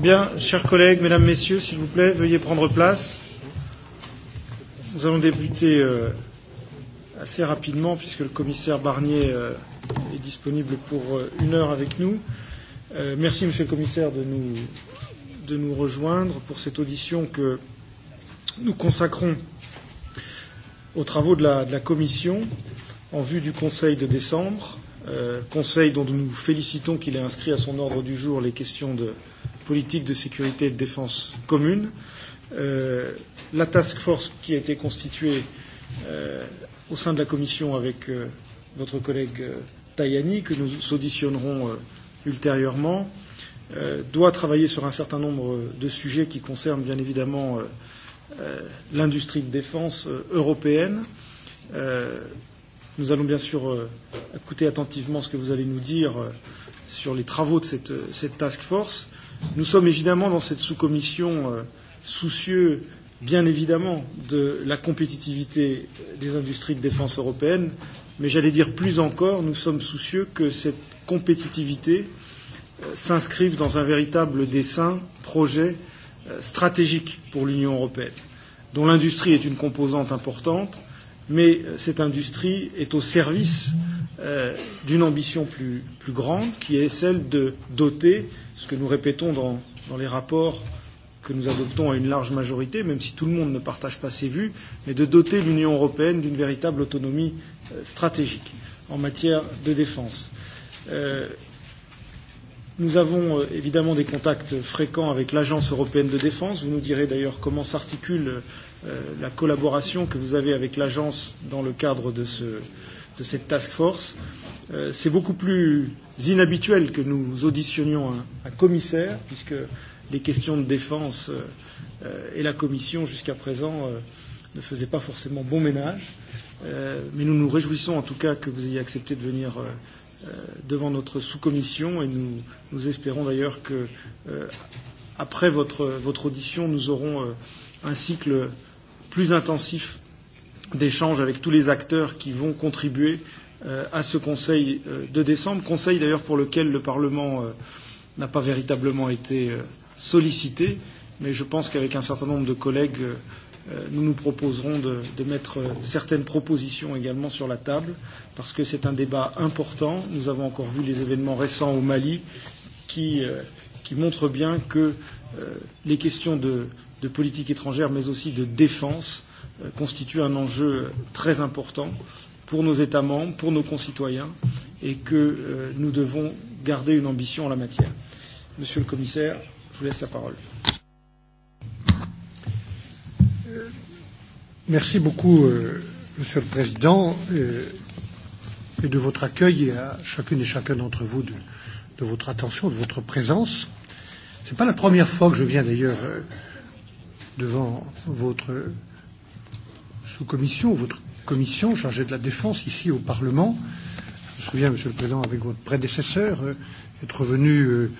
Bien, chers collègues, mesdames, messieurs, s'il vous plaît, veuillez prendre place. Nous allons débuter euh, assez rapidement puisque le commissaire Barnier euh, est disponible pour euh, une heure avec nous. Euh, merci, monsieur le commissaire, de nous, de nous rejoindre pour cette audition que nous consacrons aux travaux de la, de la Commission en vue du Conseil de décembre, euh, Conseil dont nous nous félicitons qu'il ait inscrit à son ordre du jour les questions de politique de sécurité et de défense commune. Euh, la task force qui a été constituée euh, au sein de la Commission avec euh, votre collègue euh, Tajani, que nous auditionnerons euh, ultérieurement, euh, doit travailler sur un certain nombre de sujets qui concernent bien évidemment euh, euh, l'industrie de défense euh, européenne. Euh, nous allons bien sûr euh, écouter attentivement ce que vous allez nous dire euh, sur les travaux de cette, euh, cette task force. Nous sommes évidemment dans cette sous-commission euh, soucieux, bien évidemment, de la compétitivité des industries de défense européennes, mais j'allais dire plus encore, nous sommes soucieux que cette compétitivité euh, s'inscrive dans un véritable dessin, projet euh, stratégique pour l'Union européenne, dont l'industrie est une composante importante, mais euh, cette industrie est au service euh, d'une ambition plus, plus grande, qui est celle de doter euh, ce que nous répétons dans, dans les rapports que nous adoptons à une large majorité, même si tout le monde ne partage pas ces vues, mais de doter l'Union européenne d'une véritable autonomie euh, stratégique en matière de défense. Euh, nous avons euh, évidemment des contacts fréquents avec l'Agence européenne de défense. Vous nous direz d'ailleurs comment s'articule euh, la collaboration que vous avez avec l'Agence dans le cadre de, ce, de cette task force. Euh, Euh, C'est beaucoup plus inhabituel que nous auditionnions un, un commissaire, puisque les questions de défense euh, euh, et la Commission, jusqu'à présent, euh, ne faisaient pas forcément bon ménage. Euh, mais nous nous réjouissons en tout cas que vous ayez accepté de venir euh, euh, devant notre sous-commission et nous, nous espérons d'ailleurs que, euh, après votre, votre audition, nous aurons euh, un cycle plus intensif d'échanges avec tous les acteurs qui vont contribuer euh, à ce Conseil euh, de décembre, Conseil d'ailleurs pour lequel le Parlement euh, n'a pas véritablement été euh, sollicité, mais je pense qu'avec un certain nombre de collègues, euh, euh nous nous proposerons de, de mettre euh, certaines propositions également sur la table, parce que c'est un débat important. Nous avons encore vu les événements récents au Mali qui, euh, qui montrent bien que euh, les questions de, de politique étrangère, mais aussi de défense, euh, constituent un enjeu euh, très important pour nos États membres, pour nos concitoyens, et que euh, nous devons garder une ambition en la matière. Monsieur le Commissaire, je vous laisse la parole. Euh, merci beaucoup, euh, Monsieur le Président, euh, et de votre accueil et à chacune et chacun d'entre vous de, de votre attention, de votre présence. Ce n'est pas la première fois que je viens d'ailleurs euh, devant votre sous-commission, votre commission chargée de la défense ici au Parlement. Je me souviens, Monsieur le Président, avec votre prédécesseur, euh, être venu euh,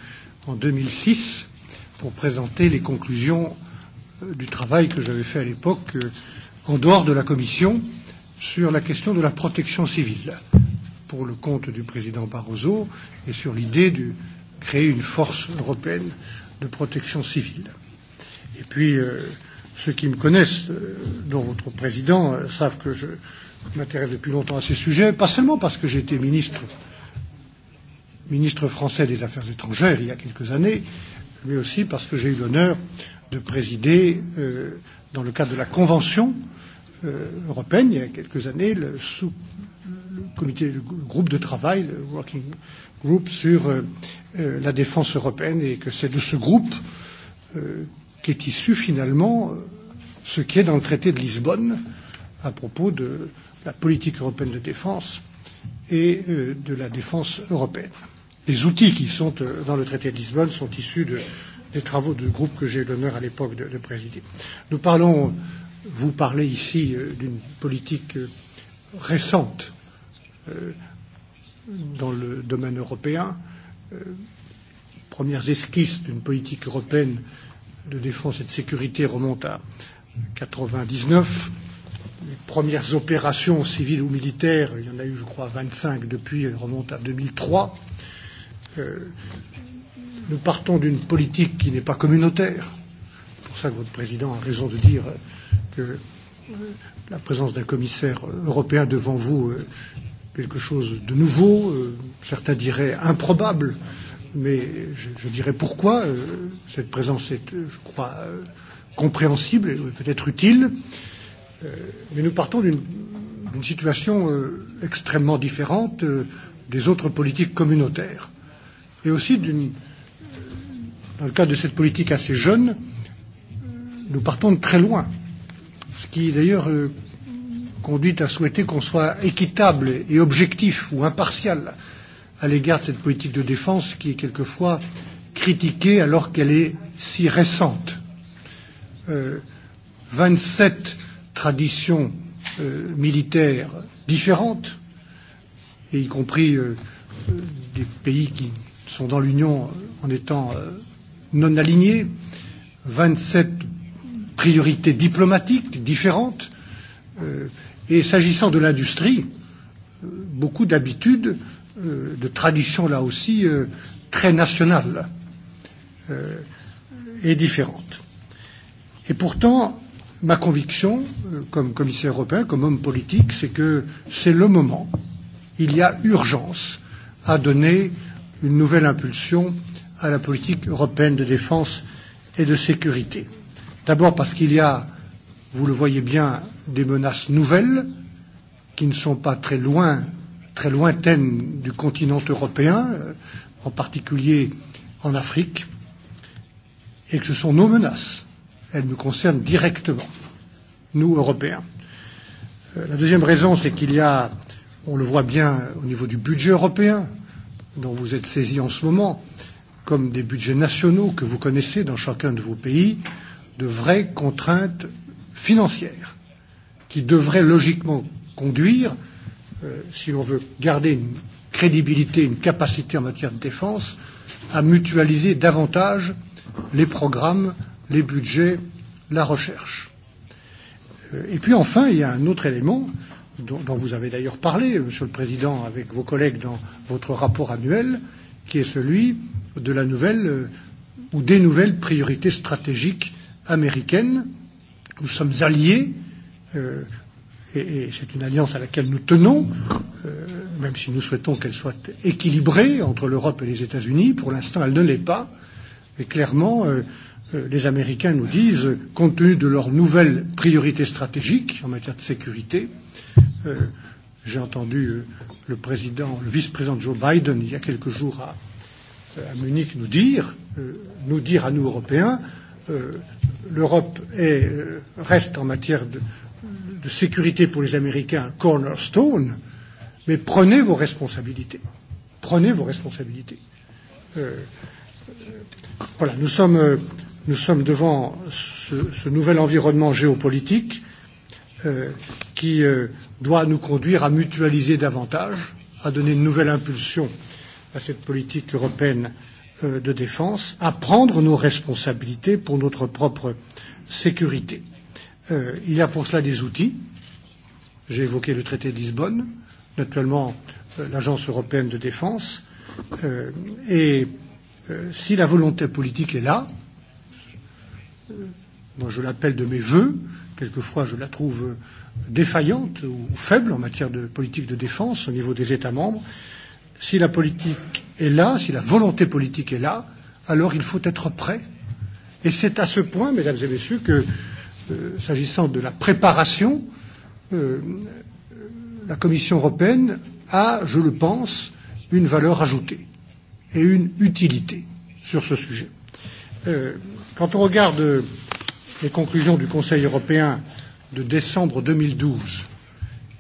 en 2006 pour présenter les conclusions euh, du travail que j'avais fait à l'époque euh, en dehors de la commission sur la question de la protection civile pour le compte du président Barroso et sur l'idée de créer une force européenne de protection civile. Et puis, euh, Ceux qui me connaissent, euh, dont votre président, euh, savent que je m'intéresse depuis longtemps à ces sujets, pas seulement parce que j'ai été ministre, ministre français des Affaires étrangères il y a quelques années, mais aussi parce que j'ai eu l'honneur de présider, euh, dans le cadre de la Convention euh, européenne, il y a quelques années, le, sous, le comité, le groupe de travail, le Working Group, sur euh, euh, la défense européenne, et que c'est de ce groupe euh, qu'est issu finalement euh, ce qui est dans le traité de Lisbonne à propos de la politique européenne de défense et euh, de la défense européenne. Les outils qui sont euh, dans le traité de Lisbonne sont issus de, des travaux du groupe que j'ai eu l'honneur à l'époque de, de présider. Nous parlons, vous parlez ici euh, d'une politique euh, récente euh, dans le domaine européen, euh, premières esquisses d'une politique européenne euh, de défense et de sécurité remonte à 1999. Les premières opérations civiles ou militaires, il y en a eu, je crois, 25 depuis, remontent à 2003. Euh, nous partons d'une politique qui n'est pas communautaire. C'est pour ça que votre président a raison de dire que euh, la présence d'un commissaire européen devant vous, euh, quelque chose de nouveau, euh, certains diraient improbable, euh, mais je, je dirais pourquoi euh, cette présence est, euh, je crois, euh, compréhensible et peut-être utile. Euh, mais nous partons d'une situation euh, extrêmement différente euh, des autres politiques communautaires et aussi d'une euh, dans le cadre de cette politique assez jeune, euh, nous partons de très loin, ce qui d'ailleurs euh, conduit à souhaiter qu'on soit équitable et objectif ou impartial euh, à l'égard de cette politique de défense qui est quelquefois critiquée alors qu'elle est si récente. Vingt euh, sept traditions euh, militaires différentes, et y compris euh, des pays qui sont dans l'Union en étant euh, non alignés, vingt sept priorités diplomatiques différentes, euh, et s'agissant de l'industrie, euh, beaucoup d'habitudes euh, euh, de tradition là aussi euh, très nationale euh, et différente. Et pourtant, ma conviction, euh, comme commissaire européen, comme homme politique, c'est que c'est le moment, il y a urgence à donner une nouvelle impulsion à la politique européenne de défense et de sécurité. D'abord parce qu'il y a, vous le voyez bien, des menaces nouvelles qui ne sont pas très loin très lointaines du continent européen, euh, en particulier en Afrique, et que ce sont nos menaces. Elles nous concernent directement, nous, Européens. Euh, la deuxième raison, c'est qu'il y a, on le voit bien au niveau du budget européen, dont vous êtes saisis en ce moment, comme des budgets nationaux que vous connaissez dans chacun de vos pays, de vraies contraintes financières qui devraient logiquement conduire euh, euh, si l'on veut garder une crédibilité, une capacité en matière de défense, à mutualiser davantage les programmes, les budgets, la recherche. Euh, et puis enfin, il y a un autre élément dont, dont vous avez d'ailleurs parlé, Monsieur le Président, avec vos collègues dans votre rapport annuel, qui est celui de la nouvelle euh, ou des nouvelles priorités stratégiques américaines. Nous sommes alliés euh, et, et c'est une alliance à laquelle nous tenons, euh, même si nous souhaitons qu'elle soit équilibrée entre l'Europe et les États-Unis. Pour l'instant, elle ne l'est pas. Et clairement, euh, euh, les Américains nous disent, compte tenu de leurs nouvelles priorités stratégiques en matière de sécurité, euh, j'ai entendu euh, le président, le vice-président Joe Biden, il y a quelques jours à, à Munich, nous dire, euh, nous dire à nous Européens, euh, l'Europe euh, reste en matière de, de sécurité pour les Américains cornerstone, mais prenez vos responsabilités. Prenez vos responsabilités. Euh, euh, voilà, nous sommes, euh, nous sommes devant ce, ce nouvel environnement géopolitique euh, qui euh, doit nous conduire à mutualiser davantage, à donner une nouvelle impulsion à cette politique européenne euh, de défense, à prendre nos responsabilités pour notre propre sécurité. Euh, Euh, il y a pour cela des outils. J'ai évoqué le traité de Lisbonne, naturellement euh, l'Agence européenne de défense. Euh, et euh, si la volonté politique est là, euh, moi je l'appelle de mes voeux, quelquefois je la trouve défaillante ou faible en matière de politique de défense au niveau des États membres, si la politique est là, si la volonté politique est là, alors il faut être prêt. Et c'est à ce point, mesdames et messieurs, que euh, euh, s'agissant de la préparation, euh, la Commission européenne a, je le pense, une valeur ajoutée et une utilité sur ce sujet. Euh, quand on regarde les conclusions du Conseil européen de décembre 2012,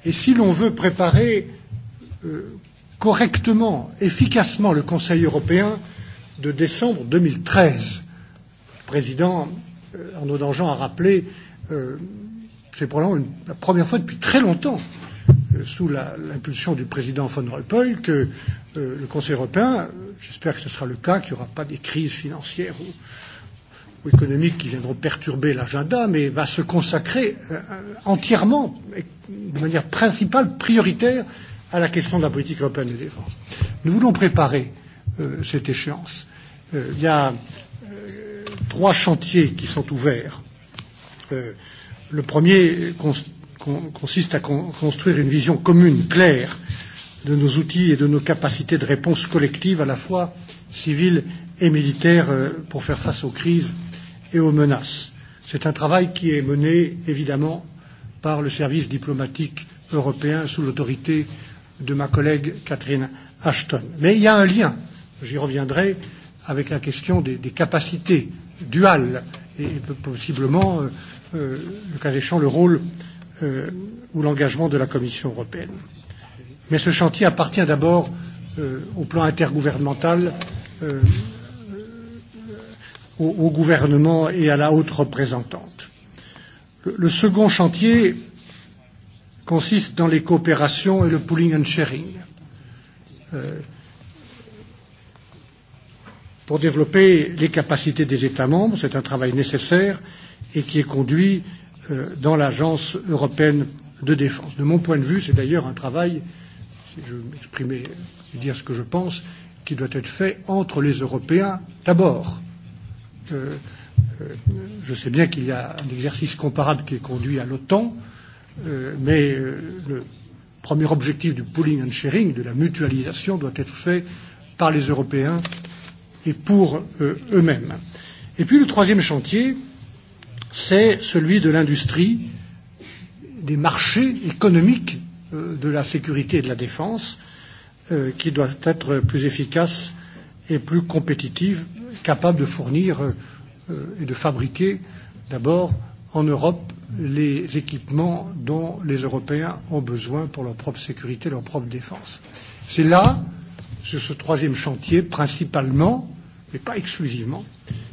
et si l'on veut préparer euh, correctement, efficacement le Conseil européen de décembre 2013, le président Euh, Arnaud Dangean a rappelé, euh, c'est probablement une, la première fois depuis très longtemps, euh, sous l'impulsion du président Van Rompuy, que euh, le Conseil européen, j'espère que ce sera le cas, qu'il n'y aura pas des crises financières ou, ou économiques qui viendront perturber l'agenda, mais va se consacrer euh, entièrement, et de manière principale, prioritaire, à la question de la politique européenne de défense. Nous voulons préparer euh, cette échéance. Euh, il y a trois chantiers qui sont ouverts. Euh, le premier cons con consiste à con construire une vision commune, claire, de nos outils et de nos capacités de réponse collective, à la fois civile et militaire, euh, pour faire face aux crises et aux menaces. C'est un travail qui est mené, évidemment, par le service diplomatique européen sous l'autorité de ma collègue Catherine Ashton. Mais il y a un lien, j'y reviendrai, avec la question des, des capacités dual et, et possiblement, euh, euh, le cas échéant, le rôle euh, ou l'engagement de la Commission européenne. Mais ce chantier appartient d'abord euh, au plan intergouvernemental, euh, euh au, au gouvernement et à la haute représentante. Le, le second chantier consiste dans les coopérations et le pooling and sharing. Euh, pour développer les capacités des États membres. C'est un travail nécessaire et qui est conduit euh, dans l'Agence européenne de défense. De mon point de vue, c'est d'ailleurs un travail, si je m'exprimais et dire ce que je pense, qui doit être fait entre les Européens d'abord. Euh, euh, je sais bien qu'il y a un exercice comparable qui est conduit à l'OTAN, euh, mais euh, le premier objectif du pooling and sharing, de la mutualisation, doit être fait par les Européens et pour euh, eux-mêmes. Et puis le troisième chantier, c'est celui de l'industrie, des marchés économiques euh, de la sécurité et de la défense, euh, qui doivent être plus efficaces et plus compétitives, capables de fournir euh, et de fabriquer d'abord en Europe les équipements dont les Européens ont besoin pour leur propre sécurité, leur propre défense. C'est là euh, sur ce troisième chantier, principalement, mais pas exclusivement,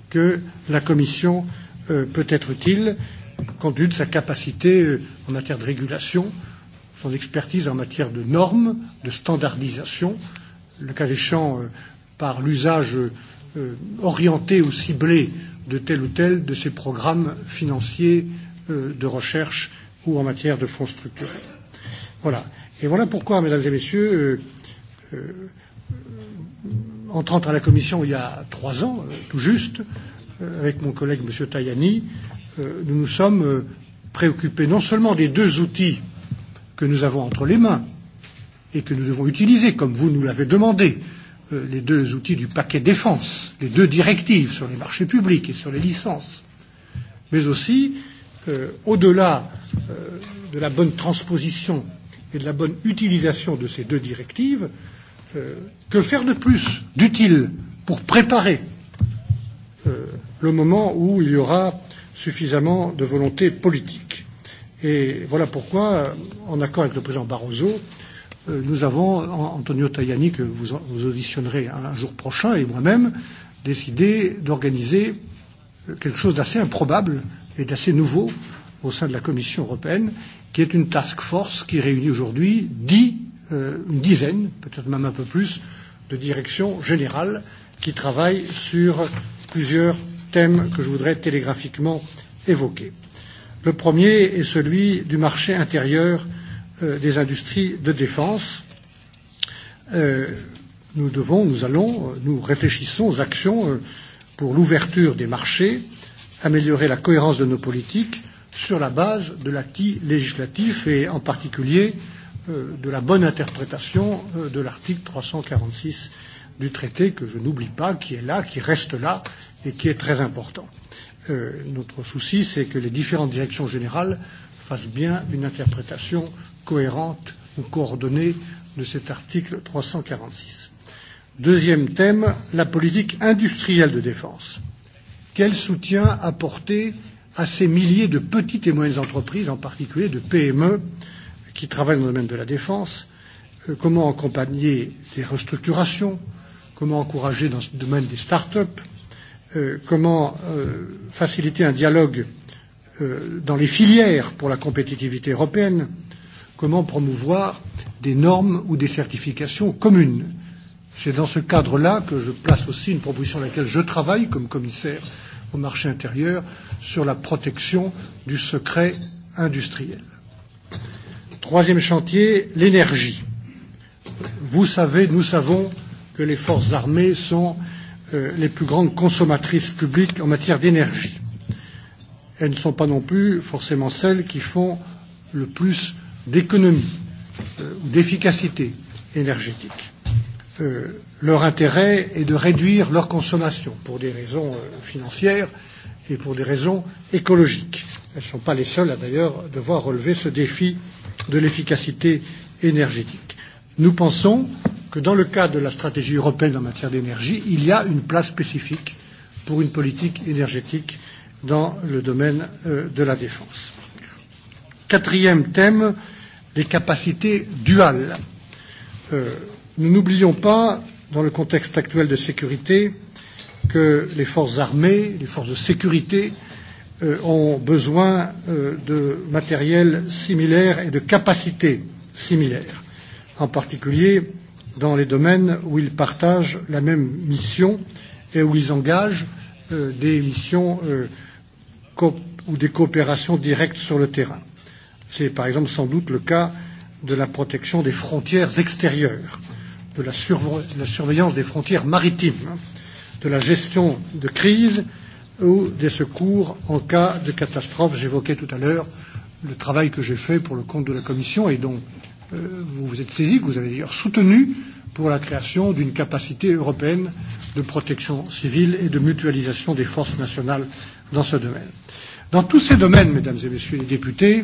que la Commission euh, peut être utile compte tenu de sa capacité euh, en matière de régulation, son expertise en matière de normes, de standardisation, le cas échéant euh, par l'usage euh, orienté ou ciblé de tel ou tel de ces programmes financiers euh, de recherche ou en matière de fonds structurels. Voilà. Et voilà pourquoi, mesdames et messieurs, euh, euh, Euh, entrant à la Commission il y a trois ans, euh, tout juste, euh, avec mon collègue M. Tajani, euh, nous nous sommes euh, préoccupés non seulement des deux outils que nous avons entre les mains et que nous devons utiliser, comme vous nous l'avez demandé, euh, les deux outils du paquet défense, les deux directives sur les marchés publics et sur les licences, mais aussi, euh, au-delà euh, de la bonne transposition et de la bonne utilisation de ces deux directives, euh, Euh, que faire de plus d'utile pour préparer euh, le moment où il y aura suffisamment de volonté politique Et voilà pourquoi, en accord avec le président Barroso, euh, nous avons, Antonio Tajani, que vous, vous auditionnerez un, un jour prochain, et moi-même, décidé d'organiser euh, quelque chose d'assez improbable et d'assez nouveau au sein de la Commission européenne, qui est une task force qui réunit aujourd'hui dix euh, une dizaine, peut-être même un peu plus, de directions générales qui travaillent sur plusieurs thèmes que je voudrais télégraphiquement évoquer. Le premier est celui du marché intérieur euh, des industries de défense. Euh, nous devons, nous allons, euh, nous réfléchissons aux actions euh, pour l'ouverture des marchés, améliorer la cohérence de nos politiques sur la base de l'acquis législatif et en particulier euh, euh, de la bonne interprétation euh, de l'article 346 du traité, que je n'oublie pas, qui est là, qui reste là et qui est très important. Euh, notre souci, c'est que les différentes directions générales fassent bien une interprétation cohérente ou coordonnée de cet article 346. Deuxième thème, la politique industrielle de défense. Quel soutien apporter à ces milliers de petites et moyennes entreprises, en particulier de PME, euh, qui travaillent dans le domaine de la défense, euh, comment accompagner des restructurations, comment encourager dans ce domaine des start-up, euh, comment euh, faciliter un dialogue euh, dans les filières pour la compétitivité européenne, comment promouvoir des normes ou des certifications communes. C'est dans ce cadre-là que je place aussi une proposition à laquelle je travaille comme commissaire au marché intérieur sur la protection du secret industriel. Troisième chantier, l'énergie. Vous savez, nous savons que les forces armées sont euh, les plus grandes consommatrices publiques en matière d'énergie. Elles ne sont pas non plus forcément celles qui font le plus d'économies euh, ou d'efficacité énergétique. Euh, leur intérêt est de réduire leur consommation pour des raisons euh, financières et pour des raisons écologiques. Elles ne sont pas les seules à d'ailleurs devoir relever ce défi euh, de l'efficacité énergétique. Nous pensons que dans le cadre de la stratégie européenne en matière d'énergie, il y a une place spécifique pour une politique énergétique dans le domaine euh, de la défense. Quatrième thème, les capacités duales. Euh, nous n'oublions pas, dans le contexte actuel de sécurité, que les forces armées, les forces de sécurité euh, euh, ont besoin euh, de matériel similaire et de capacités similaires, en particulier dans les domaines où ils partagent la même mission et où ils engagent euh, des missions euh, ou des coopérations directes sur le terrain. C'est par exemple sans doute le cas de la protection des frontières extérieures, de la, surve la surveillance des frontières maritimes, de la gestion de crise euh, ou des secours en cas de catastrophe. J'évoquais tout à l'heure le travail que j'ai fait pour le compte de la Commission et dont euh, vous vous êtes saisi, que vous avez d'ailleurs soutenu pour la création d'une capacité européenne de protection civile et de mutualisation des forces nationales dans ce domaine. Dans tous ces domaines, mesdames et messieurs les députés,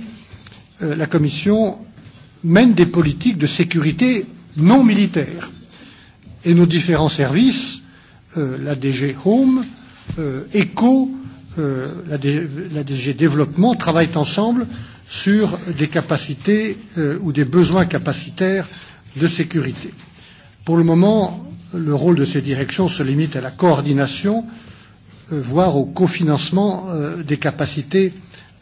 euh, la Commission mène des politiques de sécurité non militaires et nos différents services, euh, la DG Home, euh, euh, ECO, euh, la, D, la DG Développement, travaillent ensemble sur des capacités euh, ou des besoins capacitaires de sécurité. Pour le moment, le rôle de ces directions se limite à la coordination, euh, voire au cofinancement euh, des capacités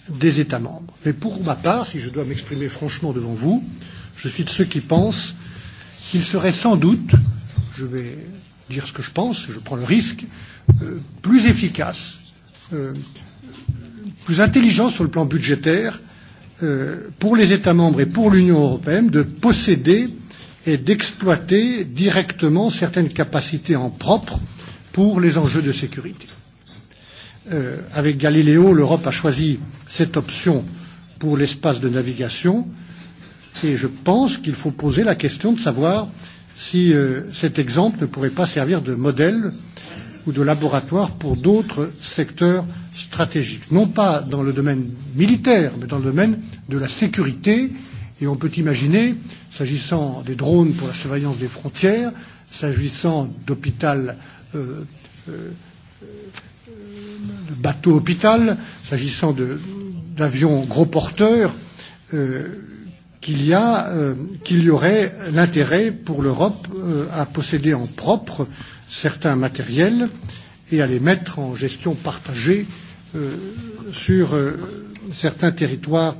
des États membres. Mais pour ma part, si je dois m'exprimer franchement devant vous, je suis de ceux qui pensent qu'il serait sans doute, je vais dire ce que je pense, je prends le risque, euh, plus efficace, euh, plus intelligent sur le plan budgétaire euh, pour les États membres et pour l'Union européenne de posséder et d'exploiter directement certaines capacités en propre pour les enjeux de sécurité. Euh, avec Galileo, l'Europe a choisi cette option pour l'espace de navigation et je pense qu'il faut poser la question de savoir euh, si euh, cet exemple ne pourrait pas servir de modèle ou de laboratoire pour d'autres secteurs stratégiques, non pas dans le domaine militaire, mais dans le domaine de la sécurité. Et on peut imaginer, s'agissant des drones pour la surveillance des frontières, s'agissant d'hôpital, euh, euh, de bateaux hôpital, s'agissant d'avions gros porteurs, euh, qu'il y, a, euh, qu'il y aurait l'intérêt pour l'Europe euh, à posséder en propre certains matériels et à les mettre en gestion partagée euh, sur euh, certains territoires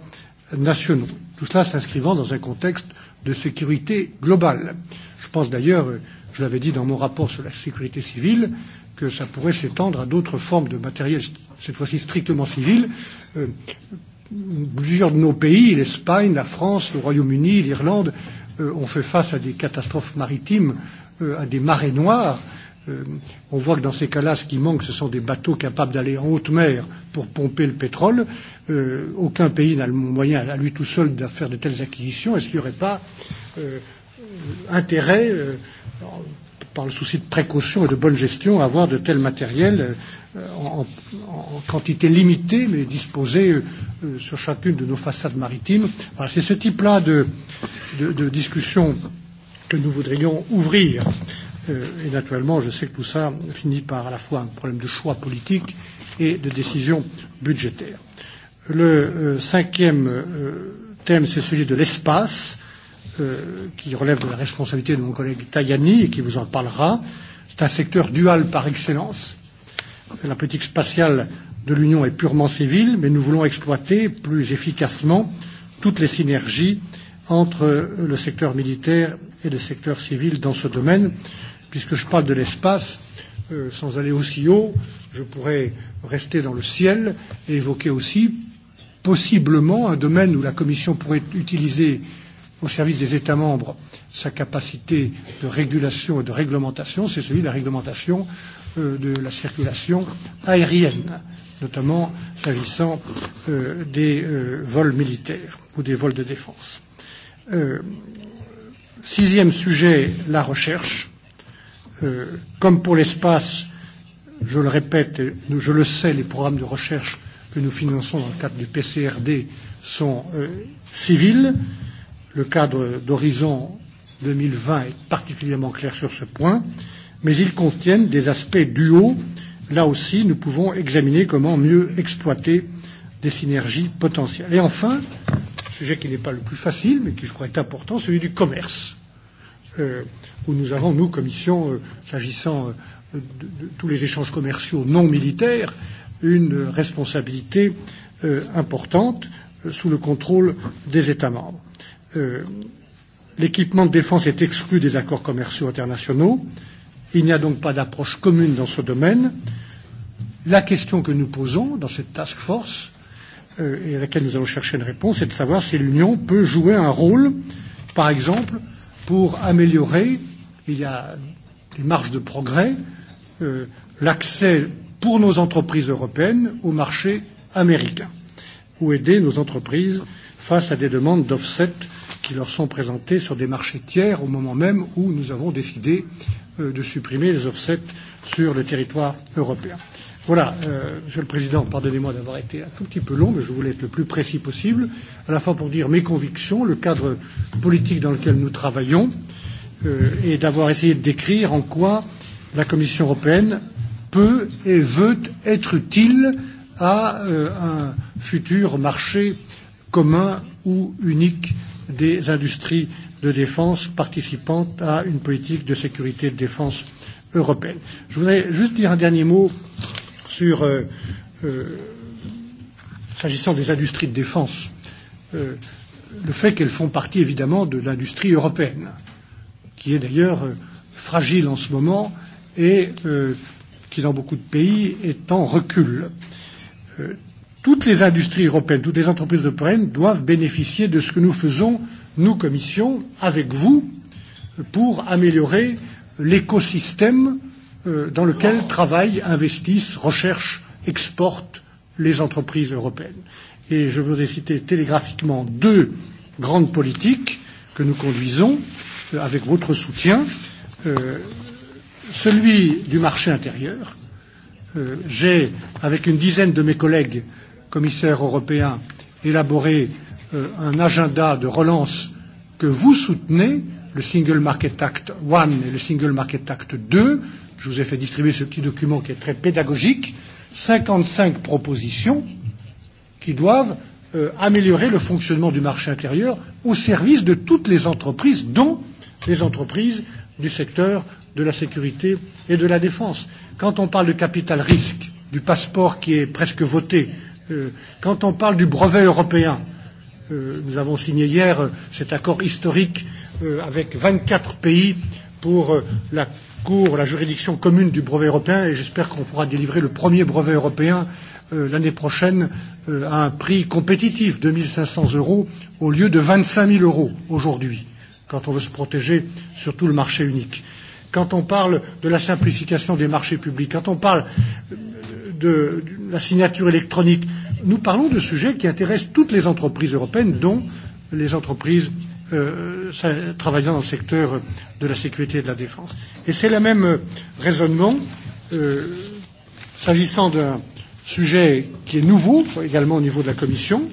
nationaux. Tout cela s'inscrivant dans un contexte de sécurité globale. Je pense d'ailleurs, euh, je l'avais dit dans mon rapport sur la sécurité civile, que ça pourrait s'étendre à d'autres formes de matériel, cette fois-ci strictement civil, euh, plusieurs de nos pays, l'Espagne, la France, le Royaume-Uni, l'Irlande, euh, ont fait face à des catastrophes maritimes, euh, à des marées noires. Euh, on voit que dans ces cas-là, ce qui manque, ce sont des bateaux capables d'aller en haute mer pour pomper le pétrole. Euh, aucun pays n'a le moyen à lui tout seul de faire de telles acquisitions. Est-ce qu'il n'y aurait pas euh, intérêt, euh, par le souci de précaution et de bonne gestion, à avoir de tels matériels euh, en, en quantité limitée, mais disposées euh, euh, sur chacune de nos façades maritimes. Voilà, c'est ce type-là de, de, de discussion que nous voudrions ouvrir. Euh, et naturellement, je sais que tout ça finit par à la fois un problème de choix politique et de décision budgétaire. Le euh, cinquième euh, thème, c'est celui de l'espace, euh, qui relève de la responsabilité de mon collègue Tajani et qui vous en parlera. C'est un secteur dual par excellence la politique spatiale de l'Union est purement civile, mais nous voulons exploiter plus efficacement toutes les synergies entre le secteur militaire et le secteur civil dans ce domaine. Puisque je parle de l'espace, euh, sans aller aussi haut, je pourrais rester dans le ciel et évoquer aussi possiblement un domaine où la Commission pourrait utiliser euh, au service des États membres sa capacité de régulation et de réglementation, c'est celui de la réglementation euh, de la circulation aérienne, notamment s'agissant euh, des euh, vols militaires ou des vols de défense. Euh, sixième sujet, la recherche. Euh, comme pour l'espace, je le répète, et je le sais, les programmes de recherche que nous finançons dans le cadre du PCRD sont euh, civils. Euh, Le cadre d'horizon 2020 est particulièrement clair sur ce point, mais ils contiennent des aspects du haut. Là aussi, nous pouvons examiner comment mieux exploiter des synergies potentielles. Et enfin, sujet qui n'est pas le plus facile, mais qui je crois est important, celui du commerce, euh, où nous avons, nous, Commission, euh, s'agissant euh, de, de, de tous les échanges commerciaux non militaires, une euh, responsabilité euh, importante euh, sous le contrôle des États membres euh, l'équipement de défense est exclu des accords commerciaux internationaux. Il n'y a donc pas d'approche commune dans ce domaine. La question que nous posons dans cette task force euh, et à laquelle nous allons chercher une réponse est de savoir si l'Union peut jouer un rôle, par exemple, pour améliorer il y a des marges de progrès euh, l'accès pour nos entreprises européennes au marché américain ou aider nos entreprises face à des demandes d'offset euh, qui leur sont présentés sur des marchés tiers au moment même où nous avons décidé euh, de supprimer les offsets sur le territoire européen. Voilà, euh, Monsieur le Président, pardonnez-moi d'avoir été un tout petit peu long, mais je voulais être le plus précis possible, à la fois pour dire mes convictions, le cadre politique dans lequel nous travaillons, euh, et d'avoir essayé de décrire en quoi la Commission européenne peut et veut être utile à euh, un futur marché commun ou unique des industries de défense participantes à une politique de sécurité et de défense européenne. Je voudrais juste dire un dernier mot sur, euh, euh, s'agissant des industries de défense, euh, le fait qu'elles font partie évidemment de l'industrie européenne, qui est d'ailleurs euh, fragile en ce moment et euh, qui, dans beaucoup de pays, est en recul. Euh, toutes les industries européennes, toutes les entreprises européennes doivent bénéficier de ce que nous faisons, nous, Commission, avec vous, pour améliorer l'écosystème euh, dans lequel travaillent, investissent, recherchent, exportent les entreprises européennes. Et je voudrais citer télégraphiquement deux grandes politiques que nous conduisons euh, avec votre soutien. Euh, celui du marché intérieur. Euh, J'ai, avec une dizaine de mes collègues, euh, commissaire européen, élaborer euh, un agenda de relance que vous soutenez, le Single Market Act 1 et le Single Market Act 2. Je vous ai fait distribuer ce petit document qui est très pédagogique. 55 propositions qui doivent euh, améliorer le fonctionnement du marché intérieur au service de toutes les entreprises, dont les entreprises du secteur de la sécurité et de la défense. Quand on parle de capital risque, du passeport qui est presque voté, euh, Euh, quand on parle du brevet européen, euh, nous avons signé hier euh, cet accord historique avec 24 pays pour la Cour, la juridiction commune du brevet européen, et j'espère qu'on pourra délivrer le premier brevet européen euh, l'année prochaine euh, à un prix compétitif, 2500 euros, au lieu de 25 000 euros aujourd'hui, quand on veut se protéger sur tout le marché unique. Quand on parle de la simplification des marchés publics, quand on parle de, de la signature électronique, euh, nous parlons de sujets qui intéressent toutes les entreprises européennes, dont les entreprises euh, travaillant dans le secteur de la sécurité et de la défense. Et c'est le même euh, raisonnement euh, s'agissant d'un sujet qui est nouveau également au niveau de la Commission,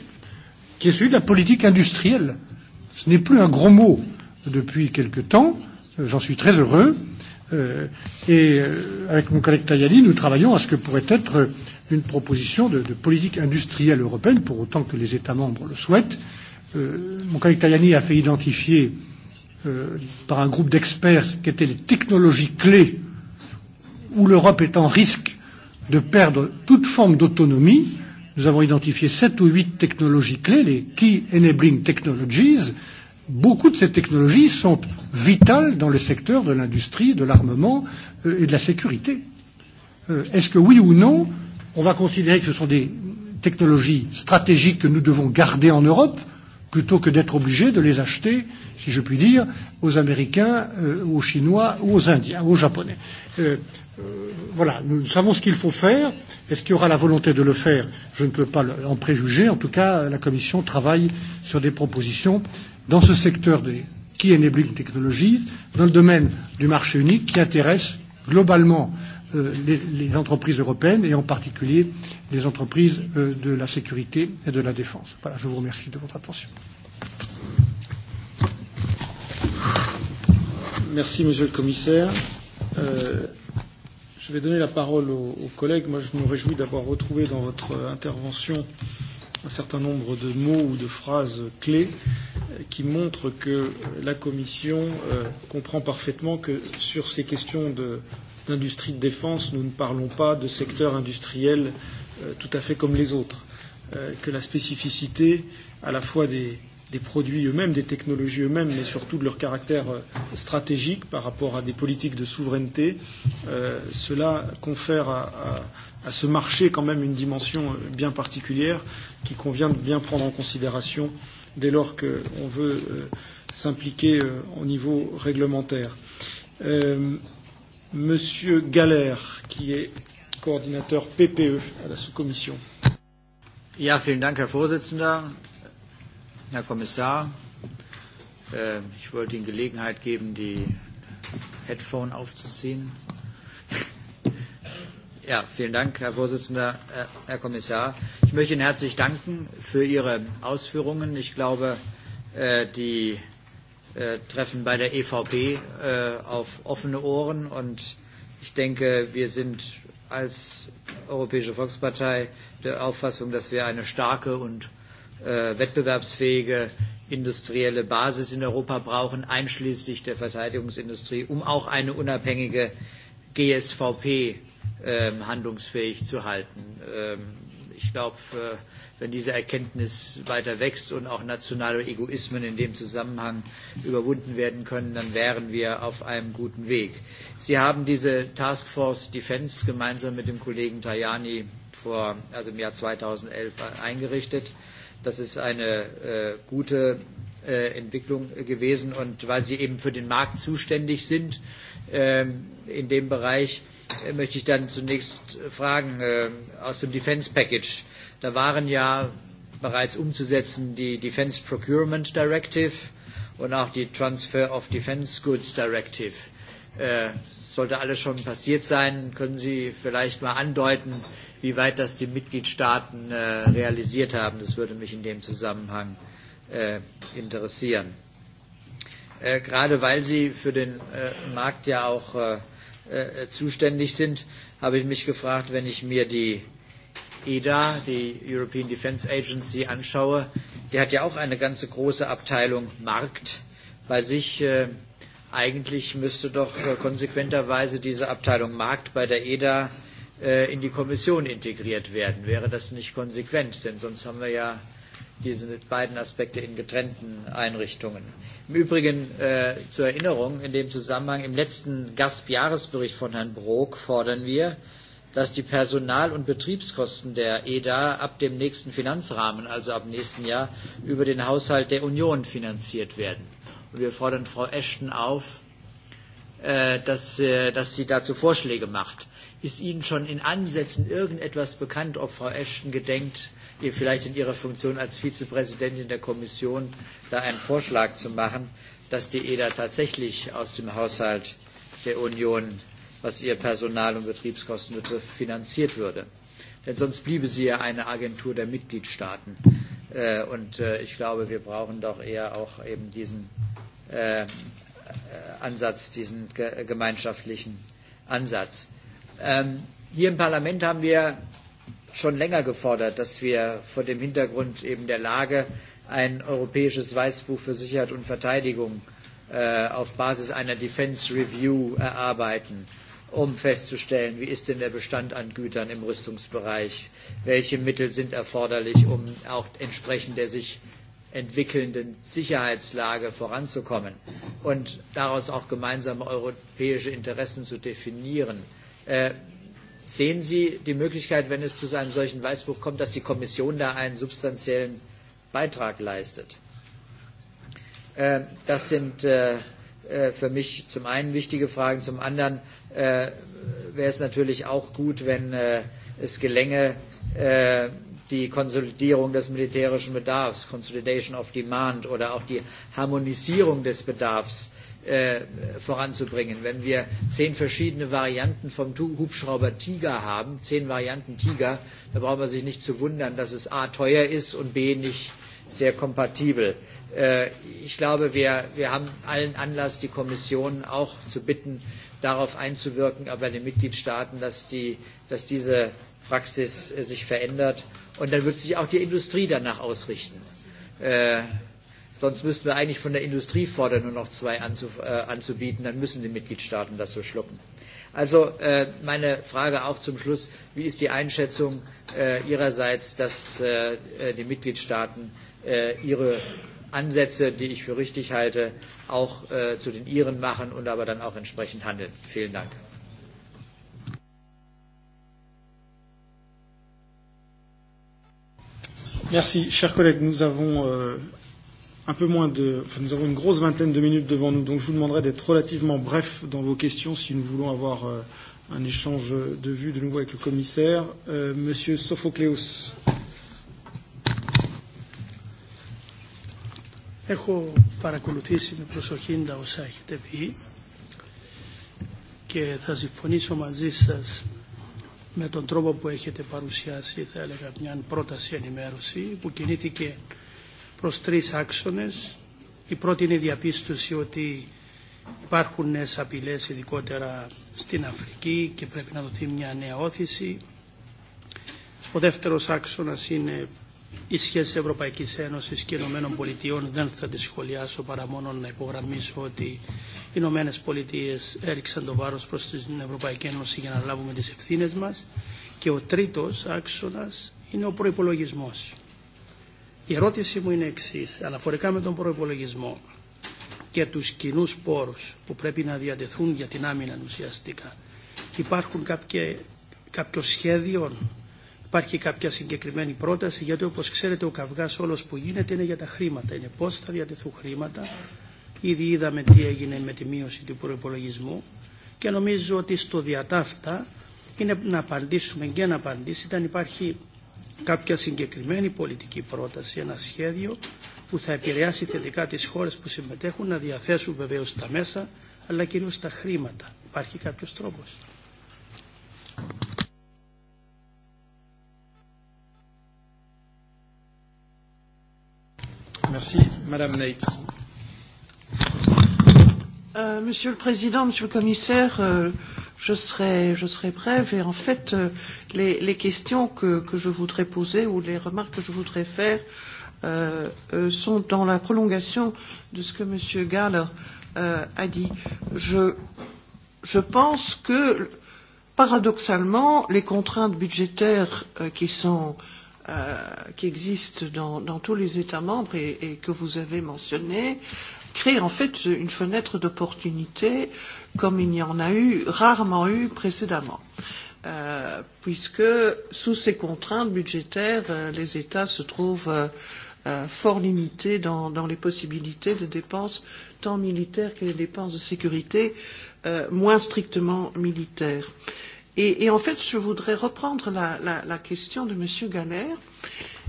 qui est celui de la politique industrielle. Ce n'est plus un gros mot depuis quelque temps, euh, j'en suis très heureux, euh, et euh, avec mon collègue Tajani, nous travaillons à ce que pourrait être une proposition de, de politique industrielle européenne, pour autant que les États membres le souhaitent. Euh, mon collègue Tajani a fait identifier euh, par un groupe d'experts ce qu'étaient les technologies clés où l'Europe est en risque de perdre toute forme d'autonomie. Nous avons identifié sept ou huit technologies clés, les Key Enabling Technologies. Beaucoup de ces technologies sont vitales dans le secteur de l'industrie, de l'armement euh, et de la sécurité. Euh, Est-ce que oui ou non, euh, on va considérer que ce sont des technologies stratégiques que nous devons garder en Europe plutôt que d'être obligés de les acheter, si je puis dire, aux Américains, euh, aux Chinois ou aux Indiens, aux Japonais. Euh, euh, voilà, nous savons ce qu'il faut faire. Est-ce qu'il y aura la volonté de le faire Je ne peux pas en préjuger. En tout cas, la Commission travaille sur des propositions dans ce secteur des Key Enabling Technologies, dans le domaine du marché unique qui intéresse globalement euh, euh, les, les entreprises européennes et en particulier les entreprises euh, de la sécurité et de la défense. Voilà, je vous remercie de votre attention. Merci, Monsieur le Commissaire. Euh, je vais donner la parole aux, aux collègues. Moi, je me réjouis d'avoir retrouvé dans votre intervention un certain nombre de mots ou de phrases clés euh, qui montrent que la Commission euh, comprend parfaitement que sur ces questions de d'industrie de défense, nous ne parlons pas de secteurs industriels euh, tout à fait comme les autres, euh, que la spécificité à la fois des, des produits eux-mêmes, des technologies eux-mêmes, mais surtout de leur caractère euh, stratégique par rapport à des politiques de souveraineté, euh, cela confère à, à, à ce marché quand même une dimension euh, bien particulière qui convient de bien prendre en considération dès lors qu'on veut euh, s'impliquer euh, au niveau réglementaire. Euh, Monsieur Galère, qui est Koordinateur PPE à la sous-commission. Ja, vielen Dank, Herr Vorsitzender, Herr Kommissar. Äh, ich wollte Ihnen Gelegenheit geben, die Headphone aufzuziehen. Ja, vielen Dank, Herr Vorsitzender, äh, Herr Kommissar. Ich möchte Ihnen herzlich danken für Ihre Ausführungen. Ich glaube, äh, die äh, treffen bei der EVP äh, auf offene Ohren. Und ich denke, wir sind als Europäische Volkspartei der Auffassung, dass wir eine starke und äh, wettbewerbsfähige industrielle Basis in Europa brauchen, einschließlich der Verteidigungsindustrie, um auch eine unabhängige GSVP äh, handlungsfähig zu halten. Ähm, ich glaube, äh, wenn diese Erkenntnis weiter wächst und auch nationale Egoismen in dem Zusammenhang überwunden werden können, dann wären wir auf einem guten Weg. Sie haben diese Taskforce Defense gemeinsam mit dem Kollegen Tajani vor, also im Jahr 2011 eingerichtet. Das ist eine äh, gute äh, Entwicklung gewesen und weil Sie eben für den Markt zuständig sind äh, in dem Bereich, äh, möchte ich dann zunächst fragen äh, aus dem Defense Package. Äh, Da waren ja bereits umzusetzen die Defense Procurement Directive und auch die Transfer of Defense Goods Directive. Äh, sollte alles schon passiert sein. Können Sie vielleicht mal andeuten, wie weit das die Mitgliedstaaten äh, realisiert haben? Das würde mich in dem Zusammenhang äh, interessieren. Äh, gerade weil Sie für den äh, Markt ja auch äh, äh, zuständig sind, habe ich mich gefragt, wenn ich mir die EDA, die European Defense Agency, anschaue, die hat ja auch eine ganze große Abteilung Markt bei sich. Äh, eigentlich müsste doch äh, konsequenterweise diese Abteilung Markt bei der EDA äh, in die Kommission integriert werden. Wäre das nicht konsequent? Denn sonst haben wir ja diese beiden Aspekte in getrennten Einrichtungen. Im Übrigen äh, zur Erinnerung, in dem Zusammenhang im letzten GASP-Jahresbericht von Herrn Brok fordern wir, äh, dass die Personal- und Betriebskosten der EDA ab dem nächsten Finanzrahmen, also ab nächsten Jahr, über den Haushalt der Union finanziert werden. Und wir fordern Frau Ashton auf, äh, dass, äh, dass sie dazu Vorschläge macht. Ist Ihnen schon in Ansätzen irgendetwas bekannt, ob Frau Ashton gedenkt, ihr vielleicht in ihrer Funktion als Vizepräsidentin der Kommission da einen Vorschlag zu machen, dass die EDA tatsächlich aus dem Haushalt der Union was ihr Personal- und Betriebskosten betrifft, finanziert würde. Denn sonst bliebe sie ja eine Agentur der Mitgliedstaaten. Äh, und äh, ich glaube, wir brauchen doch eher auch eben diesen äh, äh, Ansatz, diesen ge gemeinschaftlichen Ansatz. Ähm, hier im Parlament haben wir schon länger gefordert, dass wir vor dem Hintergrund eben der Lage ein europäisches Weißbuch für Sicherheit und Verteidigung äh, auf Basis einer Defense Review erarbeiten. Äh, um festzustellen, wie ist denn der Bestand an Gütern im Rüstungsbereich, welche Mittel sind erforderlich, um auch entsprechend der sich entwickelnden Sicherheitslage voranzukommen und daraus auch gemeinsame europäische Interessen zu definieren. Äh, sehen Sie die Möglichkeit, wenn es zu einem solchen Weißbuch kommt, dass die Kommission da einen substanziellen Beitrag leistet? Äh, das sind äh, äh, für mich zum einen wichtige Fragen, zum anderen äh, wäre es natürlich auch gut, wenn äh, es gelänge, äh, die Konsolidierung des militärischen Bedarfs, Consolidation of Demand oder auch die Harmonisierung des Bedarfs äh, voranzubringen. Wenn wir zehn verschiedene Varianten vom Hubschrauber Tiger haben, zehn Varianten Tiger, da braucht man sich nicht zu wundern, dass es a teuer ist und b nicht sehr kompatibel. Äh, Äh, ich glaube, wir, wir haben allen Anlass, die Kommission auch zu bitten, darauf einzuwirken, aber den Mitgliedstaaten, dass, die, dass diese Praxis äh, sich verändert. Und dann wird sich auch die Industrie danach ausrichten. Äh, sonst müssten wir eigentlich von der Industrie fordern, nur noch zwei anzu, äh, anzubieten. Dann müssen die Mitgliedstaaten das so schlucken. Also äh, meine Frage auch zum Schluss, wie ist die Einschätzung äh, Ihrerseits, dass äh, äh die Mitgliedstaaten äh, ihre Ansätze, die ich für richtig halte, auch äh, zu den Ihren machen und aber dann auch entsprechend handeln. Vielen Dank. Merci, chers collègues. Nous avons euh, un peu moins de, enfin, nous avons une grosse vingtaine de minutes devant nous, donc je vous demanderai d'être relativement bref dans vos questions si nous voulons avoir euh, un échange de vues de nouveau avec le commissaire, euh, Monsieur Sophocléos. Euh, Έχω παρακολουθήσει με προσοχή τα όσα έχετε πει και θα συμφωνήσω μαζί σας με τον τρόπο που έχετε παρουσιάσει, θα έλεγα, μια πρόταση ενημέρωση που κινήθηκε προς τρεις άξονες. Η πρώτη είναι η διαπίστωση ότι υπάρχουν νέες απειλές, ειδικότερα στην Αφρική και πρέπει να δοθεί μια νέα όθηση. Ο δεύτερος άξονας είναι οι σχέσεις Ευρωπαϊκής Ένωσης και Ηνωμένων Πολιτειών δεν θα τις σχολιάσω παρά μόνο να υπογραμμίσω ότι οι Ηνωμένε Πολιτείε έριξαν το βάρος προς την Ευρωπαϊκή Ένωση για να λάβουμε τις ευθύνες μας και ο τρίτος άξονας είναι ο προϋπολογισμός. Η ερώτηση μου είναι εξή, αναφορικά με τον προϋπολογισμό και τους κοινού πόρους που πρέπει να διατεθούν για την άμυνα ουσιαστικά. Υπάρχουν κάποια, κάποιο σχέδιο Υπάρχει κάποια συγκεκριμένη πρόταση, γιατί όπως ξέρετε ο καυγάς όλος που γίνεται είναι για τα χρήματα. Είναι πώς θα διατεθούν χρήματα. Ήδη είδαμε τι έγινε με τη μείωση του προπολογισμού και νομίζω ότι στο διατάφτα είναι να απαντήσουμε και να απαντήσει αν υπάρχει κάποια συγκεκριμένη πολιτική πρόταση, ένα σχέδιο που θα επηρεάσει θετικά τις χώρες που συμμετέχουν να διαθέσουν βεβαίως τα μέσα αλλά κυρίως τα χρήματα. Υπάρχει κάποιος τρόπος. Merci, Madame Nates. Euh, monsieur le Président, Monsieur le Commissaire, euh, je serai, je serai brève et en fait, euh, les, les questions que, que je voudrais poser ou les remarques que je voudrais faire euh, euh, sont dans la prolongation de ce que Monsieur Galler euh, a dit. Je, je pense que, paradoxalement, les contraintes budgétaires euh, qui sont euh, euh, qui existe dans, dans tous les États membres et, et que vous avez mentionné crée en fait une fenêtre d'opportunité comme il n'y en a eu rarement eu précédemment. Euh, puisque sous ces contraintes budgétaires, euh, les États se trouvent euh, euh, fort limités dans, dans les possibilités de dépenses tant militaires que les dépenses de sécurité euh, moins strictement militaires. Euh, Et, et en fait, je voudrais reprendre la, la, la question de M. Galère.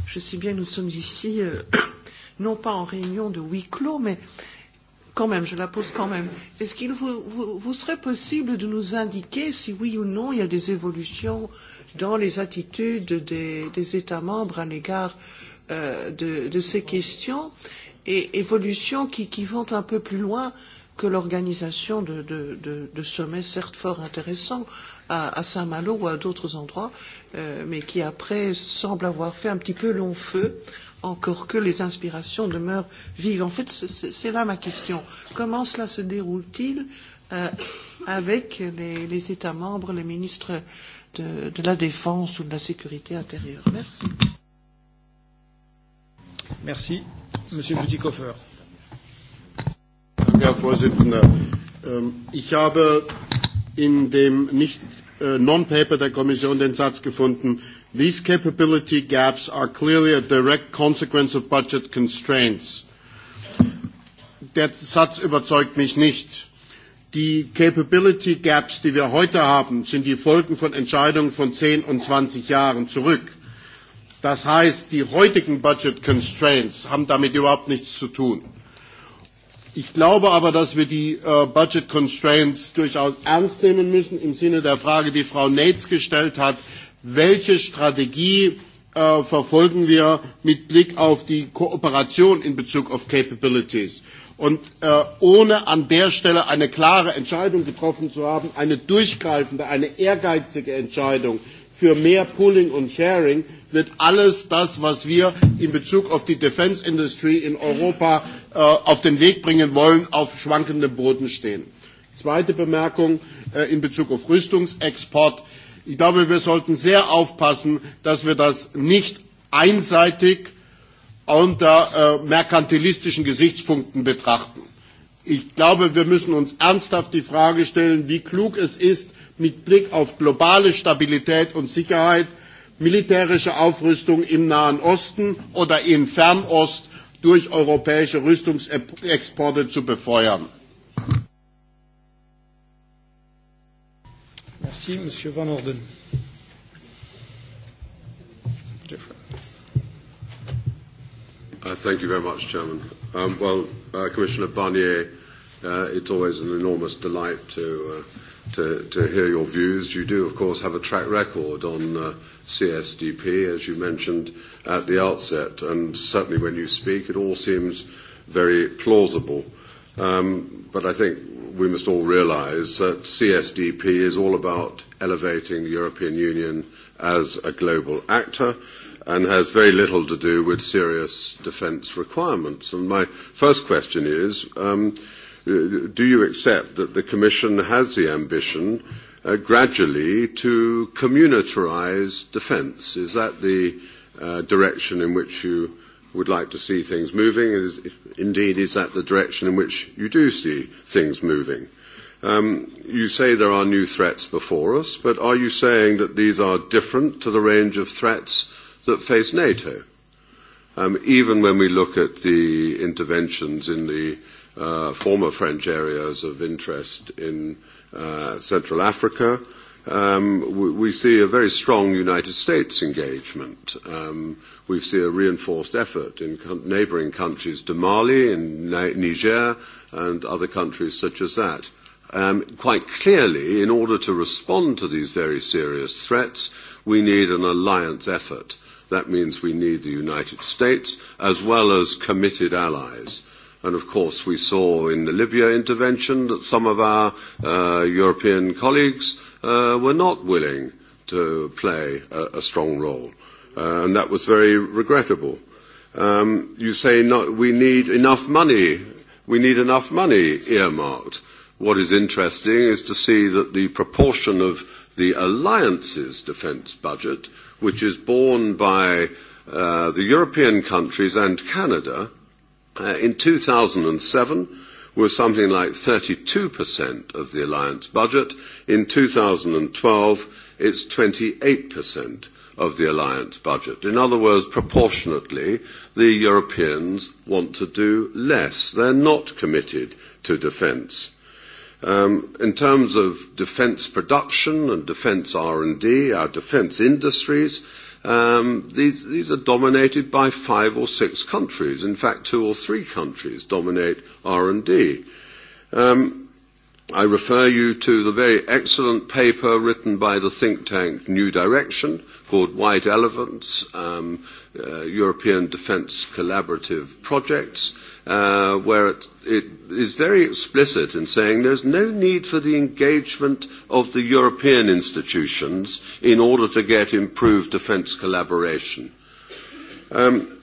Je sais bien, nous sommes ici, euh, non pas en réunion de huis clos, mais quand même, je la pose quand même. Est-ce qu'il vous, vous, vous serait possible de nous indiquer si oui ou non il y a des évolutions dans les attitudes des, des États membres à l'égard euh, de, de ces questions et évolutions qui, qui vont un peu plus loin euh, que l'organisation de, de, de, de sommets, certes fort intéressants, à, à Saint-Malo ou à d'autres endroits, euh, mais qui après semble avoir fait un petit peu long feu, encore que les inspirations demeurent vives. En fait, c'est là ma question. Comment cela se déroule-t-il euh, avec les, les États membres, les ministres de, de la Défense ou de la Sécurité intérieure Merci. Merci. Monsieur Butikofer. Herr Vorsitzender. Ähm, ich habe in dem nicht äh, non-paper der Kommission den Satz gefunden, these capability gaps are clearly a direct consequence of budget constraints. Der Satz überzeugt mich nicht. Die Capability Gaps, die wir heute haben, sind die Folgen von Entscheidungen von 10 und 20 Jahren zurück. Das heißt, die heutigen Budget Constraints haben damit überhaupt nichts zu tun. Ich glaube aber, dass wir die äh, Budget Constraints durchaus ernst nehmen müssen im Sinne der Frage, die Frau Nates gestellt hat, welche Strategie äh, verfolgen wir mit Blick auf die Kooperation in Bezug auf Capabilities. Und äh, ohne an der Stelle eine klare Entscheidung getroffen zu haben, eine durchgreifende, eine ehrgeizige Entscheidung, äh, für mehr Pooling und Sharing wird alles das, was wir in Bezug auf die Defense Industry in Europa äh, auf den Weg bringen wollen, auf schwankendem Boden stehen. Zweite Bemerkung äh, in Bezug auf Rüstungsexport. Ich glaube, wir sollten sehr aufpassen, dass wir das nicht einseitig unter äh, merkantilistischen Gesichtspunkten betrachten. Ich glaube, wir müssen uns ernsthaft die Frage stellen, wie klug es ist, mit Blick auf globale Stabilität und Sicherheit militärische Aufrüstung im Nahen Osten oder in Fernost durch europäische Rüstungsexporte zu befeuern. Merci, Monsieur Van Orden. Uh, thank you very much, Chairman. Um, well, uh, Commissioner Barnier, uh, it's always an enormous delight to uh, to, to hear your views. You do, of course, have a track record on uh, CSDP, as you mentioned at the outset, and certainly when you speak, it all seems very plausible. Um, but I think we must all realize that CSDP is all about elevating the European Union as a global actor and has very little to do with serious defense requirements. And my first question is, um, uh, Uh, do you accept that the Commission has the ambition uh, gradually to communitarize defense? Is that the uh, direction in which you would like to see things moving? Is, indeed, is that the direction in which you do see things moving? Um, you say there are new threats before us, but are you saying that these are different to the range of threats that face NATO? Um, even when we look at the interventions in the uh, former French areas of interest in uh, Central Africa. Um, we, we see a very strong United States engagement. Um, we see a reinforced effort in co- neighboring countries to Mali, in Ni- Niger, and other countries such as that. Um, quite clearly, in order to respond to these very serious threats, we need an alliance effort. That means we need the United States as well as committed allies. And of course, we saw in the Libya intervention that some of our uh, European colleagues uh, were not willing to play a, a strong role. Uh, and that was very regrettable. Um, you say not, we need enough money. We need enough money earmarked. What is interesting is to see that the proportion of the alliance's defence budget, which is borne by uh, the European countries and Canada, Uh, in 2007 was something like 32% of the alliance budget. In 2012, it's 28% of the alliance budget. In other words, proportionately, the Europeans want to do less. They're not committed to defence. Um, in terms of defence production and defence R&D, our defence industries, uh, Um, these, these are dominated by five or six countries. In fact, two or three countries dominate R&D. Um, I refer you to the very excellent paper written by the think tank New Direction called White Elephants, um, uh, European Defence Collaborative Projects, uh, uh, where it, it is very explicit in saying there's no need for the engagement of the European institutions in order to get improved defence collaboration. Um,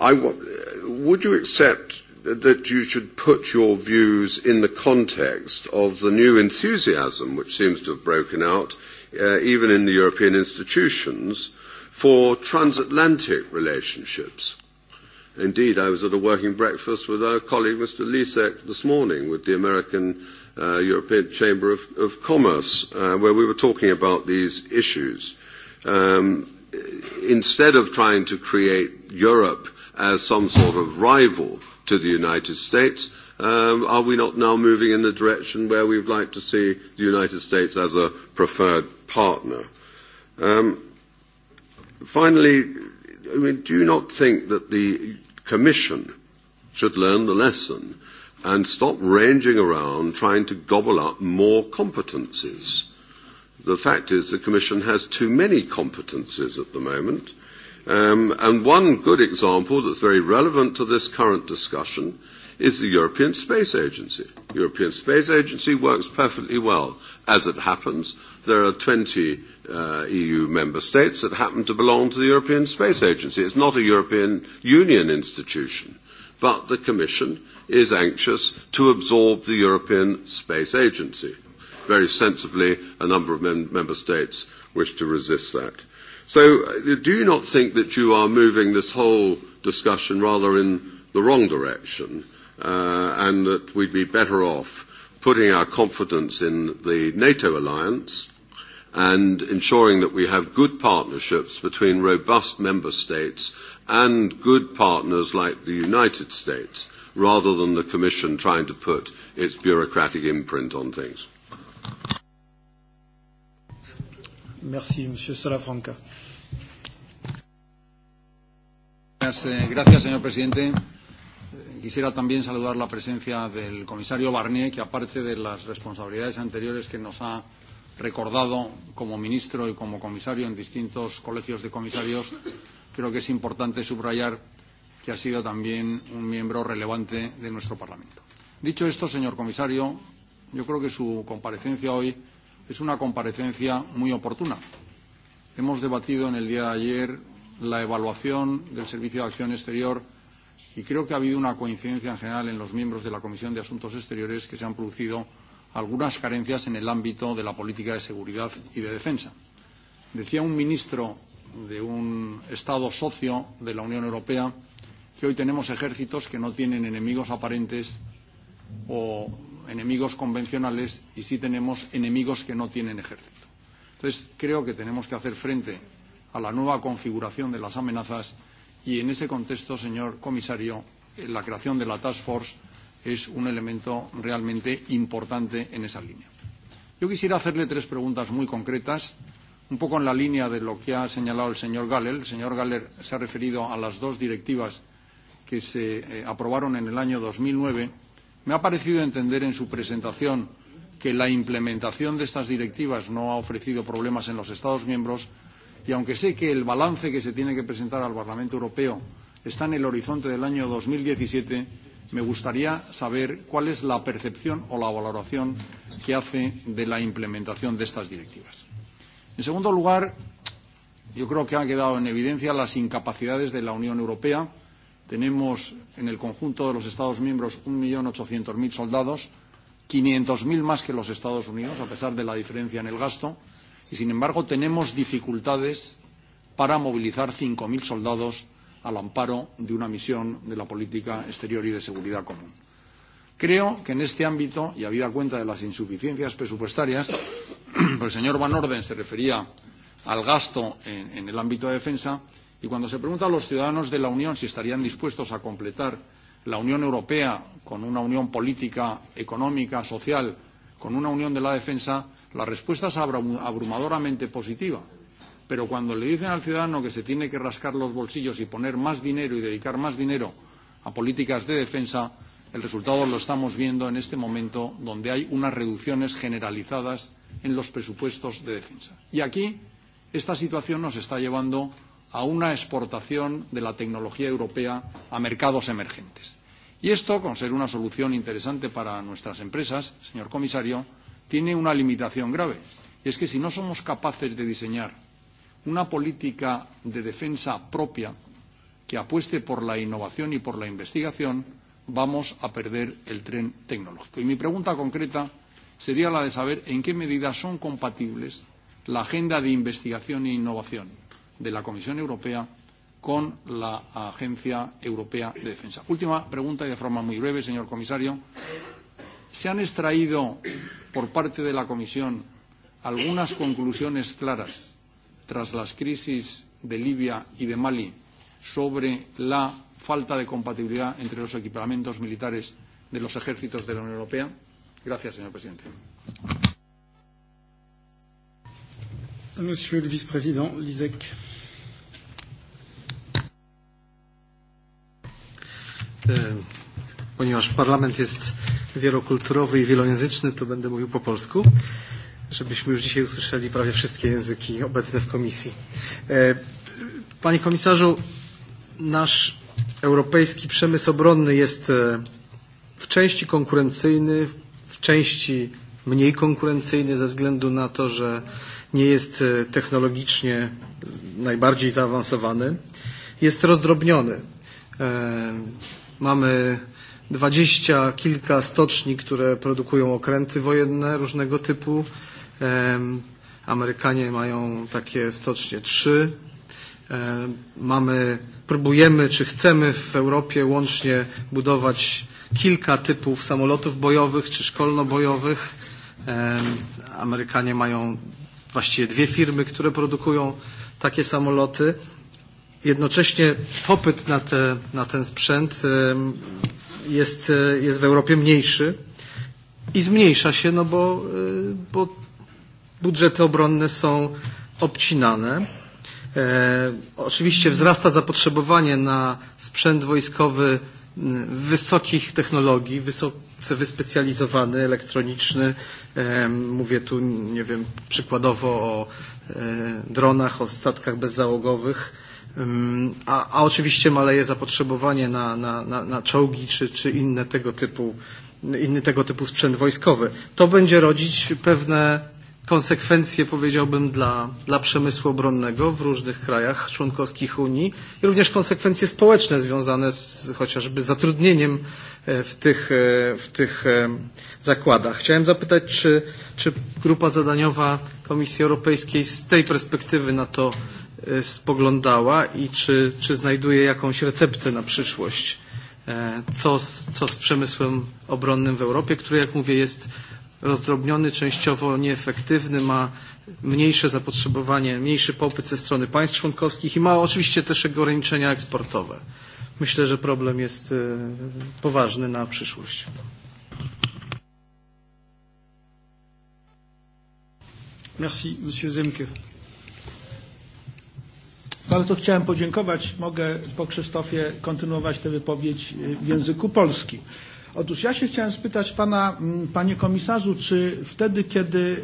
I w- would you accept that you should put your views in the context of the new enthusiasm which seems to have broken out, uh, even in the European institutions, for transatlantic relationships? Indeed, I was at a working breakfast with our colleague, Mr. Lisek, this morning with the American uh, European Chamber of, of Commerce, uh, where we were talking about these issues. Um, instead of trying to create Europe as some sort of rival to the United States, um, are we not now moving in the direction where we'd like to see the United States as a preferred partner? Um, finally, I mean, do you not think that the Commission should learn the lesson and stop ranging around trying to gobble up more competencies. The fact is the Commission has too many competencies at the moment. Um, and one good example that's very relevant to this current discussion is the European Space Agency. The European Space Agency works perfectly well. As it happens, there are 20 uh, EU member states that happen to belong to the European Space Agency. It's not a European Union institution, but the Commission is anxious to absorb the European Space Agency. Very sensibly, a number of mem- member states wish to resist that. So, uh, do you not think that you are moving this whole discussion rather in the wrong direction, uh, and that we'd be better off putting our confidence in the NATO alliance and ensuring that we have good partnerships between robust member states and good partners like the United States, rather than the Commission trying to put its bureaucratic imprint on things. Merci, Monsieur Salafranca. Eh, gracias, señor presidente. Quisiera también saludar la presencia del comisario Barnier, que aparte de las responsabilidades anteriores que nos ha recordado como ministro y como comisario en distintos colegios de comisarios, creo que es importante subrayar que ha sido también un miembro relevante de nuestro Parlamento. Dicho esto, señor comisario, yo creo que su comparecencia hoy es una comparecencia muy oportuna. Hemos debatido en el día de ayer la evaluación del Servicio de Acción Exterior y creo que ha habido una coincidencia en general en los miembros de la Comisión de Asuntos Exteriores que se han producido algunas carencias en el ámbito de la política de seguridad y de defensa. Decía un ministro de un Estado socio de la Unión Europea que hoy tenemos ejércitos que no tienen enemigos aparentes o enemigos convencionales y sí tenemos enemigos que no tienen ejército. Entonces, creo que tenemos que hacer frente a la nueva configuración de las amenazas y en ese contexto, señor comisario, la creación de la Task Force es un elemento realmente importante en esa línea. Yo quisiera hacerle tres preguntas muy concretas, un poco en la línea de lo que ha señalado el señor Galler. El señor Galler se ha referido a las dos directivas que se eh, aprobaron en el año 2009. Me ha parecido entender en su presentación que la implementación de estas directivas no ha ofrecido problemas en los Estados miembros y aunque sé que el balance que se tiene que presentar al Parlamento Europeo está en el horizonte del año 2017, me gustaría saber cuál es la percepción o la valoración que hace de la implementación de estas directivas. En segundo lugar, yo creo que han quedado en evidencia las incapacidades de la Unión Europea. Tenemos en el conjunto de los Estados miembros 1.800.000 soldados, 500.000 más que los Estados Unidos, a pesar de la diferencia en el gasto, y sin embargo tenemos dificultades para movilizar 5.000 soldados al amparo de una misión de la política exterior y de seguridad común. Creo que en este ámbito, y habida cuenta de las insuficiencias presupuestarias, el señor Van Orden se refería al gasto en, en el ámbito de defensa, y cuando se pregunta a los ciudadanos de la Unión si estarían dispuestos a completar la Unión Europea con una unión política, económica, social, con una unión de la defensa, la respuesta es abrumadoramente positiva pero cuando le dicen al ciudadano que se tiene que rascar los bolsillos y poner más dinero y dedicar más dinero a políticas de defensa, el resultado lo estamos viendo en este momento, donde hay unas reducciones generalizadas en los presupuestos de defensa. Y aquí esta situación nos está llevando a una exportación de la tecnología europea a mercados emergentes. Y esto, con ser una solución interesante para nuestras empresas, señor comisario, tiene una limitación grave. Y es que si no somos capaces de diseñar una política de defensa propia que apueste por la innovación y por la investigación, vamos a perder el tren tecnológico. Y mi pregunta concreta sería la de saber en qué medida son compatibles la agenda de investigación e innovación de la Comisión Europea con la Agencia Europea de Defensa. Última pregunta y de forma muy breve, señor comisario. ¿Se han extraído por parte de la Comisión algunas conclusiones claras tras las crisis de Libia y de Mali sobre la falta de compatibilidad entre los equipamientos militares de los ejércitos de la Unión Europea? Gracias, señor presidente. Monsieur le vice-président Lisek. E, ponieważ parlament jest wielokulturowy i wielojęzyczny, to będę mówił po polsku żebyśmy już dzisiaj usłyszeli prawie wszystkie języki obecne w komisji. E, panie komisarzu, nasz europejski przemysł obronny jest e, w części konkurencyjny, w części mniej konkurencyjny ze względu na to, że nie jest e, technologicznie najbardziej zaawansowany. Jest rozdrobniony. Mamy dwadzieścia kilka stoczni, które produkują okręty wojenne różnego typu. Amerykanie mają takie stocznie trzy. Mamy, próbujemy czy chcemy w Europie łącznie budować kilka typów samolotów bojowych czy szkolno-bojowych. Amerykanie mają właściwie dwie firmy, które produkują takie samoloty. Jednocześnie popyt na, te, na ten sprzęt jest, e, jest w Europie mniejszy i zmniejsza się, no bo, e, bo budżety obronne są obcinane. E, oczywiście wzrasta zapotrzebowanie na sprzęt wojskowy wysokich technologii, wysoce wyspecjalizowany, elektroniczny. E, mówię tu, nie wiem, przykładowo o e, dronach, o statkach bezzałogowych A, a oczywiście maleje zapotrzebowanie na, na, na, na czołgi czy, czy inne tego typu, inny tego typu sprzęt wojskowy. To będzie rodzić pewne konsekwencje, powiedziałbym, dla, dla przemysłu obronnego w różnych krajach członkowskich Unii i również konsekwencje społeczne związane z chociażby zatrudnieniem e, w tych, e, w tych e, zakładach. Chciałem zapytać, czy, czy grupa zadaniowa Komisji Europejskiej z tej perspektywy na to E, spoglądała i czy, czy znajduje jakąś receptę na przyszłość, e, co z, co z przemysłem obronnym w Europie, który, jak mówię, jest rozdrobniony, częściowo nieefektywny, ma mniejsze zapotrzebowanie, mniejszy popyt ze strony państw członkowskich i ma oczywiście też ograniczenia eksportowe. Myślę, że problem jest e, poważny na przyszłość. Merci, Monsieur Zemke. Bardzo chciałem podziękować. Mogę po Krzysztofie kontynuować tę wypowiedź w języku polskim. Otóż ja się chciałem spytać pana, mm, panie komisarzu, czy wtedy, kiedy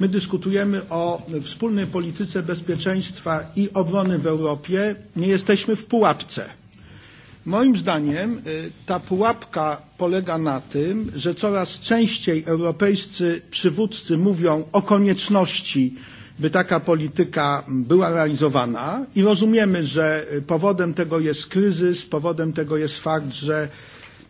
my dyskutujemy o wspólnej polityce bezpieczeństwa i obrony w Europie, nie jesteśmy w pułapce. Moim zdaniem ta pułapka polega na tym, że coraz częściej europejscy przywódcy mówią o konieczności by taka polityka była realizowana i rozumiemy, że powodem tego jest kryzys, powodem tego jest fakt, że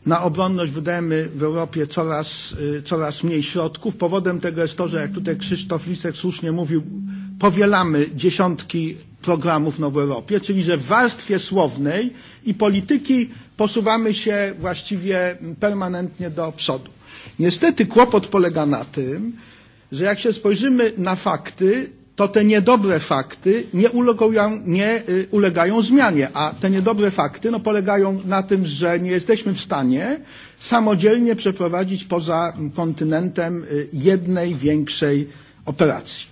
na obronność wydajemy w Europie coraz, coraz mniej środków. Powodem tego jest to, że jak tutaj Krzysztof Lisek słusznie mówił, powielamy dziesiątki programów w Europie, czyli że w warstwie słownej i polityki posuwamy się właściwie permanentnie do przodu. Niestety kłopot polega na tym, że jak się spojrzymy na fakty, to te niedobre fakty nie ulegają, nie ulegają zmianie, a te niedobre fakty no, polegają na tym, że nie jesteśmy w stanie samodzielnie przeprowadzić poza kontynentem jednej większej operacji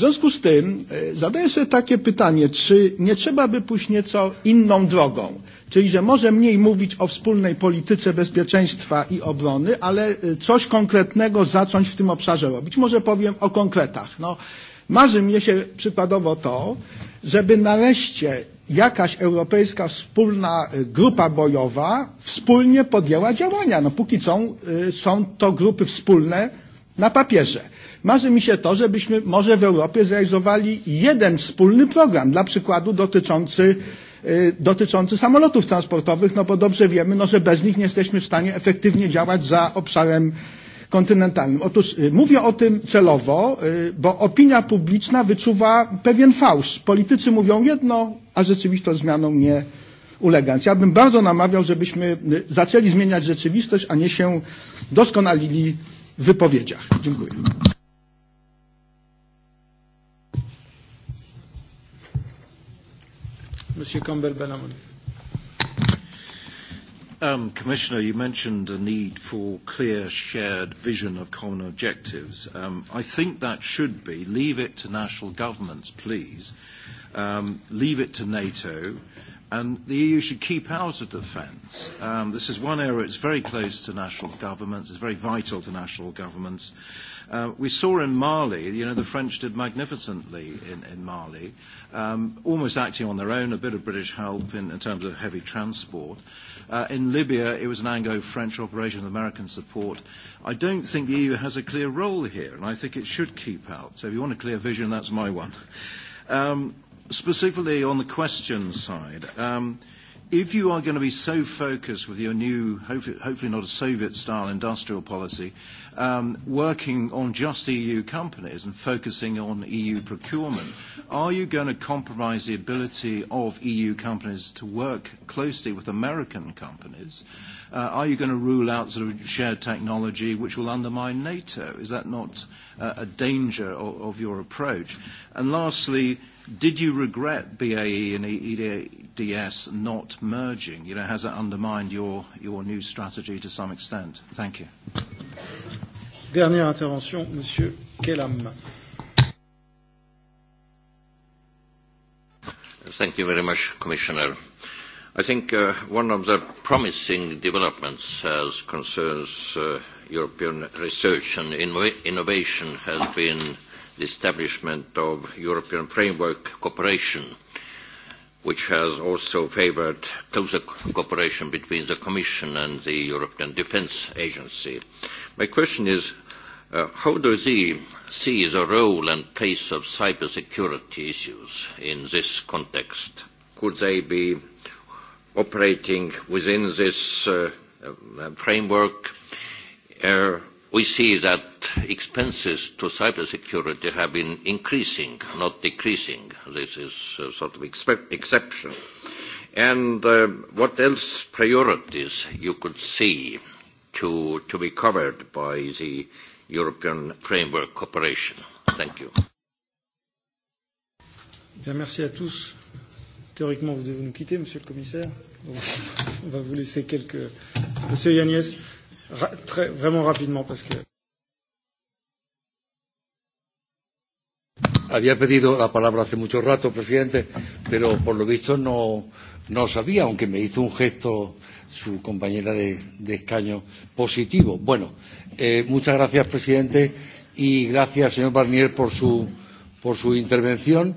związku z tym e, zadaję sobie takie pytanie, czy nie trzeba by pójść nieco inną drogą? Czyli, że może mniej mówić o wspólnej polityce bezpieczeństwa i obrony, ale e, coś konkretnego zacząć w tym obszarze robić. Może powiem o konkretach. No, marzy mnie się przykładowo to, żeby nareszcie jakaś europejska wspólna e, grupa bojowa wspólnie podjęła działania. No póki co są to grupy wspólne na papierze. Marzy mi się to, żebyśmy może w Europie zrealizowali jeden wspólny program, dla przykładu dotyczący dotyczący samolotów transportowych, no bo dobrze wiemy, no, że bez nich nie jesteśmy w stanie efektywnie działać za obszarem kontynentalnym. Otóż mówię o tym celowo, bo opinia publiczna wyczuwa pewien fałsz. Politycy mówią jedno, a rzeczywistość zmianą nie ulega. Ja bym bardzo namawiał, żebyśmy zaczęli zmieniać rzeczywistość, a nie się doskonalili wypowiedziach. Dziękuję. Monsieur Campbell Benhamon. Um, Commissioner, you mentioned the need for clear shared vision of common objectives. Um, I think that should be leave it to national governments, please. Um, leave it to NATO And the EU should keep out of defence. Um, this is one area that's very close to national governments, it's very vital to national governments. Uh, we saw in Mali, you know, the French did magnificently in, in Mali, um, almost acting on their own, a bit of British help in, in terms of heavy transport. Uh, in Libya, it was an Anglo-French operation with American support. I don't think the EU has a clear role here, and I think it should keep out. So if you want a clear vision, that's my one. Um, Specifically on the question side, um, if you are going to be so focused with your new, hopefully not a Soviet-style industrial policy, um, working on just EU companies and focusing on EU procurement, are you going to compromise the ability of EU companies to work closely with American companies? Uh, Uh, are you going to rule out sort of shared technology which will undermine NATO? Is that not uh, a danger of, of your approach? And lastly, did you regret BAE and EDS e not merging? You know, has that undermined your, your new strategy to some extent? Thank you. Dernière intervention, Monsieur Kellam. Thank you very much, Commissioner. I think uh, one of the promising developments as concerns uh, European research and innov innovation has been the establishment of European framework cooperation, which has also favored closer cooperation between the Commission and the European Defence Agency. My question is, Uh, how do you see the role and place of cybersecurity issues in this context? Could they be operating within this uh, um, framework, uh, we see that expenses to cybersecurity have been increasing, not decreasing. This is a uh, sort of exception. And uh, what else priorities you could see to, to be covered by the European framework cooperation? Thank you. Bien, merci à tous. Théoriquement, vous devez nous quitter, monsieur le commissaire. Donc, on va vous laisser quelques. Monsieur Yagnès, ra très, vraiment rapidement, parce que. Había pedido la palabra hace mucho rato, presidente, pero por lo visto no, no sabía, aunque me hizo un gesto su compañera de, de escaño positivo. Bueno, eh, muchas gracias, presidente, y gracias, señor Barnier, por su, por su intervención.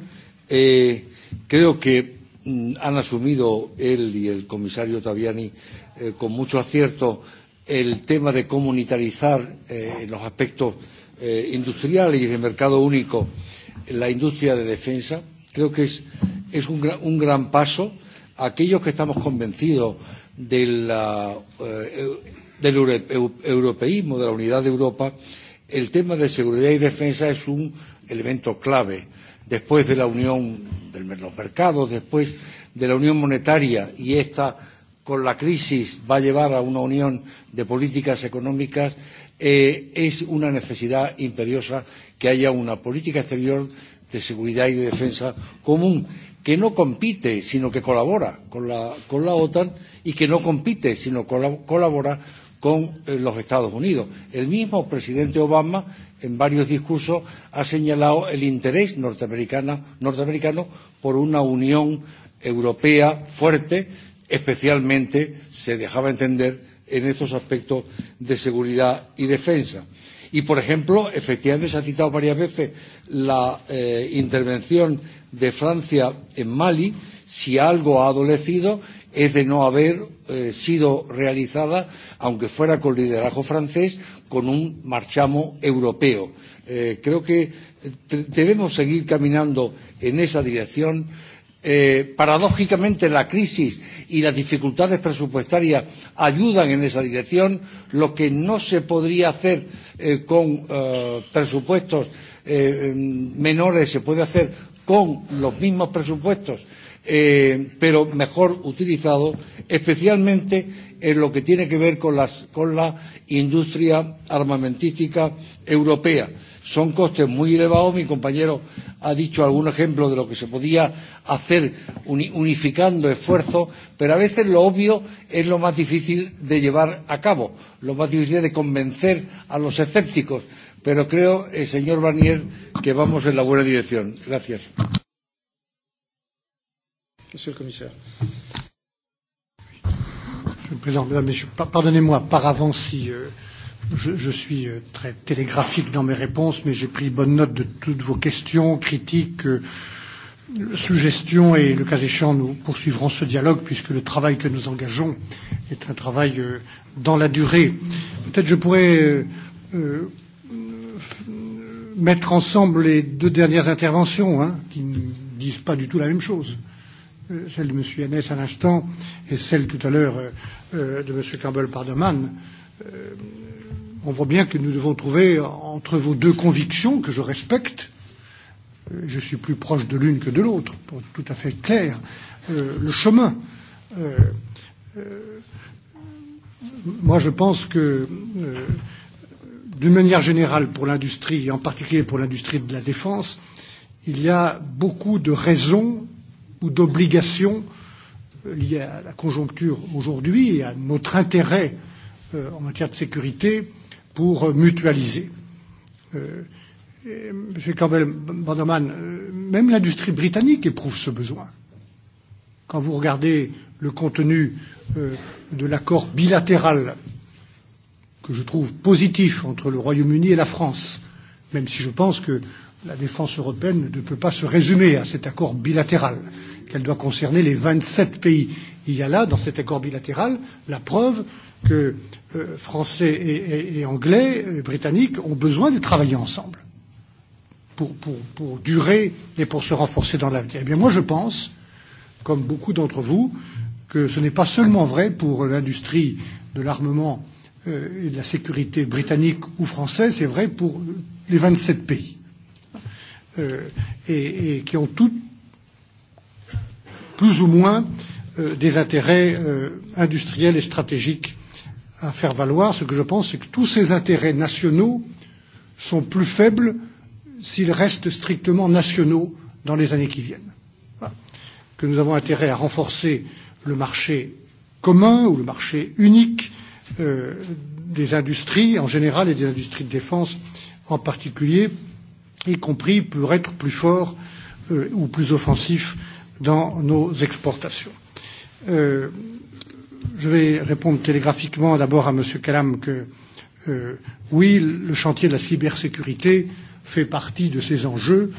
Eh, creo que Mm, han asumido él y el comisario Taviani eh, con mucho acierto el tema de comunitarizar eh, en los aspectos eh, industriales y de mercado único la industria de defensa. Creo que es, es un, gra un gran paso. Aquellos que estamos convencidos de la, eh, del euro eu europeísmo, de la unidad de Europa, el tema de seguridad y defensa es un elemento clave. Después de la Unión del, de los mercados, después de la unión monetaria y esta con la crisis va a llevar a una unión de políticas económicas, eh, es una necesidad imperiosa que haya una política exterior de seguridad y de defensa común, que no compite, sino que colabora con la, con la OTAN y que no compite, sino colab colabora con eh, los Estados Unidos. El mismo presidente Obama en varios discursos ha señalado el interés norteamericano, norteamericano por una unión europea fuerte, especialmente se dejaba entender en estos aspectos de seguridad y defensa. Y, por ejemplo, efectivamente se ha citado varias veces la eh, intervención de Francia en Mali. Si algo ha adolecido es de no haber eh, sido realizada, aunque fuera con liderazgo francés, con un marchamo europeo. Eh, creo que eh, debemos seguir caminando en esa dirección. Eh, paradójicamente la crisis y las dificultades presupuestarias ayudan en esa dirección, lo que no se podría hacer eh, con eh, presupuestos eh, menores se puede hacer con los mismos presupuestos eh, eh, pero mejor utilizado, especialmente en lo que tiene que ver con, las, con la industria armamentística europea. Son costes muy elevados. Mi compañero ha dicho algún ejemplo de lo que se podía hacer uni, unificando esfuerzos, pero a veces lo obvio es lo más difícil de llevar a cabo, lo más difícil de convencer a los escépticos. Pero creo, eh, señor Barnier, que vamos en la buena dirección. Gracias. Monsieur le commissaire. Monsieur le Président, Mesdames, Messieurs, pardonnez-moi par avance si euh, je, je suis euh, très télégraphique dans mes réponses, mais j'ai pris bonne note de toutes vos questions, critiques, euh, suggestions et, le cas échéant, nous poursuivrons ce dialogue puisque le travail que nous engageons est un travail euh, dans la durée. Peut-être je pourrais euh, euh, mettre ensemble les deux dernières interventions hein, qui ne disent pas du tout la même chose. Euh, Euh, celle de M. Yannès à l'instant et celle tout à l'heure euh, euh, de M. Campbell Pardoman, euh, on voit bien que nous devons trouver entre vos deux convictions que je respecte, euh, je suis plus proche de l'une que de l'autre, pour être tout à fait clair, euh, le chemin. Euh, euh, moi, je pense que, euh, d'une manière générale, pour l'industrie, et en particulier pour l'industrie de la défense, il y a beaucoup de raisons ou d'obligations liées à la conjoncture aujourd'hui et à notre intérêt euh, en matière de sécurité pour euh, mutualiser. Euh, Monsieur Campbell Banderman, euh, même l'industrie britannique éprouve ce besoin. Quand vous regardez le contenu euh, de l'accord bilatéral que je trouve positif entre le Royaume-Uni et la France, même si je pense que la défense européenne ne peut pas se résumer à cet accord bilatéral, qu'elle doit concerner les 27 pays. Il y a là, dans cet accord bilatéral, la preuve que euh, Français et, et, et Anglais, et euh, Britanniques, ont besoin de travailler ensemble pour, pour, pour durer et pour se renforcer dans l'avenir. Eh bien, moi, je pense, comme beaucoup d'entre vous, que ce n'est pas seulement vrai pour l'industrie de l'armement euh, et de la sécurité britannique ou française, c'est vrai pour les 27 pays euh, et, et qui ont toutes plus ou moins euh, des intérêts euh, industriels et stratégiques à faire valoir. Ce que je pense, c'est que tous ces intérêts nationaux sont plus faibles s'ils restent strictement nationaux dans les années qui viennent. Voilà. Que nous avons intérêt à renforcer le marché commun ou le marché unique euh, des industries en général et des industries de défense en particulier. Euh, y compris pour être plus fort euh, ou plus offensif dans nos exportations. Euh, je vais répondre télégraphiquement d'abord à M. Kalam que euh, oui, le chantier de la cybersécurité fait partie de ces enjeux.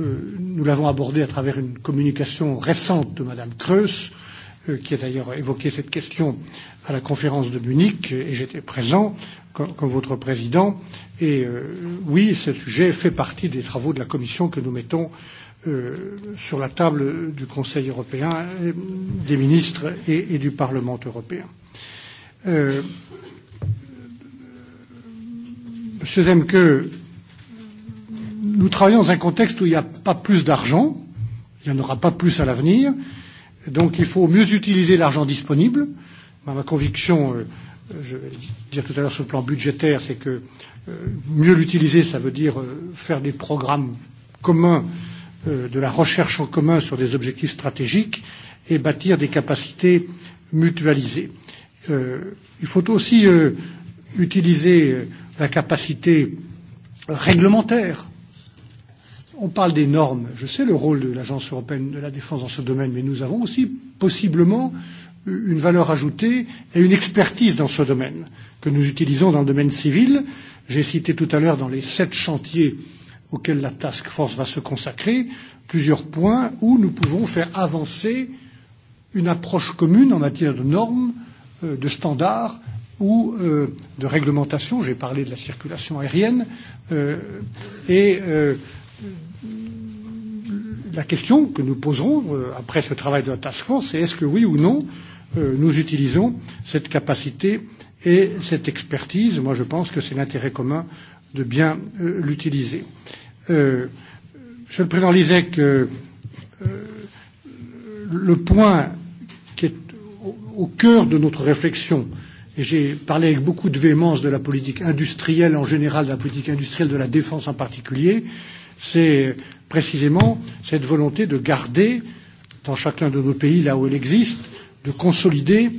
Euh, nous l'avons abordé à travers une communication récente de Mme Creus. Euh, qui a d'ailleurs évoqué cette question à la conférence de Munich, et j'étais présent comme, comme votre président. Et euh, oui, ce sujet fait partie des travaux de la Commission que nous mettons euh, sur la table du Conseil européen, euh, des ministres et, et du Parlement européen. Euh, Monsieur Zemke, nous travaillons dans un contexte où il n'y a pas plus d'argent, il n'y en aura pas plus à l'avenir, euh, Donc il faut mieux utiliser l'argent disponible. Ma, ma conviction, euh, je vais dire tout à l'heure sur le plan budgétaire, c'est que euh, mieux l'utiliser, ça veut dire euh, faire des programmes communs, euh, de la recherche en commun sur des objectifs stratégiques et bâtir des capacités mutualisées. Euh, il faut aussi euh, utiliser euh, la capacité réglementaire on parle des normes. Je sais le rôle de l'Agence européenne de la défense dans ce domaine, mais nous avons aussi possiblement une valeur ajoutée et une expertise dans ce domaine que nous utilisons dans le domaine civil. J'ai cité tout à l'heure dans les sept chantiers auxquels la task force va se consacrer plusieurs points où nous pouvons faire avancer une approche commune en matière de normes, euh, de standards ou euh, de réglementation. J'ai parlé de la circulation aérienne euh, et euh, la question que nous poserons euh, après ce travail de la task force, c'est est-ce que oui ou non euh, nous utilisons cette capacité et cette expertise Moi, je pense que c'est l'intérêt commun de bien euh, l'utiliser. Euh, Monsieur le Président Lisek, euh, euh, le point qui est au, au cœur de notre réflexion, et j'ai parlé avec beaucoup de véhémence de la politique industrielle en général, de la politique industrielle de la défense en particulier, c'est précisément cette volonté de garder, dans chacun de nos pays, là où elle existe, de consolider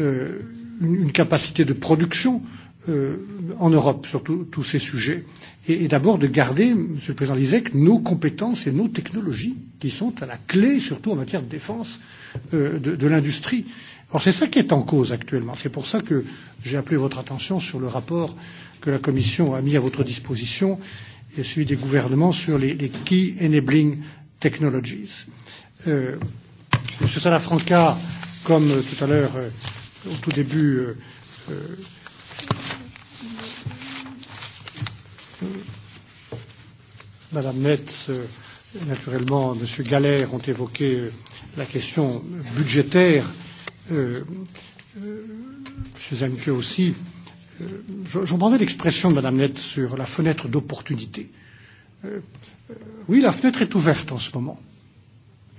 euh, une, une capacité de production euh, en Europe sur tous ces sujets. Et, et d'abord de garder, Monsieur le Président Lisek, nos compétences et nos technologies qui sont à la clé, surtout en matière de défense euh, de, de l'industrie. Or, c'est ça qui est en cause actuellement. C'est pour ça que j'ai appelé votre attention sur le rapport que la Commission a mis à votre disposition euh, et celui des gouvernements sur les, les key enabling technologies. Euh, M. Salafranca, comme euh, tout à l'heure, euh, au tout début, euh, euh, Madame Metz, euh, naturellement, M. Galère ont évoqué euh, la question budgétaire. Euh, euh, M. Zemke aussi. Euh, j'entendais l'expression de Mme Nett sur la fenêtre d'opportunité. Euh, euh, oui, la fenêtre est ouverte en ce moment.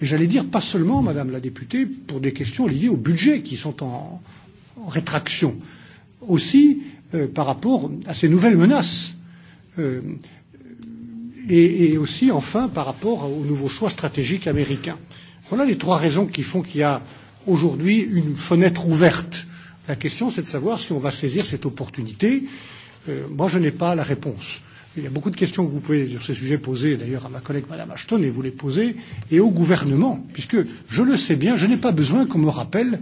Et j'allais dire, pas seulement, Madame la députée, pour des questions liées au budget qui sont en, en rétraction, aussi euh, par rapport à ces nouvelles menaces. Euh, et, et aussi, enfin, par rapport aux nouveaux choix stratégiques américains. Voilà les trois raisons qui font qu'il y a aujourd'hui une fenêtre ouverte La question, c'est de savoir si on va saisir cette opportunité. Euh, moi, je n'ai pas la réponse. Il y a beaucoup de questions que vous pouvez, sur ces sujets, poser d'ailleurs à ma collègue Madame Ashton, et vous les posez, et au gouvernement, puisque je le sais bien, je n'ai pas besoin qu'on me rappelle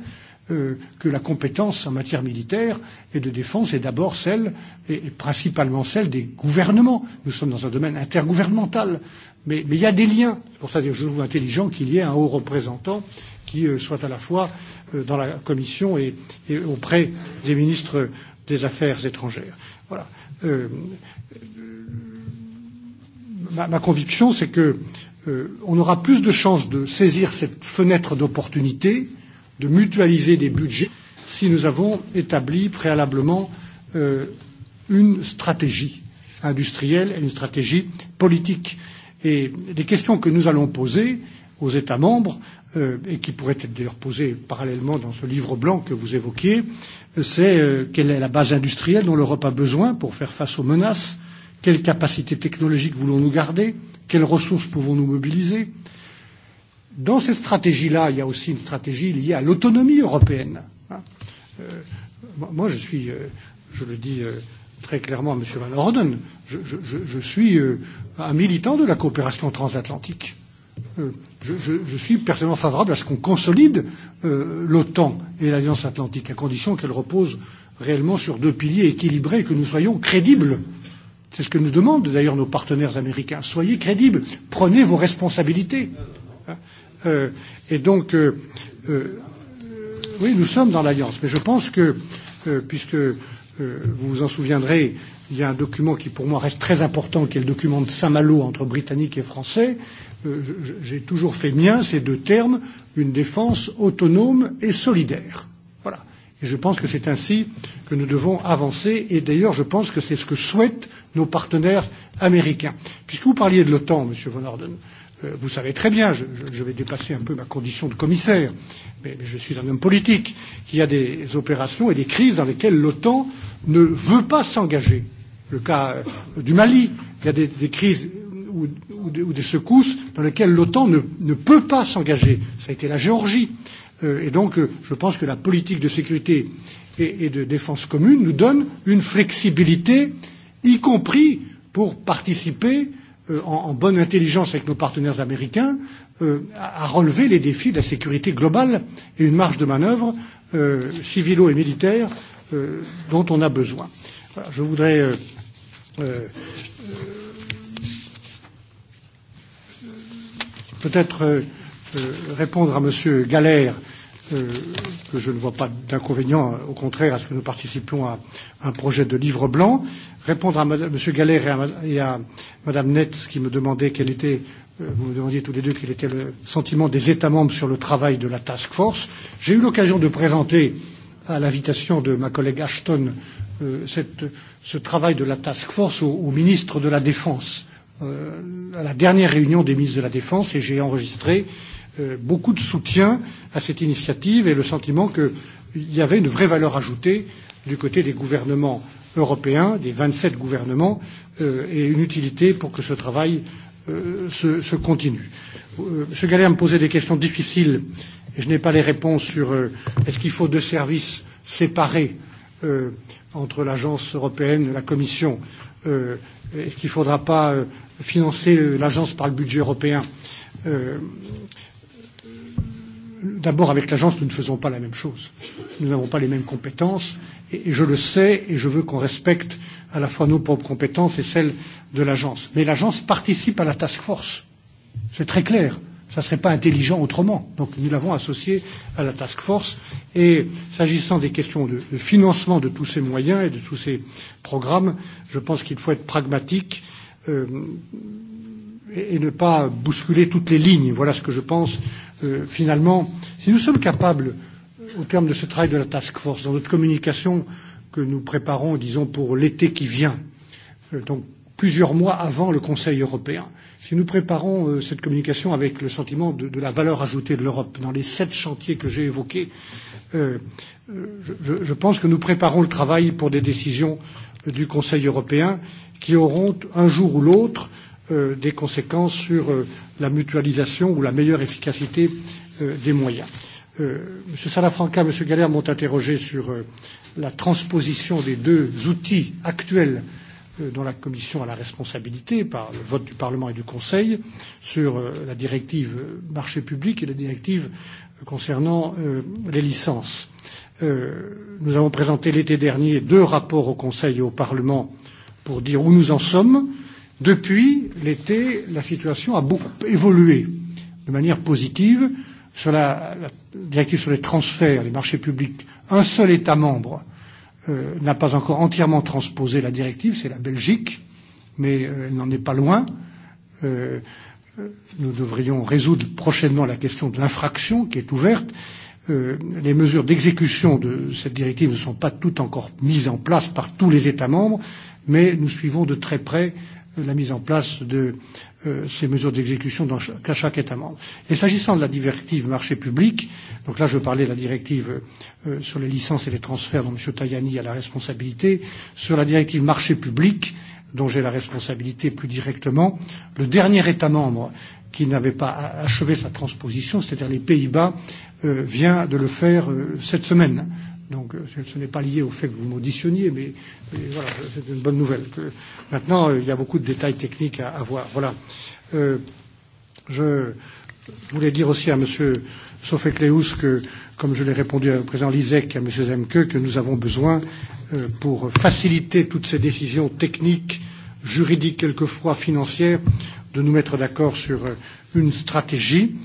euh, que la compétence en matière militaire et de défense est d'abord celle, et, et principalement celle des gouvernements. Nous sommes dans un domaine intergouvernemental, mais, mais il y a des liens. C'est pour ça que je trouve intelligent qu'il y ait un haut représentant qui euh, soit à la fois Euh, dans la Commission et, et auprès des ministres des Affaires étrangères. Voilà. Euh, ma, ma conviction, c'est que euh, on aura plus de chances de saisir cette fenêtre d'opportunité, de mutualiser des budgets, si nous avons établi préalablement euh, une stratégie industrielle et une stratégie politique. Et les questions que nous allons poser, euh, aux États membres euh, et qui pourrait être d'ailleurs posée parallèlement dans ce livre blanc que vous évoquiez, c'est euh, quelle est la base industrielle dont l'Europe a besoin pour faire face aux menaces, quelles capacités technologiques voulons-nous garder, quelles ressources pouvons-nous mobiliser. Dans cette stratégie-là, il y a aussi une stratégie liée à l'autonomie européenne. Hein. Euh, moi, je suis, euh, je le dis euh, très clairement à M. Van Orden, je, je, je, je suis euh, un militant de la coopération transatlantique euh, je, je, je suis personnellement favorable à ce qu'on consolide euh, l'OTAN et l'Alliance atlantique, à condition qu'elle repose réellement sur deux piliers équilibrés et que nous soyons crédibles. C'est ce que nous demandent d'ailleurs nos partenaires américains. Soyez crédibles, prenez vos responsabilités. Euh, et donc, euh, euh, oui, nous sommes dans l'Alliance, mais je pense que, euh, puisque euh, vous vous en souviendrez, il y a un document qui pour moi reste très important, qui est le document de Saint-Malo entre Britanniques et Français, Euh, j'ai toujours fait mien ces deux termes, une défense autonome et solidaire. Voilà. Et je pense que c'est ainsi que nous devons avancer. Et d'ailleurs, je pense que c'est ce que souhaitent nos partenaires américains. Puisque vous parliez de l'OTAN, Monsieur Van Orden, euh, vous savez très bien, je, je vais dépasser un peu ma condition de commissaire, mais, mais je suis un homme politique, qu'il y a des opérations et des crises dans lesquelles l'OTAN ne veut pas s'engager. Le cas euh, du Mali, il y a des, des crises ou, ou, de, ou des secousses dans lesquelles l'OTAN ne, ne peut pas s'engager. Ça a été la Géorgie. Euh, et donc, euh, je pense que la politique de sécurité et, et de défense commune nous donne une flexibilité, y compris pour participer euh, en, en bonne intelligence avec nos partenaires américains euh, à, à relever les défis de la sécurité globale et une marge de manœuvre euh, civilo et militaire euh, dont on a besoin. Voilà, je voudrais euh, euh, Peut-être euh, euh, répondre à M. Galère, euh, que je ne vois pas d'inconvénient, au contraire, à ce que nous participions à un projet de livre blanc. Répondre à M. Galère et à, et à Mme Netz, qui me demandait quel était, euh, vous me demandiez tous les deux quel était le sentiment des États membres sur le travail de la task force. J'ai eu l'occasion de présenter, à l'invitation de ma collègue Ashton, euh, cette, ce travail de la task force au, au ministre de la Défense euh, à la dernière réunion des ministres de la Défense et j'ai enregistré euh, beaucoup de soutien à cette initiative et le sentiment qu'il y avait une vraie valeur ajoutée du côté des gouvernements européens, des 27 gouvernements, euh, et une utilité pour que ce travail euh, se, se continue. Euh, M. Galère me posait des questions difficiles et je n'ai pas les réponses sur euh, est-ce qu'il faut deux services séparés euh, entre l'agence européenne et la Commission. Euh, est-ce qu'il ne faudra pas euh, financer l'agence par le budget européen. Euh, D'abord, avec l'agence, nous ne faisons pas la même chose. Nous n'avons pas les mêmes compétences, et, et je le sais, et je veux qu'on respecte à la fois nos propres compétences et celles de l'agence. Mais l'agence participe à la task force. C'est très clair. Ça ne serait pas intelligent autrement. Donc nous l'avons associé à la task force. Et s'agissant des questions de, de financement de tous ces moyens et de tous ces programmes, je pense qu'il faut être pragmatique. Euh, euh, et, et ne pas bousculer toutes les lignes. Voilà ce que je pense. Euh, finalement, si nous sommes capables, euh, au terme de ce travail de la task force, dans notre communication que nous préparons, disons, pour l'été qui vient, euh, donc plusieurs mois avant le Conseil européen, si nous préparons euh, cette communication avec le sentiment de, de la valeur ajoutée de l'Europe dans les sept chantiers que j'ai évoqués, euh, euh je, je pense que nous préparons le travail pour des décisions du Conseil européen qui auront un jour ou l'autre euh, des conséquences sur euh, la mutualisation ou la meilleure efficacité euh, des moyens. Euh, M. Salafranca, M. Galère m'ont interrogé sur euh, la transposition des deux outils actuels euh, dont la Commission a la responsabilité par le vote du Parlement et du Conseil sur euh, la directive euh, marché public et la directive euh, concernant euh, les licences. Euh, nous avons présenté l'été dernier deux rapports au Conseil et au Parlement pour dire où nous en sommes. Depuis l'été, la situation a beaucoup évolué de manière positive sur la, la directive sur les transferts, les marchés publics. Un seul État membre euh, n'a pas encore entièrement transposé la directive, c'est la Belgique, mais euh, elle n'en est pas loin. Euh, euh nous devrions résoudre prochainement la question de l'infraction qui est ouverte euh, les mesures d'exécution de cette directive ne sont pas toutes encore mises en place par tous les États membres, mais nous suivons de très près euh, la mise en place de euh, ces mesures d'exécution dans chaque, à chaque État membre. Et s'agissant de la directive marché public, donc là je parlais de la directive euh, sur les licences et les transferts dont M. Tajani a la responsabilité, sur la directive marché public, dont j'ai la responsabilité plus directement, le dernier État membre qui n'avait pas achevé sa transposition, c'est-à-dire les Pays-Bas, euh, vient de le faire euh, cette semaine. Donc euh, ce n'est pas lié au fait que vous m'auditionniez, mais, mais voilà, c'est une bonne nouvelle. Que maintenant, euh, il y a beaucoup de détails techniques à, à voir. Voilà. Euh, je voulais dire aussi à M. Sofekleus que, comme je l'ai répondu au président Lisek et à M. Zemke, que nous avons besoin, euh, pour faciliter toutes ces décisions techniques, juridiques quelquefois, financières, de nous mettre d'accord sur euh, une stratégie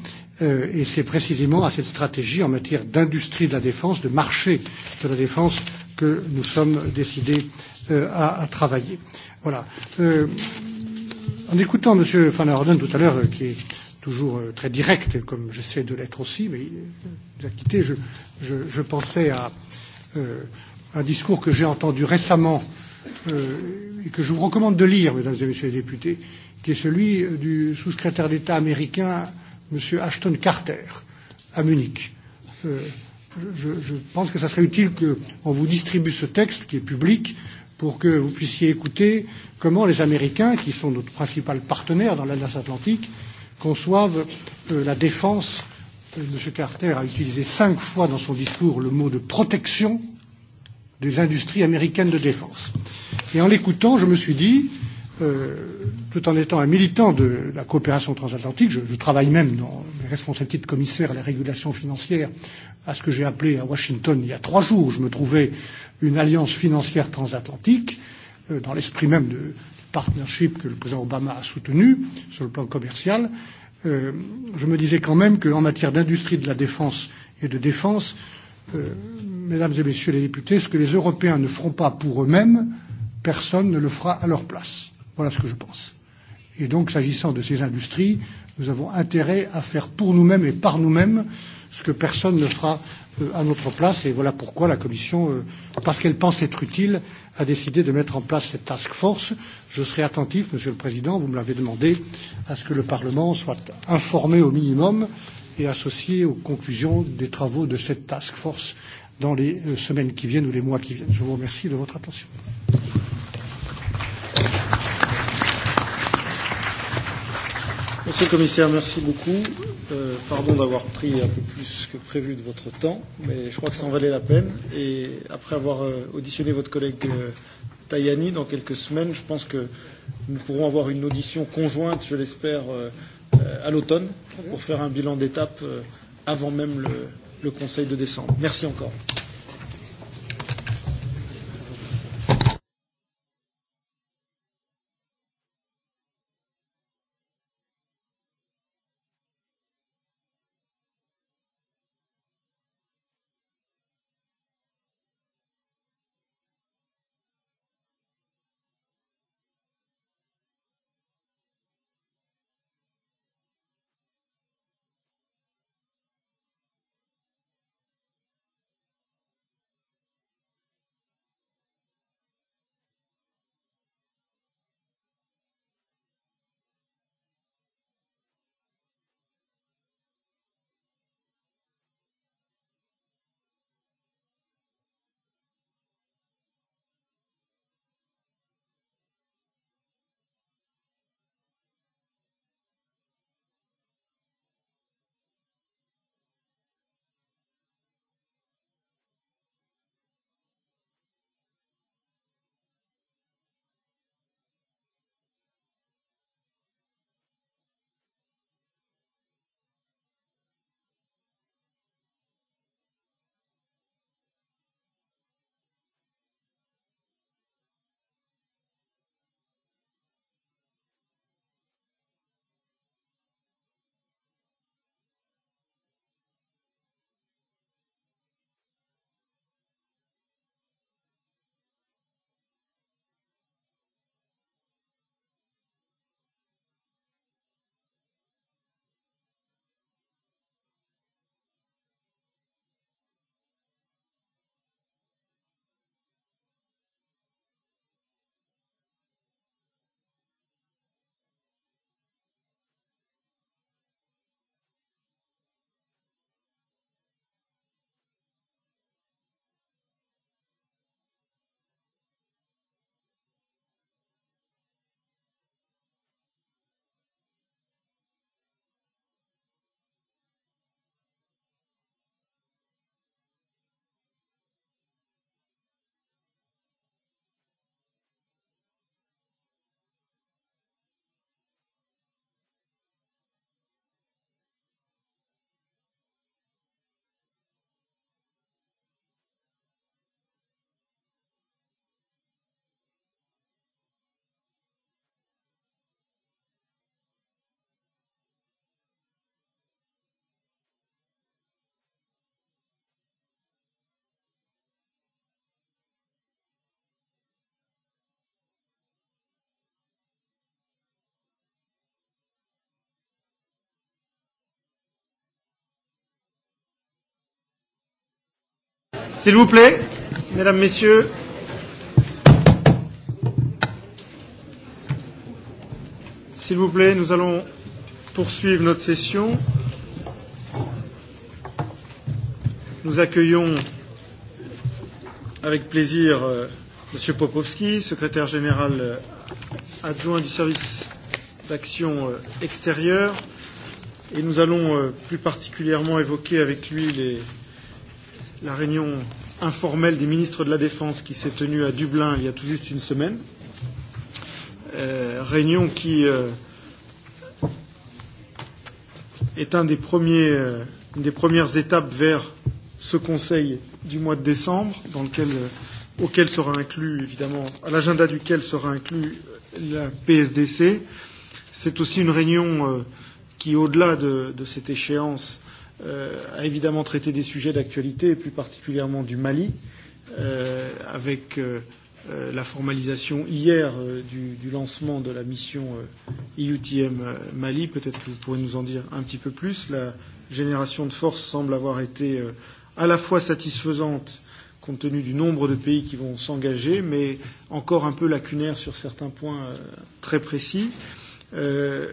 euh, et c'est précisément à cette stratégie en matière d'industrie de la défense, de marché de la défense que nous sommes décidés euh, à, à travailler. Voilà. Euh, en écoutant M. Van Orden tout à l'heure, euh, qui est toujours euh, très direct, comme j'essaie de l'être aussi, mais euh, vous a quitté, je, je, je pensais à euh, un discours que j'ai entendu récemment euh, et que je vous recommande de lire, mesdames et messieurs les députés, euh, qui est celui euh, du sous-secrétaire d'État américain, M. Ashton Carter, à Munich. Euh, je, je pense que ça serait utile qu'on vous distribue ce texte qui est public pour que vous puissiez écouter comment les Américains, qui sont notre principal partenaire dans l'Alliance Atlantique, conçoivent euh, la défense. Euh, M. Carter a utilisé cinq fois dans son discours le mot de protection des industries américaines de défense. Et en l'écoutant, je me suis dit, euh, euh, tout en étant un militant de la coopération transatlantique, je, je travaille même dans mes responsabilités de commissaire à la régulation financière à ce que j'ai appelé à Washington il y a trois jours, je me trouvais une alliance financière transatlantique, euh, dans l'esprit même de partnership que le président Obama a soutenu sur le plan commercial, euh, je me disais quand même qu'en matière d'industrie de la défense et de défense, euh, mesdames et messieurs les députés, ce que les Européens ne feront pas pour eux-mêmes, personne ne le fera à leur place. Voilà ce que je pense. Et donc, s'agissant de ces industries, nous avons intérêt à faire pour nous-mêmes et par nous-mêmes ce que personne ne fera euh, à notre place. Et voilà pourquoi la Commission, euh, parce qu'elle pense être utile, a décidé de mettre en place cette task force. Je serai attentif, Monsieur le Président, vous me l'avez demandé, à ce que le Parlement soit informé au minimum et associé aux conclusions des travaux de cette task force dans les euh, semaines qui viennent ou les mois qui viennent. Je vous remercie de votre attention. Merci. Monsieur le commissaire, merci beaucoup. Euh, pardon d'avoir pris un peu plus que prévu de votre temps, mais je crois que ça en valait la peine. Et après avoir euh, auditionné votre collègue euh, Tajani dans quelques semaines, je pense que nous pourrons avoir une audition conjointe, je l'espère, euh, euh, à l'automne pour faire un bilan d'étape euh, avant même le, le Conseil de décembre. Merci encore. S'il vous plaît, mesdames, messieurs. S'il vous plaît, nous allons poursuivre notre session. Nous accueillons avec plaisir euh, M. Popovski, secrétaire général euh, adjoint du service d'action euh, extérieure, et nous allons euh, plus particulièrement évoquer avec lui les, la réunion informelle des ministres de la Défense qui s'est tenue à Dublin il y a tout juste une semaine. Euh, réunion qui euh, est un des premiers, euh, une des premières étapes vers ce Conseil du mois de décembre, dans lequel, euh, auquel sera inclus, évidemment, à l'agenda duquel sera inclus euh, la PSDC. C'est aussi une réunion euh, qui, au-delà de, de cette échéance, euh, a évidemment traité des sujets d'actualité, et plus particulièrement du Mali, euh, avec euh, euh la formalisation hier euh, du, du lancement de la mission euh, IUTM euh, Mali. Peut-être que vous pourrez nous en dire un petit peu plus. La génération de force semble avoir été euh, à la fois satisfaisante compte tenu du nombre de pays qui vont s'engager, mais encore un peu lacunaire sur certains points euh, très précis. Euh,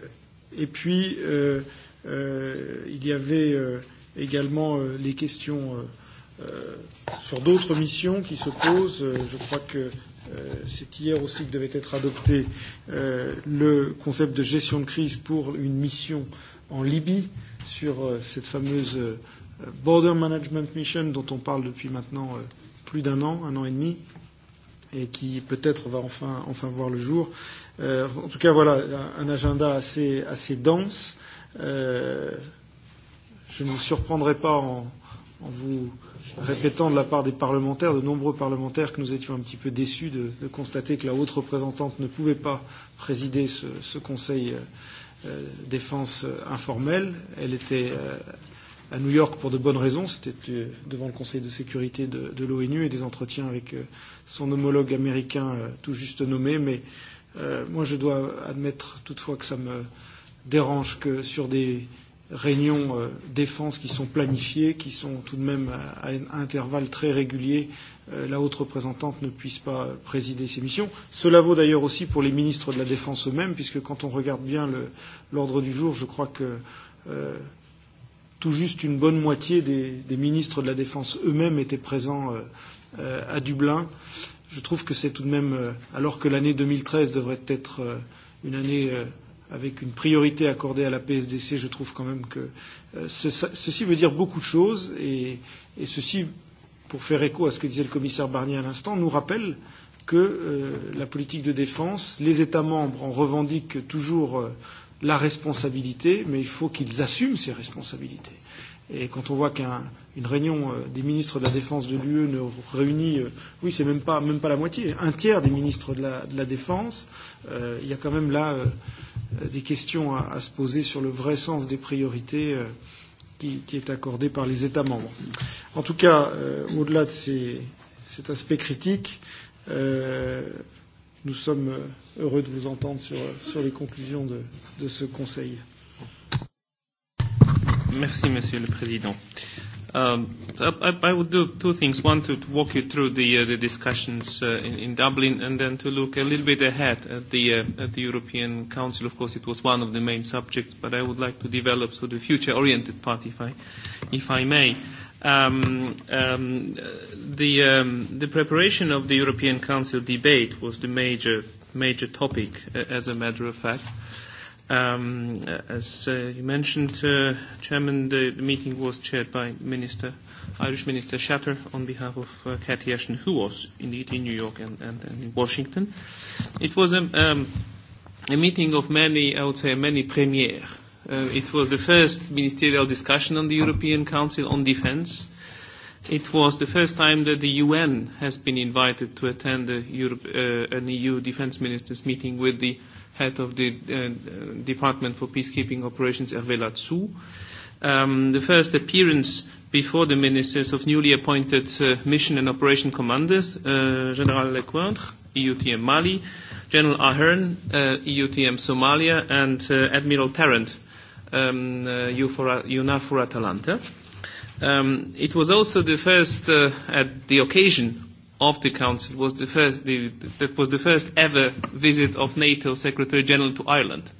et puis, euh, Euh, il y avait euh, également euh, les questions euh, euh, sur d'autres missions qui se posent. Euh, je crois que euh, c'est hier aussi que devait être adopté euh, le concept de gestion de crise pour une mission en Libye sur euh, cette fameuse euh, Border Management Mission dont on parle depuis maintenant euh, plus d'un an, un an et demi, et qui peut-être va enfin, enfin voir le jour. Euh, en tout cas, voilà un agenda assez, assez dense. Euh, Euh, je ne vous surprendrai pas en, en vous répétant de la part des parlementaires, de nombreux parlementaires, que nous étions un petit peu déçus de, de constater que la haute représentante ne pouvait pas présider ce, ce conseil euh, euh défense informel. Elle était euh, à New York pour de bonnes raisons. C'était euh, devant le Conseil de sécurité de, de l'ONU et des entretiens avec euh, son homologue américain euh, tout juste nommé. Mais euh, moi, je dois admettre toutefois que ça me dérange que sur des réunions euh, défense qui sont planifiées, qui sont tout de même à, à, à intervalles très réguliers, euh, la haute représentante ne puisse pas présider ces missions. Cela vaut d'ailleurs aussi pour les ministres de la Défense eux-mêmes, puisque quand on regarde bien l'ordre du jour, je crois que euh, tout juste une bonne moitié des, des ministres de la Défense eux-mêmes étaient présents euh, euh, à Dublin. Je trouve que c'est tout de même, euh, alors que l'année 2013 devrait être euh, une année euh, avec une priorité accordée à la PSDC, je trouve quand même que euh, ce, ceci veut dire beaucoup de choses et, et ceci, pour faire écho à ce que disait le commissaire Barnier à l'instant, nous rappelle que euh, la politique de défense, les États membres en revendiquent toujours euh, la responsabilité, mais il faut qu'ils assument ces responsabilités. Et quand on voit qu'une un, réunion euh, des ministres de la Défense de l'UE ne réunit, euh, oui, c'est même pas, même pas la moitié, un tiers des ministres de la, de la Défense, euh, il y a quand même là euh, Euh, des questions à, à se poser sur le vrai sens des priorités euh, qui, qui est accordé par les États membres. En tout cas, euh, au-delà de ces, cet aspect critique, euh, nous sommes euh, heureux de vous entendre sur, sur les conclusions de, de ce Conseil. Merci, Monsieur le Président. Euh, Um, so I, I would do two things. One, to, to walk you through the, uh, the discussions uh, in, in Dublin, and then to look a little bit ahead at the, uh, at the European Council. Of course, it was one of the main subjects, but I would like to develop so the future-oriented part, if I, if I may. Um, um, the, um, the preparation of the European Council debate was the major, major topic, uh, as a matter of fact. Uh, Um, as uh, you mentioned, uh, Chairman, the, the meeting was chaired by Minister, Irish Minister Shatter on behalf of uh, Cathy Ashton, who was indeed in New York and, and, and in Washington. It was a, um, a meeting of many, I would say, many premières. Uh, it was the first ministerial discussion on the European Council on Defence. It was the first time that the UN has been invited to attend a Europe, uh, an EU defence ministers meeting with the uh, head of the uh, Department for Peacekeeping Operations, Hervé Latsou. Um, the first appearance before the ministers of newly appointed uh, mission and operation commanders, uh, General Lecointre, EUTM Mali, General Ahern, uh, EUTM Somalia, and uh, Admiral Tarrant, um, uh, UNAFOR Atalanta. Um, it was also the first, uh, at the occasion of the Council was the first, the, that was the first ever visit of NATO Secretary General to Ireland.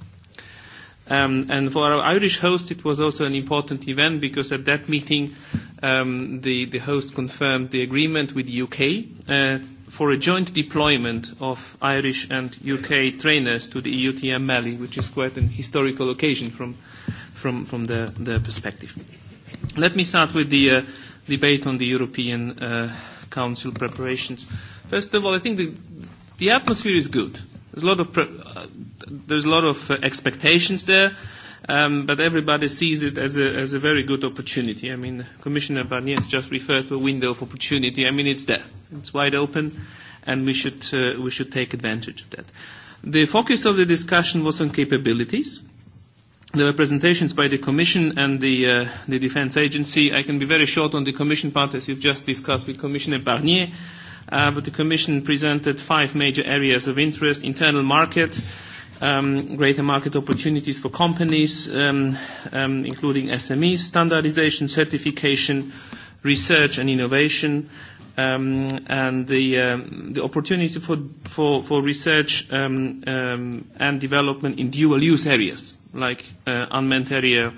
Um, and for our Irish host, it was also an important event because at that meeting, um, the, the host confirmed the agreement with the UK uh, for a joint deployment of Irish and UK trainers to the EUTM Mali, which is quite an historical occasion from, from, from their, their perspective. Let me start with the uh, debate on the European uh, Council preparations. First of all, I think the, the atmosphere is good. There's a lot of, pre- uh, there's a lot of uh, expectations there, um, but everybody sees it as a, as a very good opportunity. I mean, Commissioner Barnier has just referred to a window of opportunity. I mean, it's there. It's wide open, and we should, uh, we should take advantage of that. The focus of the discussion was on capabilities the representations by the Commission and the, uh, the Defense Agency. I can be very short on the Commission part, as you've just discussed with Commissioner Barnier. Uh, but the Commission presented five major areas of interest, internal market, um, greater market opportunities for companies, um, um, including SMEs, standardization, certification, research and innovation, um, and the, um, the opportunity for, for, for research um, um, and development in dual-use areas like uh, unmanned area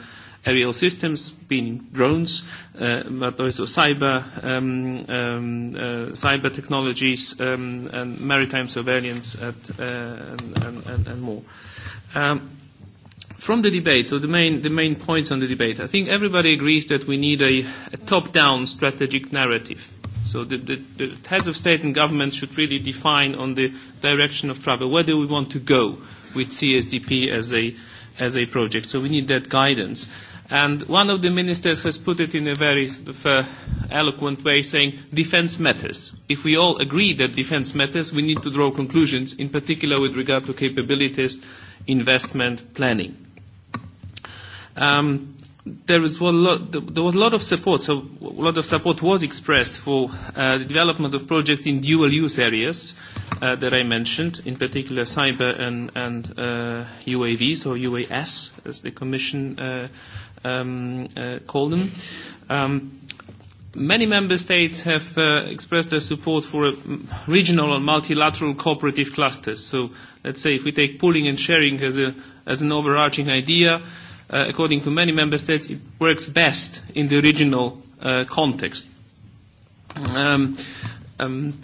aerial systems, being drones, uh, but also cyber, um, um, uh, cyber technologies, um, and maritime surveillance, at, uh, and, and, and more. Um, from the debate, so the main, the main points on the debate, I think everybody agrees that we need a, a top-down strategic narrative. So the, the, the heads of state and government should really define on the direction of travel, where do we want to go with CSDP as a, uh, as a project. So we need that guidance. And one of the ministers has put it in a very sort of, uh, eloquent way, saying defense matters. If we all agree that defense matters, we need to draw conclusions, in particular with regard to capabilities, investment, planning. Um, there was a lot, there was a lot of support. So a lot of support was expressed for uh, the development of projects in dual use areas uh, that I mentioned, in particular cyber and, and uh, UAVs or UAS, as the Commission uh, um, uh, called them. Um, many member states have uh, expressed their support for a uh, regional and multilateral cooperative clusters. So let's say if we take pooling and sharing as, a, as an overarching idea. Uh, uh, according to many member states, it works best in the regional uh, context. Um, um,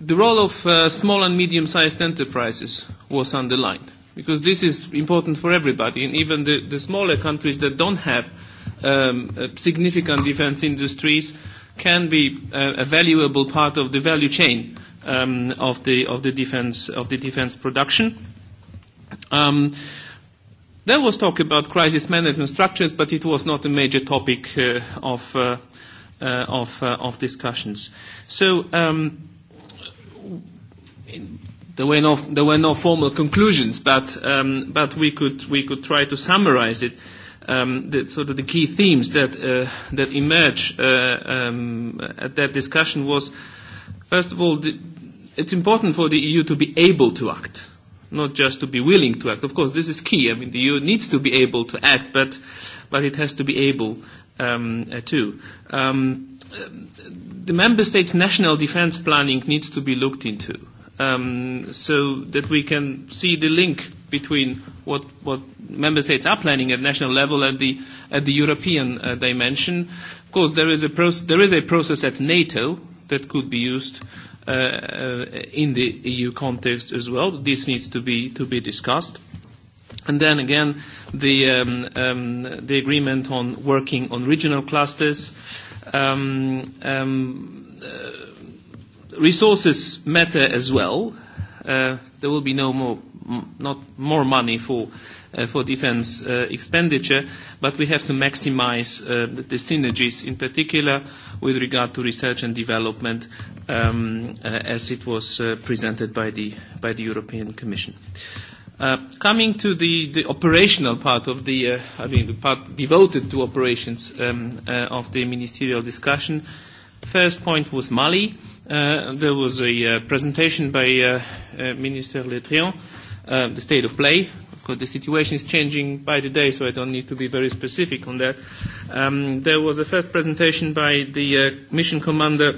the role of uh, small and medium-sized enterprises was underlined because this is important for everybody, and even the, the smaller countries that don't have um, uh, significant defense industries can be uh, a valuable part of the value chain um, of the of the defense of the defense production. Um, uh, There was talk about crisis management structures, but it was not a major topic uh, of, uh, uh, of, uh, of discussions. So um, there, were no, there were no formal conclusions, but, um, but we, could, we could try to summarize it. Um, the, sort of the key themes that, uh, that emerge uh, um, at that discussion was, first of all, the, it's important for the EU to be able to act not just to be willing to act. Of course, this is key. I mean, the EU needs to be able to act, but, but it has to be able um, uh, to. Um, the member states' national defense planning needs to be looked into um, so that we can see the link between what, what member states are planning at national level and the, at the European uh, dimension. Of course, there is, a proce- there is a process at NATO that could be used uh, uh, uh, in the EU context as well. This needs to be, to be discussed. And then again, the, um, um, the agreement on working on regional clusters. Um, um, uh, resources matter as well. Uh, there will be no more, m- not more money for uh, for defense uh, expenditure, but we have to maximize uh, the, the synergies, in particular with regard to research and development, um, uh, as it was uh, presented by the, by the European Commission. Uh, coming to the, the operational part of the, uh, I mean, the part devoted to operations um, uh, of the ministerial discussion, first point was Mali. Uh, there was a uh, presentation by uh, uh, Minister Le Trian, uh, the state of play, because the situation is changing by the day, so I don't need to be very specific on that. Um, there was a first presentation by the uh, mission commander,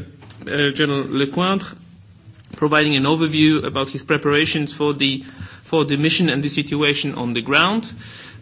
uh, General Lecointre, providing an overview about his preparations for the, for the mission and the situation on the ground.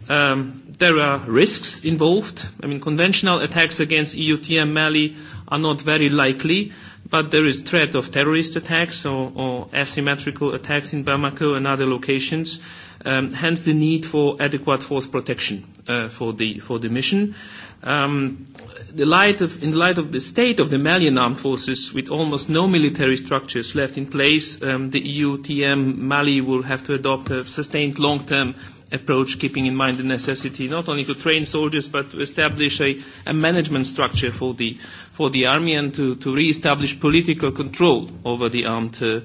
Um, there are risks involved. I mean, conventional attacks against EUTM Mali are not very likely. But there is threat of terrorist attacks or, or asymmetrical attacks in Bamako and other locations, um, hence the need for adequate force protection uh, for, the, for the mission. Um, the light of, in the light of the state of the Malian armed forces, with almost no military structures left in place, um, the EUTM Mali will have to adopt a sustained long-term approach, keeping in mind the necessity not only to train soldiers, but to establish a, a management structure for the, for the army and to, to re-establish political control over the armed, uh,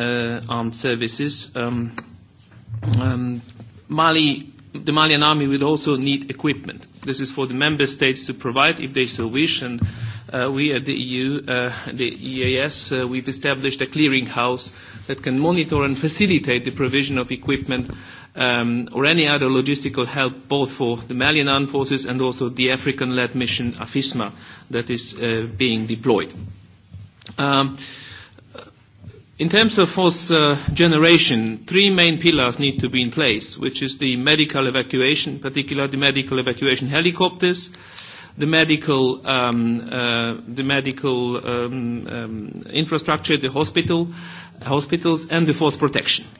uh, armed services. Um, um, Mali, the Malian army will also need equipment. This is for the member states to provide if they so wish, and uh, we at the EU, uh, the EAS, uh, we've established a clearinghouse that can monitor and facilitate the provision of equipment uh, um, or any other logistical help both for the Malian armed forces and also the African-led mission AFISMA that is uh, being deployed. Um, in terms of force uh, generation, three main pillars need to be in place, which is the medical evacuation, particularly the medical evacuation helicopters, the medical, um, uh, the medical um, um, infrastructure, the hospital, hospitals, and the force protection. Uh,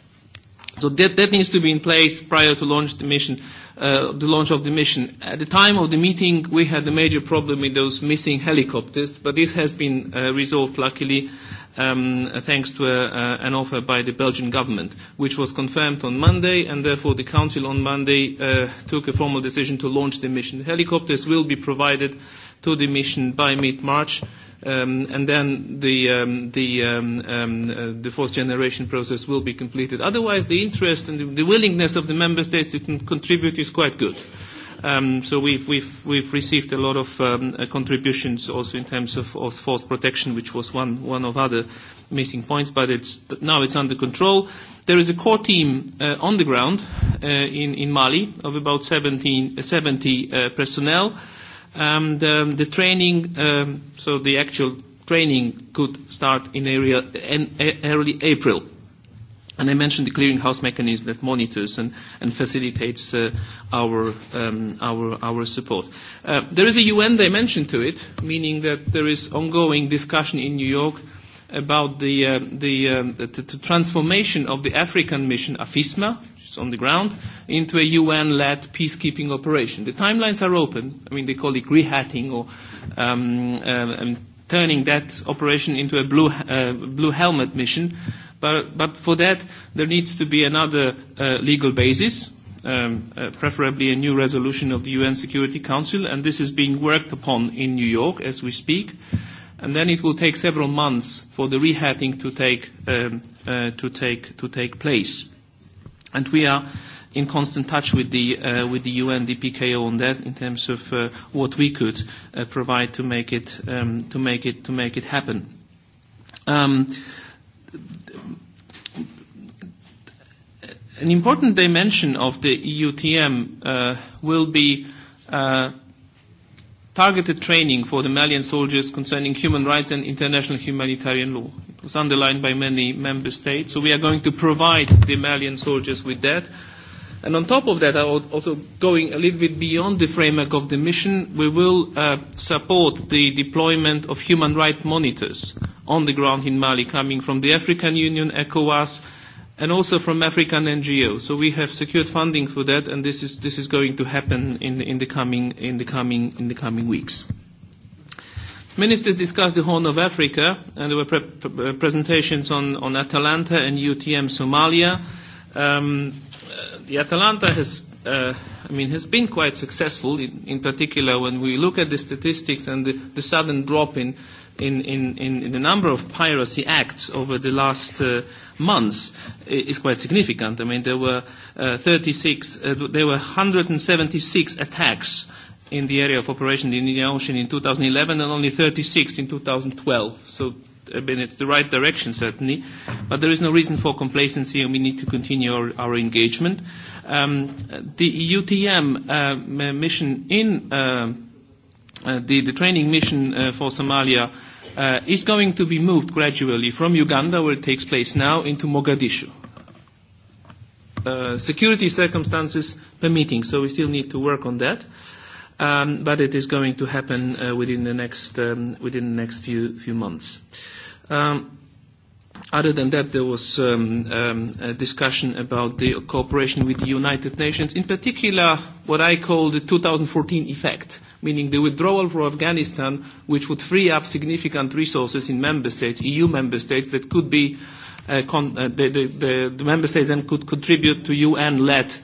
So that, that needs to be in place prior to launch the mission, uh, the launch of the mission. At the time of the meeting, we had a major problem with those missing helicopters, but this has been uh, resolved luckily um, thanks to a, uh, uh, an offer by the Belgian government, which was confirmed on Monday, and therefore the Council on Monday uh, took a formal decision to launch the mission. The helicopters will be provided to the mission by mid-March. Um, and then the, um, the, um, um, uh, the fourth generation process will be completed. Otherwise, the interest and the, the willingness of the member states to con- contribute is quite good. Um, so we've, we've, we've received a lot of um, uh, contributions also in terms of, of force protection, which was one, one of other missing points, but it's, now it's under control. There is a core team uh, on the ground uh, in, in Mali of about 17, 70 uh, personnel. Uh, Um, the, the training, um, so the actual training could start in area, in e, early April. And I mentioned the clearinghouse mechanism that monitors and, and facilitates uh, our, um, our, our support. Uh, there is a UN dimension to it, meaning that there is ongoing discussion in New York uh, about the, uh, the, uh, the, the transformation of the African mission AFISMA, which is on the ground, into a UN-led peacekeeping operation. The timelines are open. I mean, they call it rehatting or um, uh, um, turning that operation into a blue, uh, blue helmet mission. But, but for that, there needs to be another uh, legal basis, um, uh, preferably a new resolution of the UN Security Council, and this is being worked upon in New York as we speak. Uh, and then it will take several months for the rehatting to take, um, uh, to take, to take place. And we are in constant touch with the, uh, with the UN DPKO on that in terms of uh, what we could uh, provide to make it, um, to make it, to make it happen. Um, an important dimension of the EUTM uh, will be uh, targeted training for the Malian soldiers concerning human rights and international humanitarian law. It was underlined by many member states. So we are going to provide the Malian soldiers with that. And on top of that, also going a little bit beyond the framework of the mission, we will uh, support the deployment of human rights monitors on the ground in Mali coming from the African Union, ECOWAS, and also from African NGOs. So we have secured funding for that, and this is, this is going to happen in the, in the, coming, in the, coming, in the coming weeks. Ministers discussed the Horn of Africa, and there were pre- pre- uh, presentations on, on Atalanta and UTM Somalia. Um, uh, the Atalanta has uh, I mean, has been quite successful, in, in particular when we look at the statistics and the, the sudden drop in, in, in, in the number of piracy acts over the last uh, months is quite significant. I mean, there were uh, 36, uh, there were 176 attacks in the area of operation in the Indian Ocean in 2011 and only 36 in 2012. So I uh, mean, it's the right direction, certainly, but there is no reason for complacency, and we need to continue our, our engagement. Um, the UTM uh, mission in uh, uh, the, the training mission uh, for Somalia uh, is going to be moved gradually from Uganda, where it takes place now, into Mogadishu. Uh, security circumstances permitting, so we still need to work on that. Uh, um, but it is going to happen uh, within the next um, within the next few few months. Um, other than that, there was um, um, a discussion about the cooperation with the United Nations, in particular what I call the 2014 effect, meaning the withdrawal from Afghanistan, which would free up significant resources in member states, EU member states, that could be uh, con- uh, the, the, the, the member states then could contribute to UN-led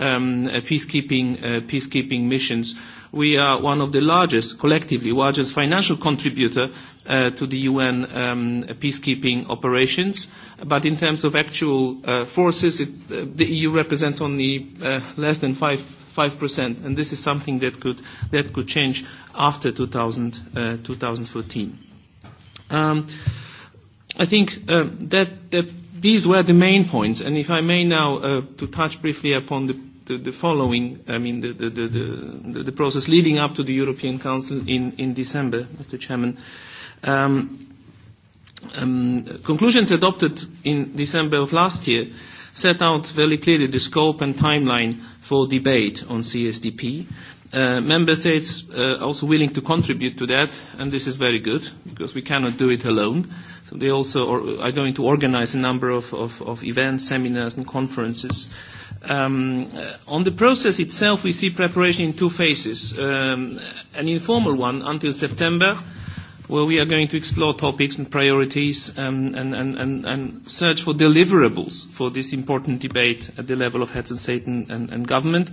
um, uh, peacekeeping uh, peacekeeping missions we are one of the largest, collectively largest financial contributor uh, to the UN um, peacekeeping operations. But in terms of actual uh, forces, it, uh, the EU represents only uh, less than 5, 5%, and this is something that could, that could change after 2000, uh, 2014. Um, I think uh, that, that these were the main points, and if I may now uh, to touch briefly upon the the, the following, I mean, the, the, the, the, the process leading up to the European Council in, in December, Mr. Chairman. Um, um, conclusions adopted in December of last year set out very clearly the scope and timeline for debate on CSDP. Uh, member states uh, also willing to contribute to that, and this is very good because we cannot do it alone. Uh, So they also or, are going to organize a number of, of, of events, seminars, and conferences. Um, uh, on the process itself, we see preparation in two phases. Um, an informal one until September, where we are going to explore topics and priorities um, and, and, and, and search for deliverables for this important debate at the level of heads and state and, and, and government.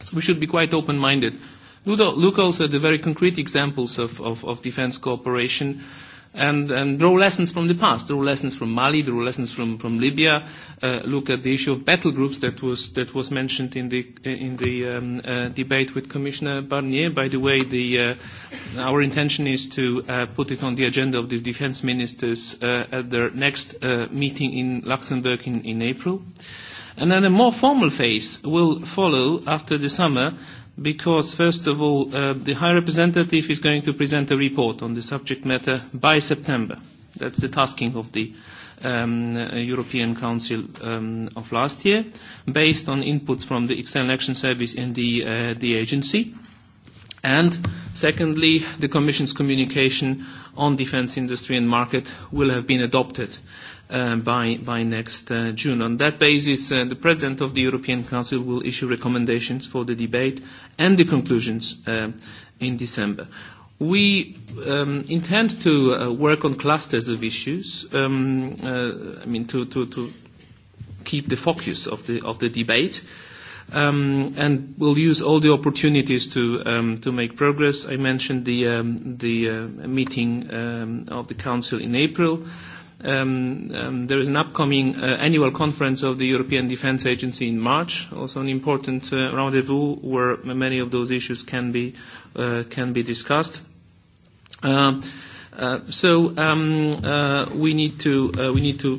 So we should be quite open-minded. Look also at the very concrete examples of, of, of defense cooperation. Uh, and, and draw lessons from the past, draw lessons from Mali, draw lessons from, from Libya, uh, look at the issue of battle groups that was, that was mentioned in the, in the um, uh, debate with Commissioner Barnier. By the way, the, uh, our intention is to uh, put it on the agenda of the defense ministers uh, at their next uh, meeting in Luxembourg in, in April. And then a more formal phase will follow after the summer because, first of all, uh, the High Representative is going to present a report on the subject matter by September. That's the tasking of the um, European Council um, of last year, based on inputs from the External Action Service and the, uh, the agency. And secondly, the Commission's communication on defense industry and market will have been adopted uh, uh, by, by next uh, June. On that basis, uh, the President of the European Council will issue recommendations for the debate and the conclusions uh, in December. We um, intend to uh, work on clusters of issues, um, uh, I mean, to, to, to keep the focus of the, of the debate. Um, and we'll use all the opportunities to, um, to make progress. I mentioned the, um, the uh, meeting um, of the Council in April. Uh, Um, um, there is an upcoming uh, annual conference of the European Defence Agency in March, also an important uh, rendezvous where many of those issues can be uh, can be discussed. Uh, uh, so um, uh, we need to uh, we need to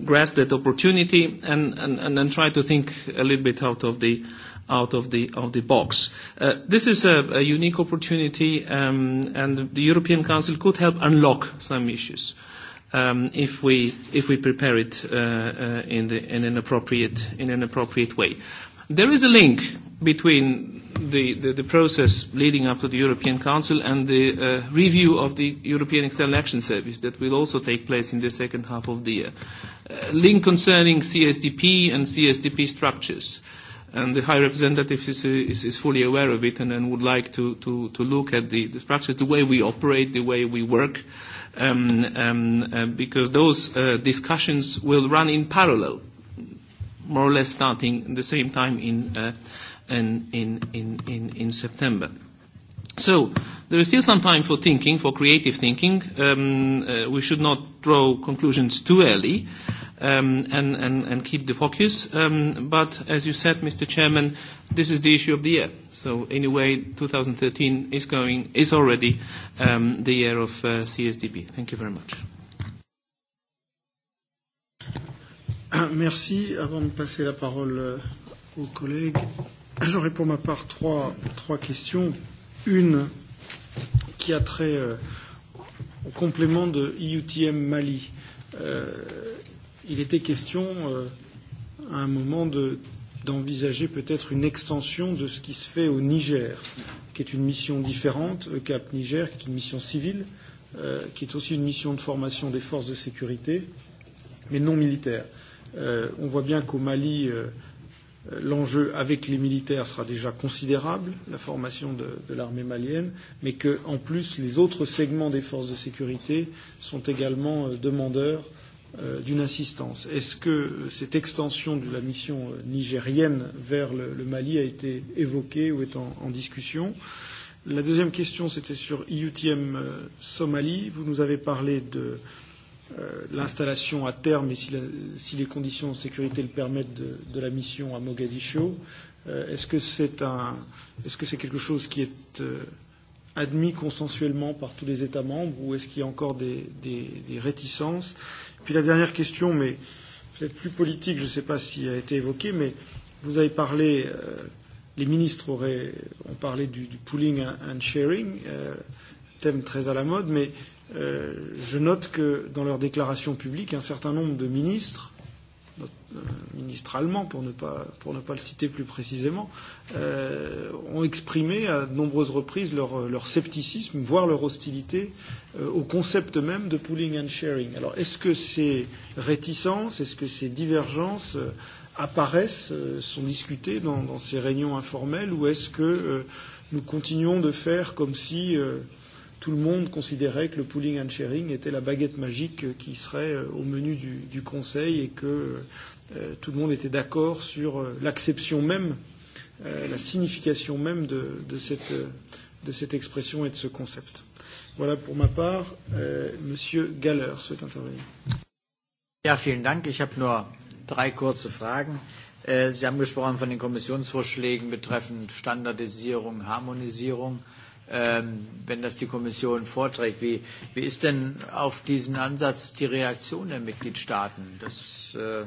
uh, grasp that opportunity and, and and then try to think a little bit out of the out of the of the box. Uh, this is a, a unique opportunity, um, and the European Council could help unlock some issues. Uh, um, if we if we prepare it uh, uh, in, the, in an appropriate in an appropriate way. There is a link between the, the, the process leading up to the European Council and the uh, review of the European External Action Service that will also take place in the second half of the year. Uh, link concerning CSDP and CSDP structures. And the High Representative is, is, is fully aware of it and, and would like to, to, to look at the, the structures, the way we operate, the way we work, uh, um, um, uh, because those uh, discussions will run in parallel, more or less starting at the same time in, uh, in, in, in, in September. So there is still some time for thinking, for creative thinking. Um, uh, we should not draw conclusions too early. Uh, um, and, and, and keep the focus. Um, but as you said, Mr. Chairman, this is the issue of the year. So anyway, 2013 is going is already um, the year of uh, CSDP. Thank you very much. Merci. Avant de passer la parole euh, aux collègues, j'aurai pour ma part trois, trois questions. Une qui a trait euh, au complément de IUTM e Mali. Euh, il était question euh, à un moment de, d'envisager peut-être une extension de ce qui se fait au Niger, qui est une mission différente, ECAP euh, Niger, qui est une mission civile, euh, qui est aussi une mission de formation des forces de sécurité, mais non militaire. Euh, on voit bien qu'au Mali, euh, l'enjeu avec les militaires sera déjà considérable, la formation de, de l'armée malienne, mais qu'en plus, les autres segments des forces de sécurité sont également euh, demandeurs euh, Euh, d'une assistance. Est-ce que cette extension de la mission euh, nigérienne vers le, le Mali a été évoquée ou est en, en discussion La deuxième question, c'était sur IUTM euh, Somalie. Vous nous avez parlé de euh, l'installation à terme et si, la, si les conditions de sécurité le permettent de, de la mission à Mogadiscio. Euh, est-ce que c'est un, est-ce que c'est quelque chose qui est euh, admis consensuellement par tous les États membres ou est-ce qu'il y a encore des, des, des réticences Puis la dernière question, mais peut-être plus politique, je ne sais pas si a été évoquée, mais vous avez parlé, euh, les ministres auraient, ont parlé du, du pooling and sharing, euh, thème très à la mode, mais euh, je note que dans leur déclaration publique, un certain nombre de ministres notre euh, ministre allemand, pour ne pas, pour ne pas le citer plus précisément, euh, ont exprimé à de nombreuses reprises leur, leur scepticisme, voire leur hostilité euh, au concept même de pooling and sharing. Alors, est-ce que ces réticences, est-ce que ces divergences euh, apparaissent, euh, sont discutées dans, dans ces réunions informelles, ou est-ce que euh, nous continuons de faire comme si euh, tout le monde considérait que le pooling and sharing était la baguette magique qui serait euh, au menu du, du Conseil et que euh, tout le monde était d'accord sur euh, l'acception même, euh, la signification même de, de, cette, euh, de cette expression et de ce concept. Voilà pour ma part. Euh, Monsieur Galler souhaite intervenir. Ja, vielen Dank. Ich habe nur drei kurze Fragen. Äh, Sie haben gesprochen von den Kommissionsvorschlägen betreffend Standardisierung, Harmonisierung. Äh, ähm, wenn das die Kommission vorträgt. Wie, wie ist denn auf diesen Ansatz die Reaktion der Mitgliedstaaten? Das, äh,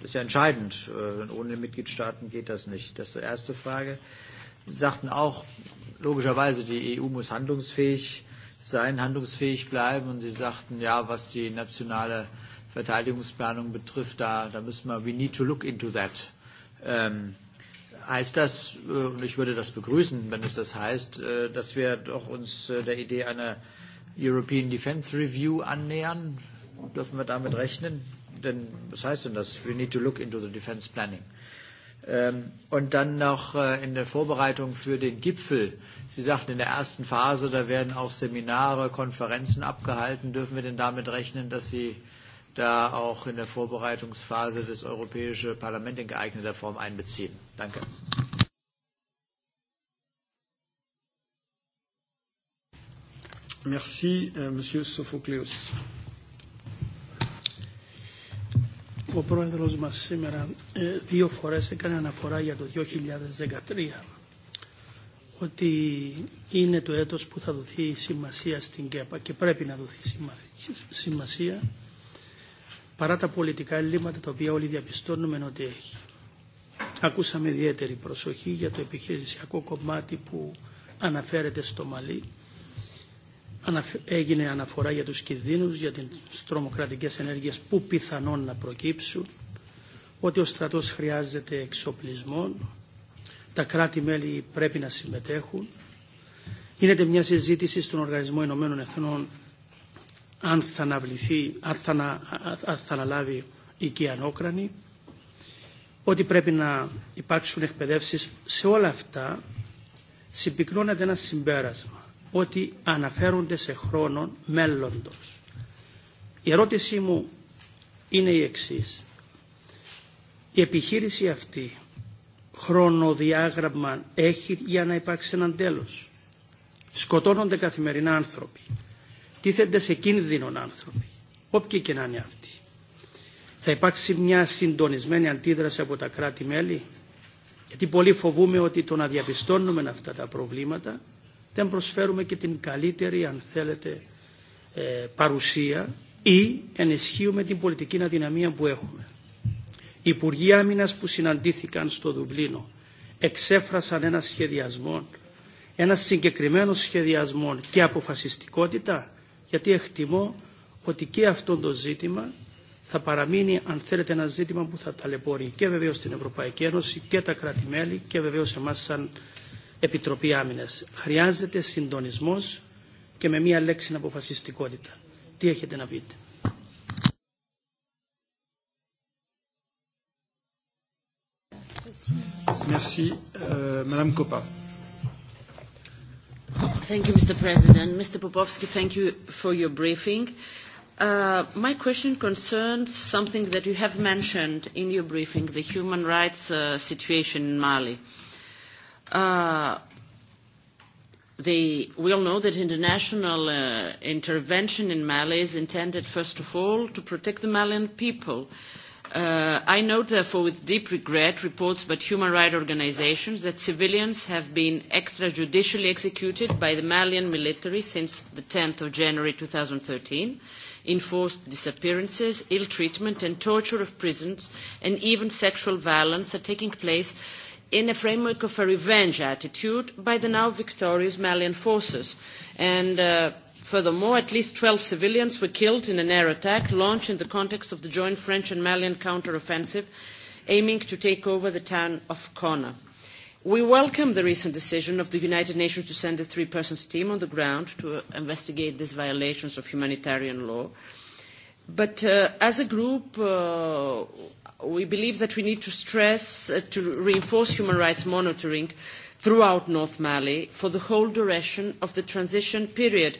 das ist ja entscheidend. Äh, denn ohne Mitgliedstaaten geht das nicht. Das ist die erste Frage. Sie sagten auch, logischerweise, die EU muss handlungsfähig sein, handlungsfähig bleiben. Und Sie sagten, ja, was die nationale Verteidigungsplanung betrifft, da, da müssen wir, we need to look into that. Ähm, Heißt das, äh, und ich würde das begrüßen, wenn es das heißt, äh, dass wir doch uns äh, der Idee einer European Defense Review annähern? Dürfen wir damit rechnen? Denn was heißt denn das? We need to look into the defense planning. Ähm, und dann noch äh, in der Vorbereitung für den Gipfel. Sie sagten, in der ersten Phase, da werden auch Seminare, Konferenzen abgehalten. Dürfen wir denn damit rechnen, dass Sie da auch in der Vorbereitungsphase das Europäische Parlament in geeigneter Form einbeziehen. Danke. Merci, euh, Monsieur Sofokleos. Ο πρόεδρος μας σήμερα ε, δύο φορές έκανε αναφορά για το 2013 ότι είναι το έτος που θα δοθεί σημασία στην ΚΕΠΑ και πρέπει να δοθεί σημασία παρά τα πολιτικά ελλείμματα τα οποία όλοι διαπιστώνουμε ότι έχει. Ακούσαμε ιδιαίτερη προσοχή για το επιχειρησιακό κομμάτι που αναφέρεται στο Μαλί. Έγινε αναφορά για τους κινδύνους, για τις τρομοκρατικές ενέργειες που πιθανόν να προκύψουν, ότι ο στρατός χρειάζεται εξοπλισμό, τα κράτη-μέλη πρέπει να συμμετέχουν. Γίνεται μια συζήτηση στον Οργανισμό Ηνωμένων Εθνών αν θα αναβληθεί, αν θα, ανα, αν θα αναλάβει η Κιανόκρανη, ότι πρέπει να υπάρξουν εκπαιδεύσεις σε όλα αυτά, συμπυκνώνεται ένα συμπέρασμα, ότι αναφέρονται σε χρόνο μέλλοντος. Η ερώτησή μου είναι η εξής. Η επιχείρηση αυτή χρονοδιάγραμμα έχει για να υπάρξει έναν τέλος. Σκοτώνονται καθημερινά άνθρωποι τίθενται σε κίνδυνο άνθρωποι, όποιοι και να είναι αυτοί. Θα υπάρξει μια συντονισμένη αντίδραση από τα κράτη-μέλη, γιατί πολύ φοβούμε ότι το να διαπιστώνουμε αυτά τα προβλήματα δεν προσφέρουμε και την καλύτερη, αν θέλετε, ε, παρουσία ή ενισχύουμε την πολιτική αδυναμία που έχουμε. Οι Υπουργοί Άμυνας που συναντήθηκαν στο Δουβλίνο εξέφρασαν ένα σχεδιασμό, ένα συγκεκριμένο σχεδιασμό και αποφασιστικότητα γιατί εκτιμώ ότι και αυτό το ζήτημα θα παραμείνει, αν θέλετε, ένα ζήτημα που θα ταλαιπωρεί και βεβαίως την Ευρωπαϊκή Ένωση και τα κράτη-μέλη και βεβαίως εμάς σαν Επιτροπή Άμυνας. Χρειάζεται συντονισμός και με μία λέξη αποφασιστικότητα. Τι έχετε να πείτε. Merci, euh, Madame Coppa. Thank you, Mr. President. Mr. Popovsky, thank you for your briefing. Uh, my question concerns something that you have mentioned in your briefing, the human rights uh, situation in Mali. Uh, the, we all know that international uh, intervention in Mali is intended, first of all, to protect the Malian people. Uh, Uh, I note, therefore, with deep regret reports by human rights organizations that civilians have been extrajudicially executed by the Malian military since the 10th of January 2013, enforced disappearances, ill treatment and torture of prisons, and even sexual violence are taking place in a framework of a revenge attitude by the now victorious Malian forces. And uh, Furthermore, at least 12 civilians were killed in an air attack launched in the context of the joint French and Malian counteroffensive aiming to take over the town of Kona. We welcome the recent decision of the United Nations to send a three-persons team on the ground to uh, investigate these violations of humanitarian law. But uh, as a group, uh, we believe that we need to stress, uh, to reinforce human rights monitoring uh, throughout North Mali for the whole duration of the transition period,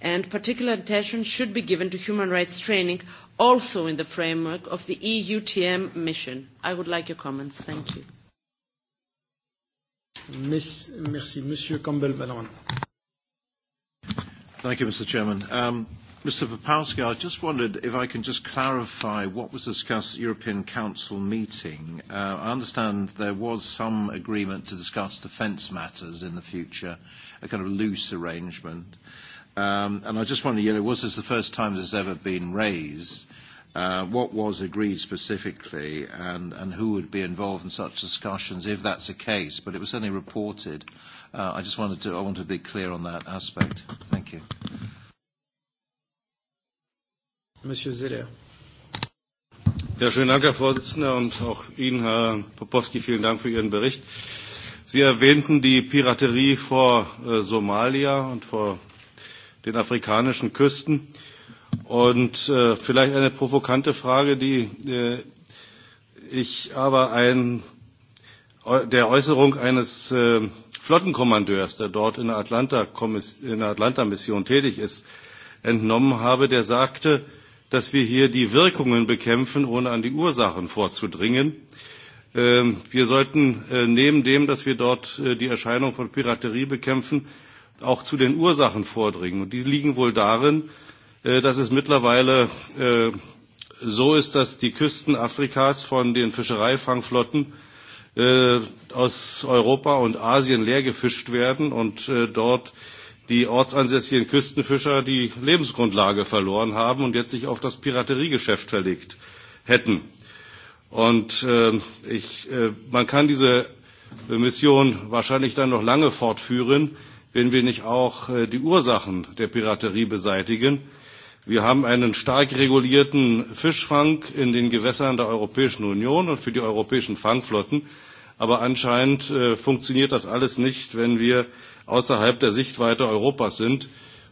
and particular attention should be given to human rights training also in the framework of the EUTM mission. I would like your comments. Thank you. Miss, merci. Monsieur Campbell-Bannerman. Thank you, Mr. Chairman. Um, Mr. Popowski, I just wondered if I can just clarify what was discussed at the European Council meeting. Uh, I understand there was some agreement to discuss defence matters in the future, a kind of loose arrangement. Um, and I just wonder, you know, was this the first time this has ever been raised? Uh, what was agreed specifically and, and who would be involved in such discussions if that's the case? But it was only reported. Uh, I just wanted to, I want to be clear on that aspect. Thank you. Monsieur Zeller. Ja, schönen Dank, Herr Vorsitzender, und auch Ihnen, Herr Popowski, vielen Dank für Ihren Bericht. Sie erwähnten die Piraterie vor äh, Somalia und vor den afrikanischen Küsten. Und äh, vielleicht eine provokante Frage, die äh, ich aber ein, äh, der Äußerung eines äh, Flottenkommandeurs, der dort in der Atlanta-Mission Atlanta tätig ist, entnommen habe, der sagte, äh, dass wir hier die Wirkungen bekämpfen, ohne an die Ursachen vorzudringen. Ähm, wir sollten äh, neben dem, dass wir dort äh, die Erscheinung von Piraterie bekämpfen, auch zu den Ursachen vordringen. Und die liegen wohl darin, äh, dass es mittlerweile so ist, dass die Küsten Afrikas von den Fischereifangflotten aus Europa und Asien leer gefischt werden und dort äh, die ortsansässigen Küstenfischer die Lebensgrundlage verloren haben und jetzt sich auf das Pirateriegeschäft verlegt hätten. Und äh, ich, äh, man kann diese Mission wahrscheinlich dann noch lange fortführen, wenn wir nicht auch äh, die Ursachen der Piraterie beseitigen. Wir haben einen stark regulierten Fischfang in den Gewässern der Europäischen Union und für die europäischen Fangflotten. Aber anscheinend äh, funktioniert das alles nicht, wenn wir außerhalb der Sichtweite Europas sind.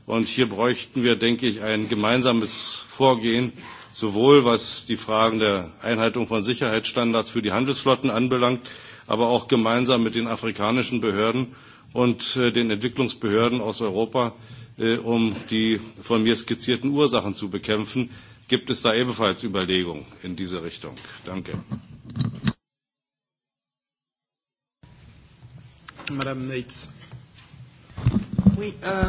Und hier bräuchten wir, denke ich, ein gemeinsames Vorgehen, sowohl was die Fragen der Einhaltung von Sicherheitsstandards für die Handelsflotten anbelangt, aber auch gemeinsam mit den afrikanischen Behörden und äh, den Entwicklungsbehörden aus Europa, äh, um die von mir skizzierten Ursachen zu bekämpfen. Gibt es da ebenfalls Überlegungen in diese Richtung? Danke. Madame Nates. Oui, euh,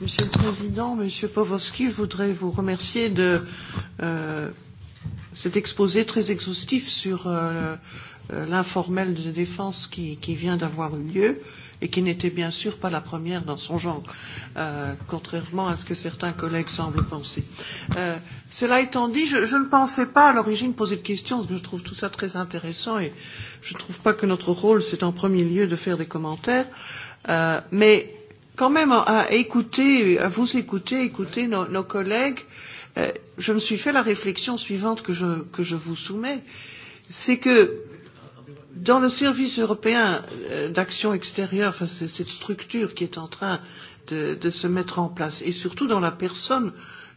Monsieur le Président, Monsieur Pavlovski, je voudrais vous remercier de euh, cet exposé très exhaustif sur euh, euh, l'informel de défense qui, qui vient d'avoir eu lieu et qui n'était bien sûr pas la première dans son genre, euh, contrairement à ce que certains collègues semblent penser. Euh, cela étant dit, je, je ne pensais pas à l'origine poser de questions, parce que je trouve tout ça très intéressant et je ne trouve pas que notre rôle, c'est en premier lieu de faire des commentaires. Euh, mais quand même à écouter, à vous écouter, écouter nos, nos collègues, euh, je me suis fait la réflexion suivante que je, que je vous soumets, c'est que dans le service européen euh, d'action extérieure, enfin, c'est cette structure qui est en train de, de se mettre en place, et surtout dans la personne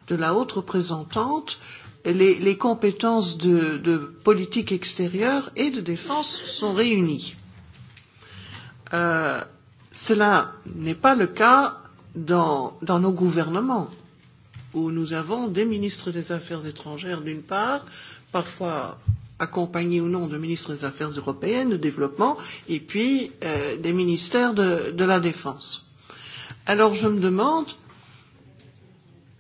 de la haute représentante, les, les compétences de, de politique extérieure et de défense sont réunies. Euh, Cela n'est pas le cas dans, dans nos gouvernements, où nous avons des ministres des Affaires étrangères d'une part, parfois accompagnés ou non de ministres des Affaires européennes, de développement, et puis euh, des ministères de, de la Défense. Alors je me demande,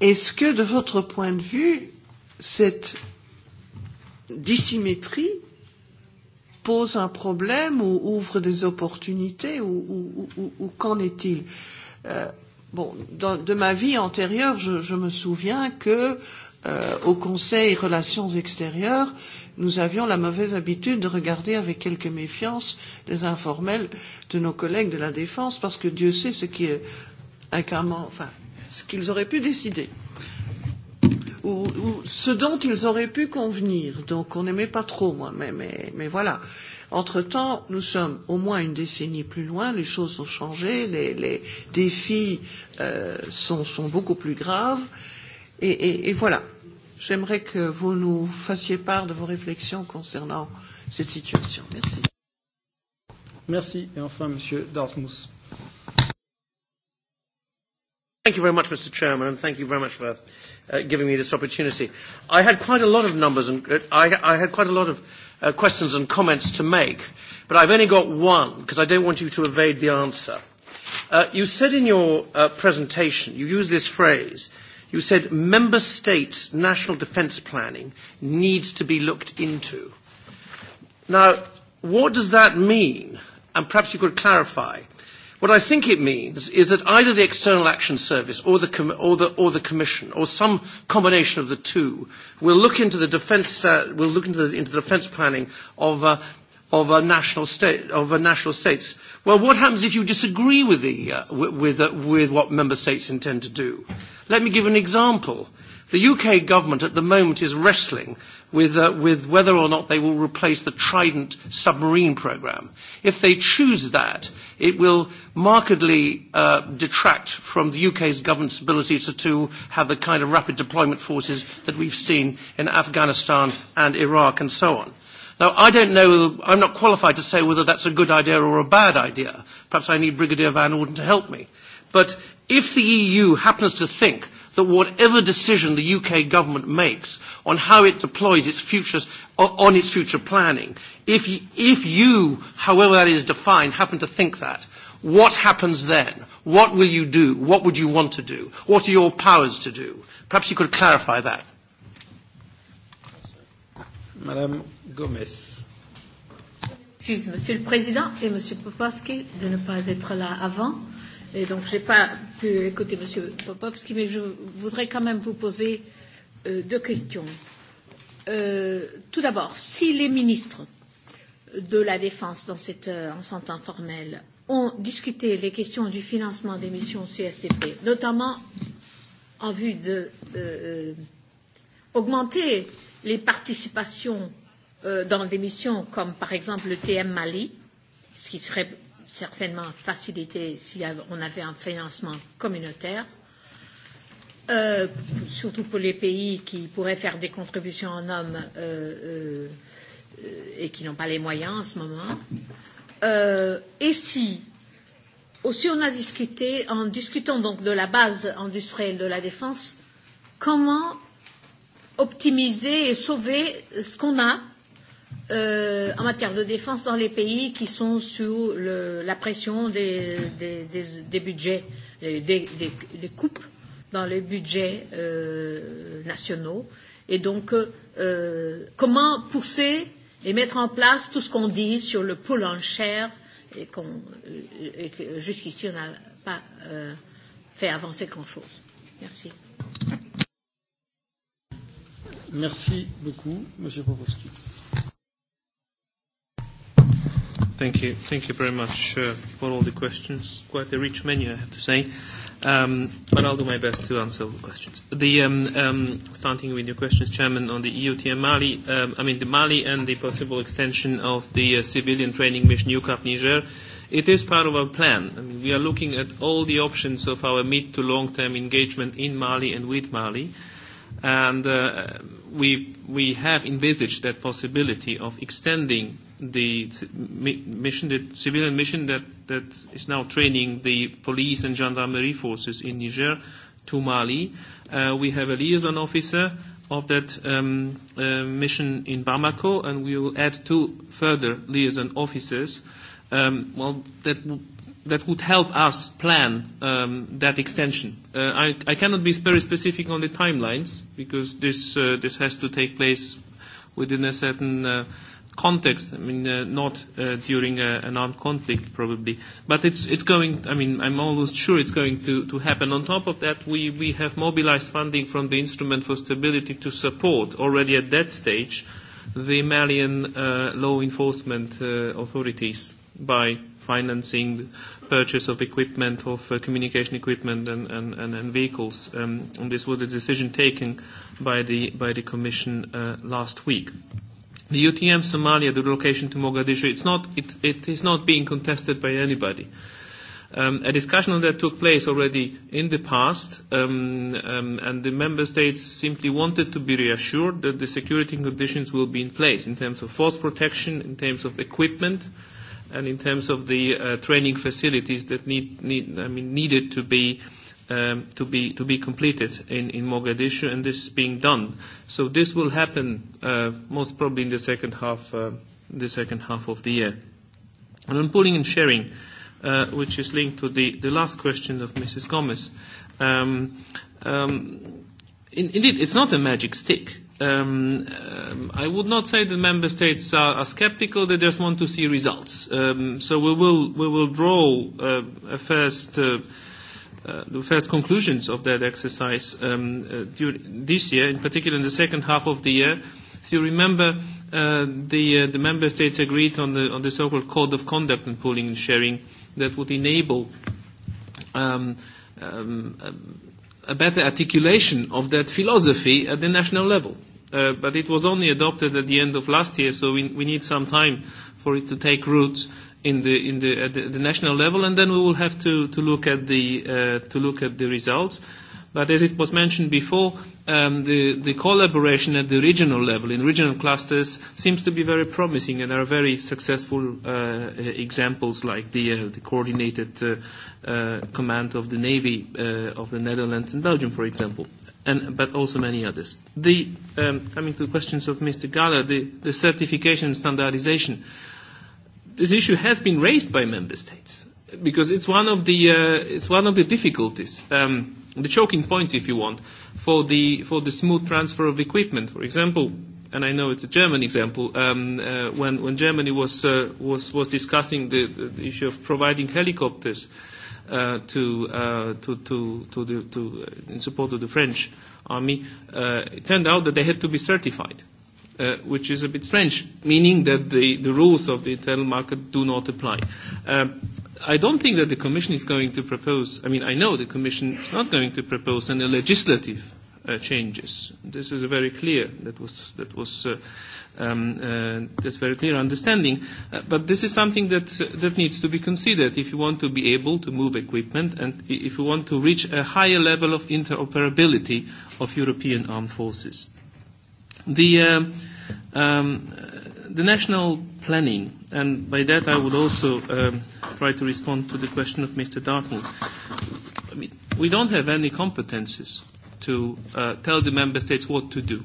est-ce que de votre point de vue, cette dissymétrie pose un problème ou ouvre des opportunités ou, ou, ou, ou qu'en est-il euh, Bon, dans, de ma vie antérieure, je, je me souviens que euh, au Conseil Relations extérieures, nous avions la mauvaise habitude de regarder avec quelque méfiance les informels de nos collègues de la défense, parce que Dieu sait ce qui est incarnant, enfin, ce qu'ils auraient pu décider. Euh, ou, ou ce dont ils auraient pu convenir. Donc on n'aimait pas trop, moi, mais, mais, mais voilà. Entre-temps, nous sommes au moins une décennie plus loin, les choses ont changé, les, les défis euh, sont, sont beaucoup plus graves. Et, et, et voilà. J'aimerais que vous nous fassiez part de vos réflexions concernant cette situation. Merci. Merci. Et enfin, Monsieur Dartmouth. Thank you very much, Mr. Chairman, and thank you very much for uh, giving me this opportunity. I had quite a lot of numbers and uh, I, I had quite a lot of uh, questions and comments to make, but I've only got one because I don't want you to evade the answer. Uh, you said in your uh, presentation, you used this phrase, you said member states' national defence planning needs to be looked into. Now, what does that mean? And perhaps you could clarify. What I think it means is that either the External Action Service or the, com- or the, or the Commission or some combination of the two will look into the defence uh, will look into the, into the defence planning of uh, of a national state of a national states. Well, what happens if you disagree with the uh, with uh, with what member states intend to do? Let me give an example. The UK government at the moment is wrestling with, uh, with whether or not they will replace the Trident submarine program. If they choose that, it will markedly uh, detract from the UK's government's ability to, to have the kind of rapid deployment forces that we've seen in Afghanistan and Iraq and so on. Now, I don't know, I'm not qualified to say whether that's a good idea or a bad idea. Perhaps I need Brigadier Van Orden to help me. But if the EU happens to think that whatever decision the UK government makes on how it deploys its futures, on its future planning, if, if you, however that is defined, happen to think that, what happens then? What will you do? What would you want to do? What are your powers to do? Perhaps you could clarify that. Madame Gomez. Excuse, Monsieur le Président et Monsieur Popovski de ne pas être là avant. Euh, Et donc, je n'ai pas pu écouter M. Popovski, mais je voudrais quand même vous poser euh, deux questions. Euh, tout d'abord, si les ministres de la Défense dans cette euh, enceinte informelle ont discuté les questions du financement des missions CSTP, notamment en vue de euh, euh, augmenter les participations euh, dans des missions comme par exemple le TM Mali, ce qui serait certainement facilité si on avait un financement communautaire, euh, surtout pour les pays qui pourraient faire des contributions en hommes euh, euh, et qui n'ont pas les moyens en ce moment. Euh, et si aussi on a discuté, en discutant donc de la base industrielle de la défense, comment optimiser et sauver ce qu'on a euh, en matière de défense dans les pays qui sont sous le, la pression des, des, des, des budgets, des, des, des coupes dans les budgets euh, nationaux. Et donc, euh, comment pousser et mettre en place tout ce qu'on dit sur le pull en chair et, qu'on, et que jusqu'ici on n'a pas euh, fait avancer grand-chose. Merci. Merci beaucoup, Monsieur Popovski. Thank you. Thank you very much uh, for all the questions. Quite a rich menu, I have to say. Um, but I'll do my best to answer all the questions. The, um, um, starting with your questions, Chairman, on the EUTM Mali, um, I mean the Mali and the possible extension of the uh, civilian training mission UCAP Niger, it is part of our plan. I mean, we are looking at all the options of our mid to long-term engagement in Mali and with Mali. And uh, we, we have envisaged that possibility of extending the mission, the civilian mission that, that is now training the police and gendarmerie forces in Niger to Mali. Uh, we have a liaison officer of that um, uh, mission in Bamako, and we will add two further liaison officers. Um, well, that that would help us plan um, that extension. Uh, I, I cannot be very specific on the timelines because this uh, this has to take place within a certain uh, context. I mean, uh, not uh, during a, uh, an armed conflict, probably, but it's it's going. I mean, I'm almost sure it's going to, to happen. On top of that, we we have mobilized funding from the Instrument for Stability to support already at that stage the Malian uh, law enforcement uh, authorities by financing purchase of equipment, of uh, communication equipment and, and, and, and vehicles. Um, and this was the decision taken by the, by the Commission uh, last week. Uh, The UTM Somalia, the relocation to Mogadishu, it's not, it, it is not being contested by anybody. Um, a discussion on that took place already in the past, um, um, and the member states simply wanted to be reassured that the security conditions will be in place in terms of force protection, in terms of equipment, and in terms of the uh, training facilities that need, need, I mean, needed to be uh, um, to be to be completed in, in Mogadishu, and this is being done. So this will happen uh, most probably in the second half uh, the second half of the year. And on pooling and sharing, uh, which is linked to the, the last question of Mrs. Gomez, um, um, in, indeed it's not a magic stick. Um, um, I would not say that member states are, are skeptical; they just want to see results. Um, so we will we will draw uh, a first. Uh, uh, the first conclusions of that exercise um, uh, during this year, in particular in the second half of the year. So you remember uh, the, uh, the member states agreed on the, on the so-called code of conduct and pooling and sharing that would enable um, um, a better articulation of that philosophy at the national level. Uh, but it was only adopted at the end of last year, so we, we need some time for it to take root in the in the at the, the national level, and then we will have to to look at the uh, to look at the results. But as it was mentioned before, um, the, the collaboration at the regional level, in regional clusters, seems to be very promising and are very successful uh, examples like the, uh, the coordinated uh, uh, command of the Navy uh, of the Netherlands and Belgium, for example, and, but also many others. The, um, coming to the questions of Mr. Gala, the, the certification and standardization. Uh, this issue has been raised by member states because it's one of the uh, it's one of the difficulties, um, the choking points, if you want, for the for the smooth transfer of equipment. For example, and I know it's a German example, um, uh, when when Germany was uh, was was discussing the, the issue of providing helicopters uh, to, uh, to to to the, to uh, in support of the French army, uh, it turned out that they had to be certified uh, which is a bit strange, meaning that the, the rules of the internal market do not apply. Um, I don't think that the Commission is going to propose, I mean, I know the Commission is not going to propose any legislative uh, changes. This is a very clear, that was, that was uh, um, uh, that's very clear understanding. Uh, but this is something that, uh, that needs to be considered if you want to be able to move equipment and if you want to reach a higher level of interoperability of European armed forces. The, uh, um, the national planning, and by that I would also um, try to respond to the question of Mr. Dartmouth. I mean, we don't have any competences to uh, tell the member states what to do.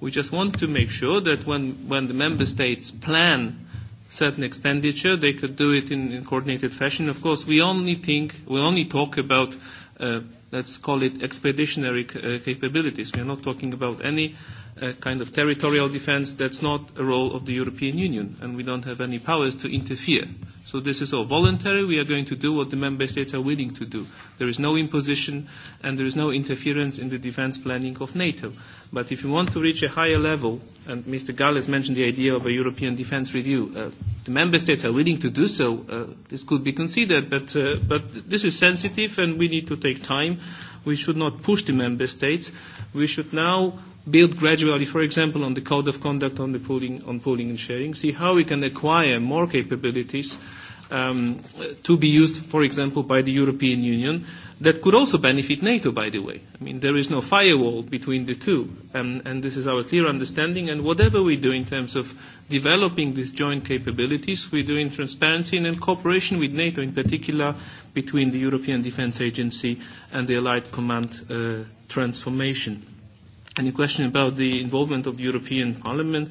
We just want to make sure that when, when the member states plan certain expenditure, they could do it in, in coordinated fashion. Of course, we only think, we only talk about, uh, let's call it expeditionary c- uh, capabilities. We are not talking about any uh, uh, kind of territorial defense, that's not a role of the European Union, and we don't have any powers to interfere. So this is all voluntary. We are going to do what the member states are willing to do. There is no imposition, and there is no interference in the defense planning of NATO. But if you want to reach a higher level, and Mr. Gall has mentioned the idea of a European defense review, uh, the member states are willing to do so. Uh, this could be considered, but, uh, but this is sensitive, and we need to take time. Uh, We should not push the member states. We should now build gradually, for example, on the code of conduct on the pooling, on pooling and sharing, see how we can acquire more capabilities um, to be used, for example, by the European Union That could also benefit NATO, by the way. I mean, there is no firewall between the two, um, and this is our clear understanding. And whatever we do in terms of developing these joint capabilities, we do in transparency and in cooperation with NATO, in particular between the European Defence Agency and the Allied Command uh, transformation. And your question about the involvement of the European Parliament,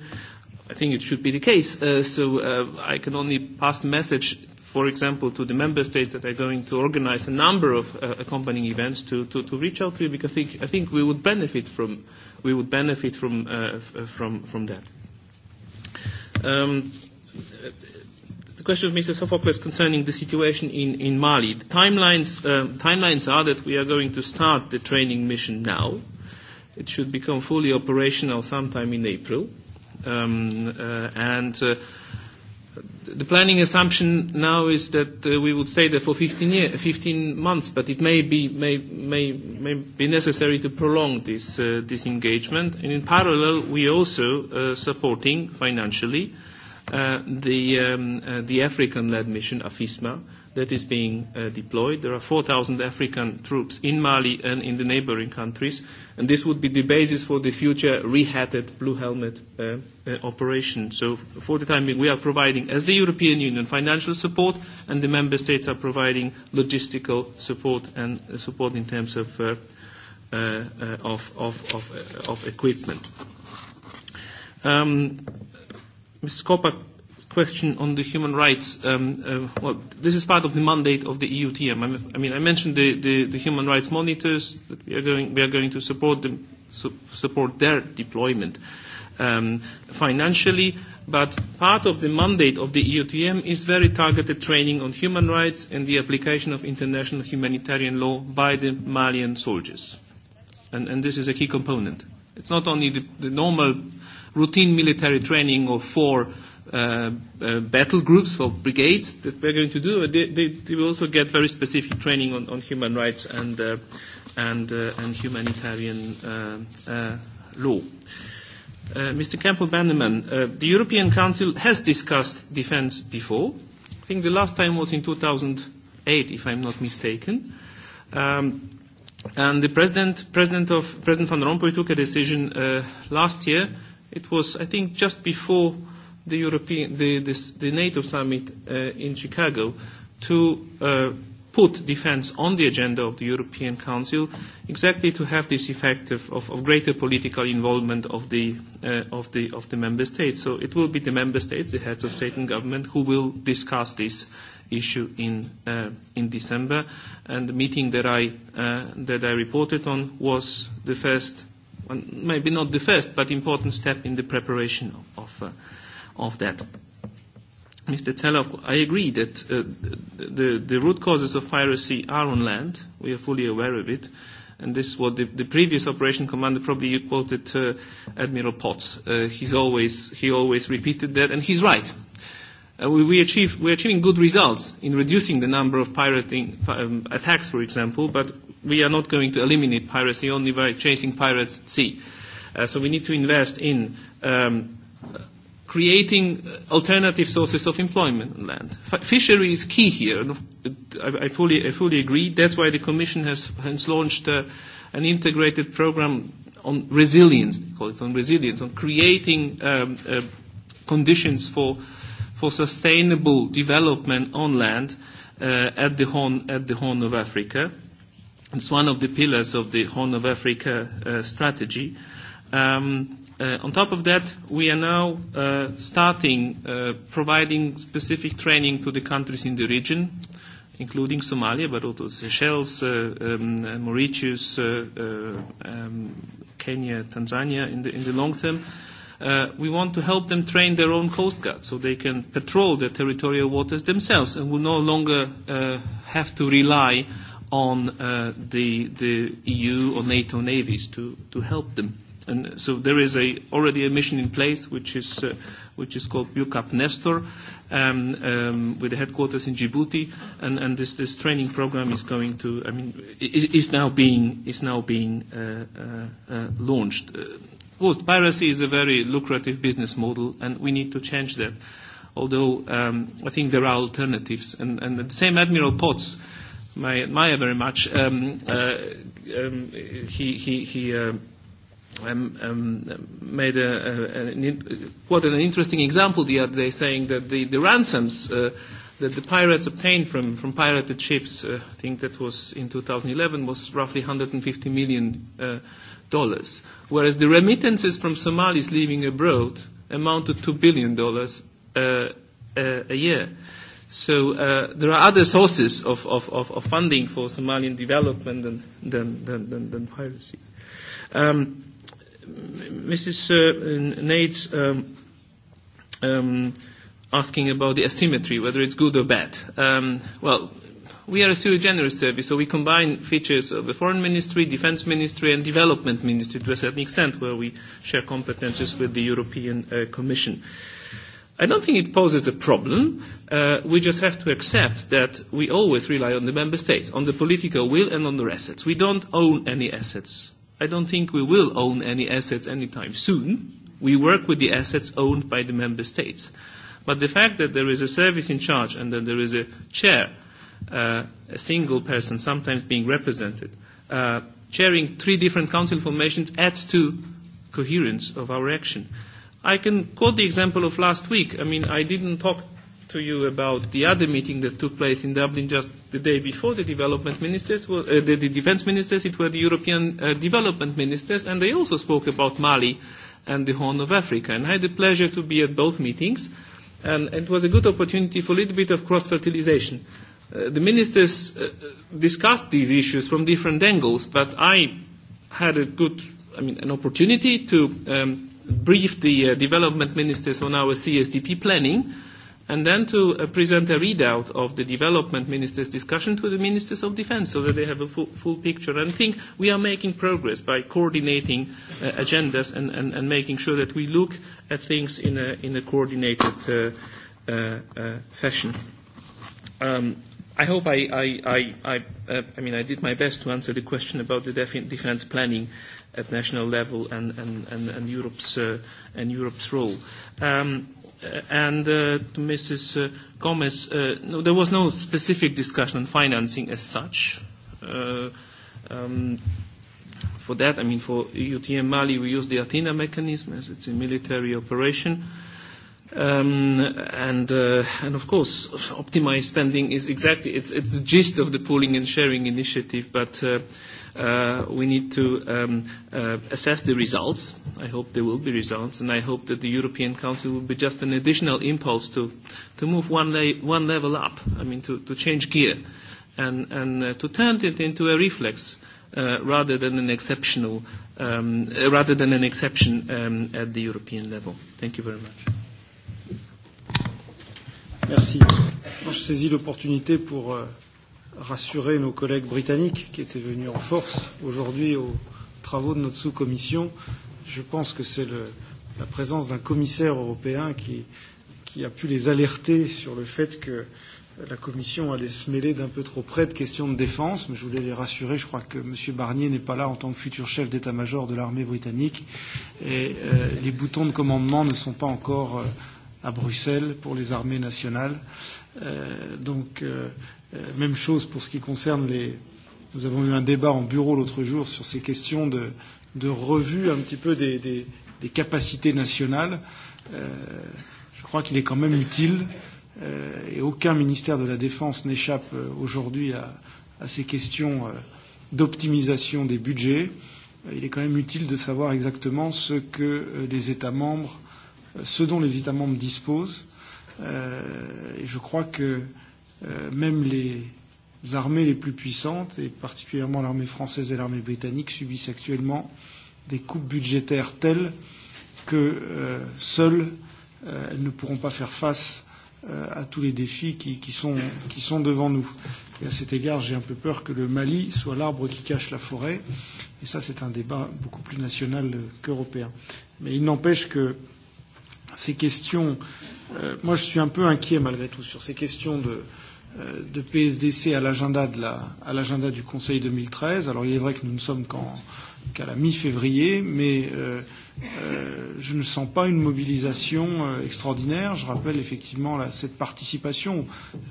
I think it should be the case. Uh, so uh, I can only pass the message for example, to the member states that are going to organize a number of uh, accompanying events to, to, to reach out to you because I think, I think we would benefit from, we would benefit from, uh, f- uh, from, from that. Um, the question of Mr. Sofokles concerning the situation in, in Mali. The timelines, um, timelines are that we are going to start the training mission now. It should become fully operational sometime in April. Um, uh, and uh, the planning assumption now is that uh, we would stay there for 15, year, 15 months, but it may be, may, may, may be necessary to prolong this, uh, this engagement. And in parallel, we also uh, supporting financially uh, the, um, uh, the African-led mission, AFISMA, that is being uh, deployed. There are 4,000 African troops in Mali and in the neighboring countries, and this would be the basis for the future rehatted Blue Helmet uh, uh, operation. So for the time being, we are providing, as the European Union, financial support, and the member states are providing logistical support and uh, support in terms of, uh, uh, uh, of, of, of, uh, of equipment. Um, Ms. Kopak question on the human rights. Um, uh, well, this is part of the mandate of the EUTM. I mean, I mentioned the, the, the human rights monitors that we are going, we are going to support them, su- support their deployment um, financially. But part of the mandate of the EUTM is very targeted training on human rights and the application of international humanitarian law by the Malian soldiers. And, and this is a key component. It's not only the, the normal routine military training of four uh, uh, battle groups or brigades that we're going to do. They, they, they will also get very specific training on, on human rights and, uh, and, uh, and humanitarian uh, uh, law. Uh, Mr. Campbell Bannerman, uh, the European Council has discussed defense before. I think the last time was in 2008, if I'm not mistaken. Um, and the president, president of President Van Rompuy took a decision uh, last year. It was, I think, just before uh, the, European, the, this, the NATO summit uh, in Chicago to uh, put defense on the agenda of the European Council, exactly to have this effect of, of, of greater political involvement of the, uh, of, the, of the member states. So it will be the member states, the heads of state and government, who will discuss this issue in, uh, in December. And the meeting that I, uh, that I reported on was the first, maybe not the first, but important step in the preparation of, of uh, of that. Mr. Teller, I agree that uh, the, the root causes of piracy are on land. We are fully aware of it. And this is what the, the previous operation commander, probably you quoted uh, Admiral Potts. Uh, he's always, he always repeated that, and he's right. Uh, we, we achieve, we're achieving good results in reducing the number of pirating um, attacks, for example, but we are not going to eliminate piracy only by chasing pirates at sea. Uh, so we need to invest in um, creating uh, alternative sources of employment on land. F fishery is key here, and uh, I, I, fully, I fully agree. That's why the Commission has, has launched uh, an integrated program on resilience, they call it on resilience, on creating um, uh, conditions for, for sustainable development on land uh, at, the Horn, at the Horn of Africa. It's one of the pillars of the Horn of Africa uh, strategy. Um, Uh, on top of that, we are now uh, starting uh, providing specific training to the countries in the region, including Somalia, but also Seychelles, uh, um, Mauritius, uh, uh, um, Kenya, Tanzania in the, in the long term. Uh, we want to help them train their own coast guard so they can patrol their territorial waters themselves and will no longer uh, have to rely on uh, the, the EU or NATO navies to, to help them. Uh, And so there is a, already a mission in place, which is, uh, which is called UCAP Nestor, um, um, with the headquarters in Djibouti. And, and this, this training program is going to, I mean, is, is now being, is now being uh, uh, uh, launched. Uh, of course, piracy is a very lucrative business model, and we need to change that. Although um, I think there are alternatives. And, and the same Admiral Potts, my admire very much, um, uh, um, he, he, he uh, um, um, made a, a, an, quoted an interesting example the other day, saying that the, the ransoms uh, that the pirates obtained from, from pirated ships, uh, I think that was in 2011, was roughly 150 million uh, dollars, whereas the remittances from Somalis living abroad amounted to $2 billion uh, uh, a year. So uh, there are other sources of, of, of, of funding for Somalian development than, than, than, than, than piracy. Um, Mrs. Uh, Nates um, um, asking about the asymmetry, whether it's good or bad. Um, well, we are a sui generis service, so we combine features of the foreign ministry, defense ministry, and development ministry to a certain extent, where we share competences with the European uh, Commission. I don't think it poses a problem. Uh, we just have to accept that we always rely on the member states, on the political will, and on their assets. We don't own any assets I don't think we will own any assets anytime soon. We work with the assets owned by the member states. But the fact that there is a service in charge and that there is a chair, uh, a single person sometimes being represented, uh, chairing three different council formations adds to coherence of our action. I can quote the example of last week. I mean, I didn't talk to you about the other meeting that took place in Dublin just the day before the development ministers, were, uh, the, the defense ministers, it were the European uh, development ministers, and they also spoke about Mali and the Horn of Africa. And I had the pleasure to be at both meetings, and it was a good opportunity for a little bit of cross-fertilization. Uh, the ministers uh, discussed these issues from different angles, but I had a good, I mean, an opportunity to um, brief the uh, development ministers on our CSDP planning, uh, and then to uh, present a readout of the development ministers' discussion to the ministers of defense so that they have a full, full picture. And I think we are making progress by coordinating uh, agendas and, and, and making sure that we look at things in a, in a coordinated uh, uh, uh, fashion. Um, I hope I, I, I, I, uh, I mean, I did my best to answer the question about the def- defense planning at national level and, and, and, and, Europe's, uh, and Europe's role. Um, Uh, and uh, to Mrs. Uh, Gomez, uh, no, there was no specific discussion on financing as such. Uh, um, for that, I mean, for EUTM Mali, we use the Athena mechanism as it's a military operation. Uh, Um, and, uh, and of course, optimized spending is exactly, it's, it's the gist of the pooling and sharing initiative, but uh, uh, we need to um, uh, assess the results. I hope there will be results, and I hope that the European Council will be just an additional impulse to, to move one, la- one level up, I mean, to, to change gear and, and uh, to turn it into a reflex uh, rather than an exceptional, um, rather than an exception um, at the European level. Thank you very much. Merci. Moi, je saisis l'opportunité pour euh, rassurer nos collègues britanniques qui étaient venus en force aujourd'hui aux travaux de notre sous-commission. Je pense que c'est la présence d'un commissaire européen qui, qui a pu les alerter sur le fait que la Commission allait se mêler d'un peu trop près de questions de défense, mais je voulais les rassurer. Je crois que M. Barnier n'est pas là en tant que futur chef d'état-major de l'armée britannique et euh, les boutons de commandement ne sont pas encore. Euh, à Bruxelles pour les armées nationales. Euh, donc, euh, euh, même chose pour ce qui concerne les. Nous avons eu un débat en bureau l'autre jour sur ces questions de, de revue un petit peu des, des, des capacités nationales. Euh, je crois qu'il est quand même utile, euh, et aucun ministère de la Défense n'échappe euh, aujourd'hui à, à ces questions euh, d'optimisation des budgets. Euh, il est quand même utile de savoir exactement ce que euh, les États membres euh, ce dont les États membres disposent. Euh, et je crois que euh, même les armées les plus puissantes, et particulièrement l'armée française et l'armée britannique, subissent actuellement des coupes budgétaires telles que euh, seules euh, elles ne pourront pas faire face euh, à tous les défis qui, qui, sont, qui sont devant nous. Et à cet égard, j'ai un peu peur que le Mali soit l'arbre qui cache la forêt. Et ça, c'est un débat beaucoup plus national euh, qu'européen. Mais il n'empêche que euh, ces questions, euh, moi je suis un peu inquiet malgré tout sur ces questions de, euh, de PSDC à l'agenda la, à du Conseil 2013. Alors il est vrai que nous ne sommes qu'en qu'à la mi-février, mais euh, euh, je ne sens pas une mobilisation euh, extraordinaire. Je rappelle effectivement la, cette participation.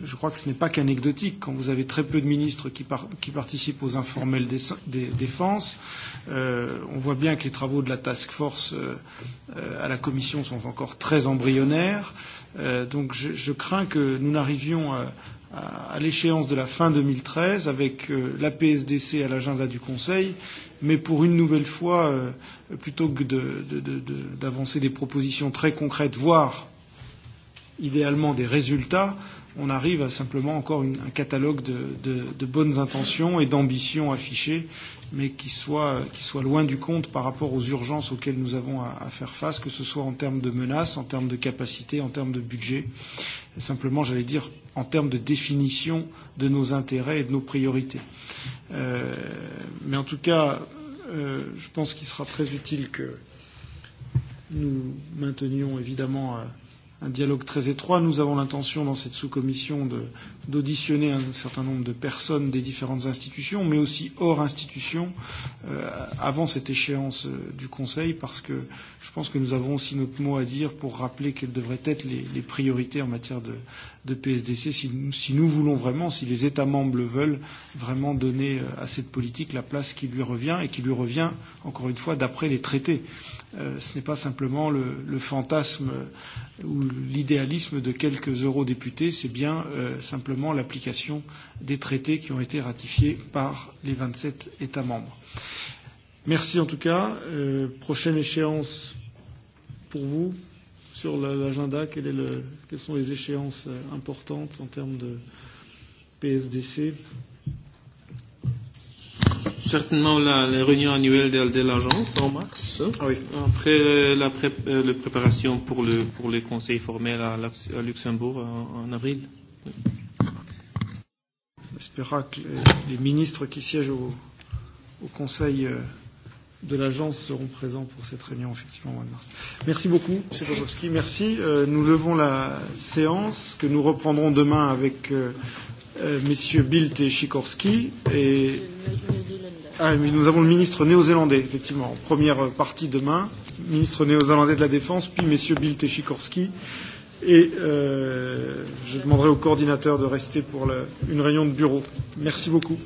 Je crois que ce n'est pas qu'anecdotique. Quand vous avez très peu de ministres qui, par, qui participent aux informels des, des défenses, euh, on voit bien que les travaux de la task force euh, euh, à la Commission sont encore très embryonnaires. Euh, donc je, je crains que nous n'arrivions à, à l'échéance de la fin 2013 avec euh, la PSDC à l'agenda du Conseil, mais pour une nouvelle fois, euh, plutôt que d'avancer de, de, de, de des propositions très concrètes, voire idéalement des résultats, on arrive à simplement encore une, un catalogue de, de, de bonnes intentions et d'ambitions affichées, mais qui soit, qui soit loin du compte par rapport aux urgences auxquelles nous avons à, à faire face, que ce soit en termes de menaces, en termes de capacité, en termes de budget, et simplement, j'allais dire, en termes de définition de nos intérêts et de nos priorités. Euh, mais en tout cas, euh, je pense qu'il sera très utile que nous maintenions évidemment. Euh, un dialogue très étroit. Nous avons l'intention dans cette sous-commission d'auditionner un certain nombre de personnes des différentes institutions, mais aussi hors institutions, euh, avant cette échéance euh, du Conseil, parce que je pense que nous avons aussi notre mot à dire pour rappeler quelles devraient être les, les priorités en matière de, de PSDC, si nous, si nous voulons vraiment, si les États membres le veulent, vraiment donner euh, à cette politique la place qui lui revient et qui lui revient, encore une fois, d'après les traités. Euh, Euh, ce n'est pas simplement le, le fantasme ou l'idéalisme de quelques eurodéputés, c'est bien euh, simplement l'application des traités qui ont été ratifiés par les 27 États membres. Merci en tout cas. Euh, prochaine échéance pour vous sur l'agenda, quel est le, quelles sont les échéances euh, importantes en termes de PSDC certainement la, la réunion annuelle de, de l'agence en mars. Ah oui. Après euh, la, pré euh, la préparation pour le, pour le conseil formel à, à Luxembourg en, euh, en avril. J'espère que les ministres qui siègent au, au conseil euh, de l'agence seront présents pour cette réunion effectivement au mois de mars. Merci beaucoup, Monsieur Pavlovski. Merci. Euh, nous levons la séance que nous reprendrons demain avec euh, euh, Messieurs Bilt et Sikorski et. Ah oui, nous avons le ministre néo-zélandais, effectivement, en première partie demain, ministre néo-zélandais de la Défense, puis messieurs Bill Teshikorski. Et euh, je demanderai au coordinateur de rester pour le, une réunion de bureau. Merci beaucoup.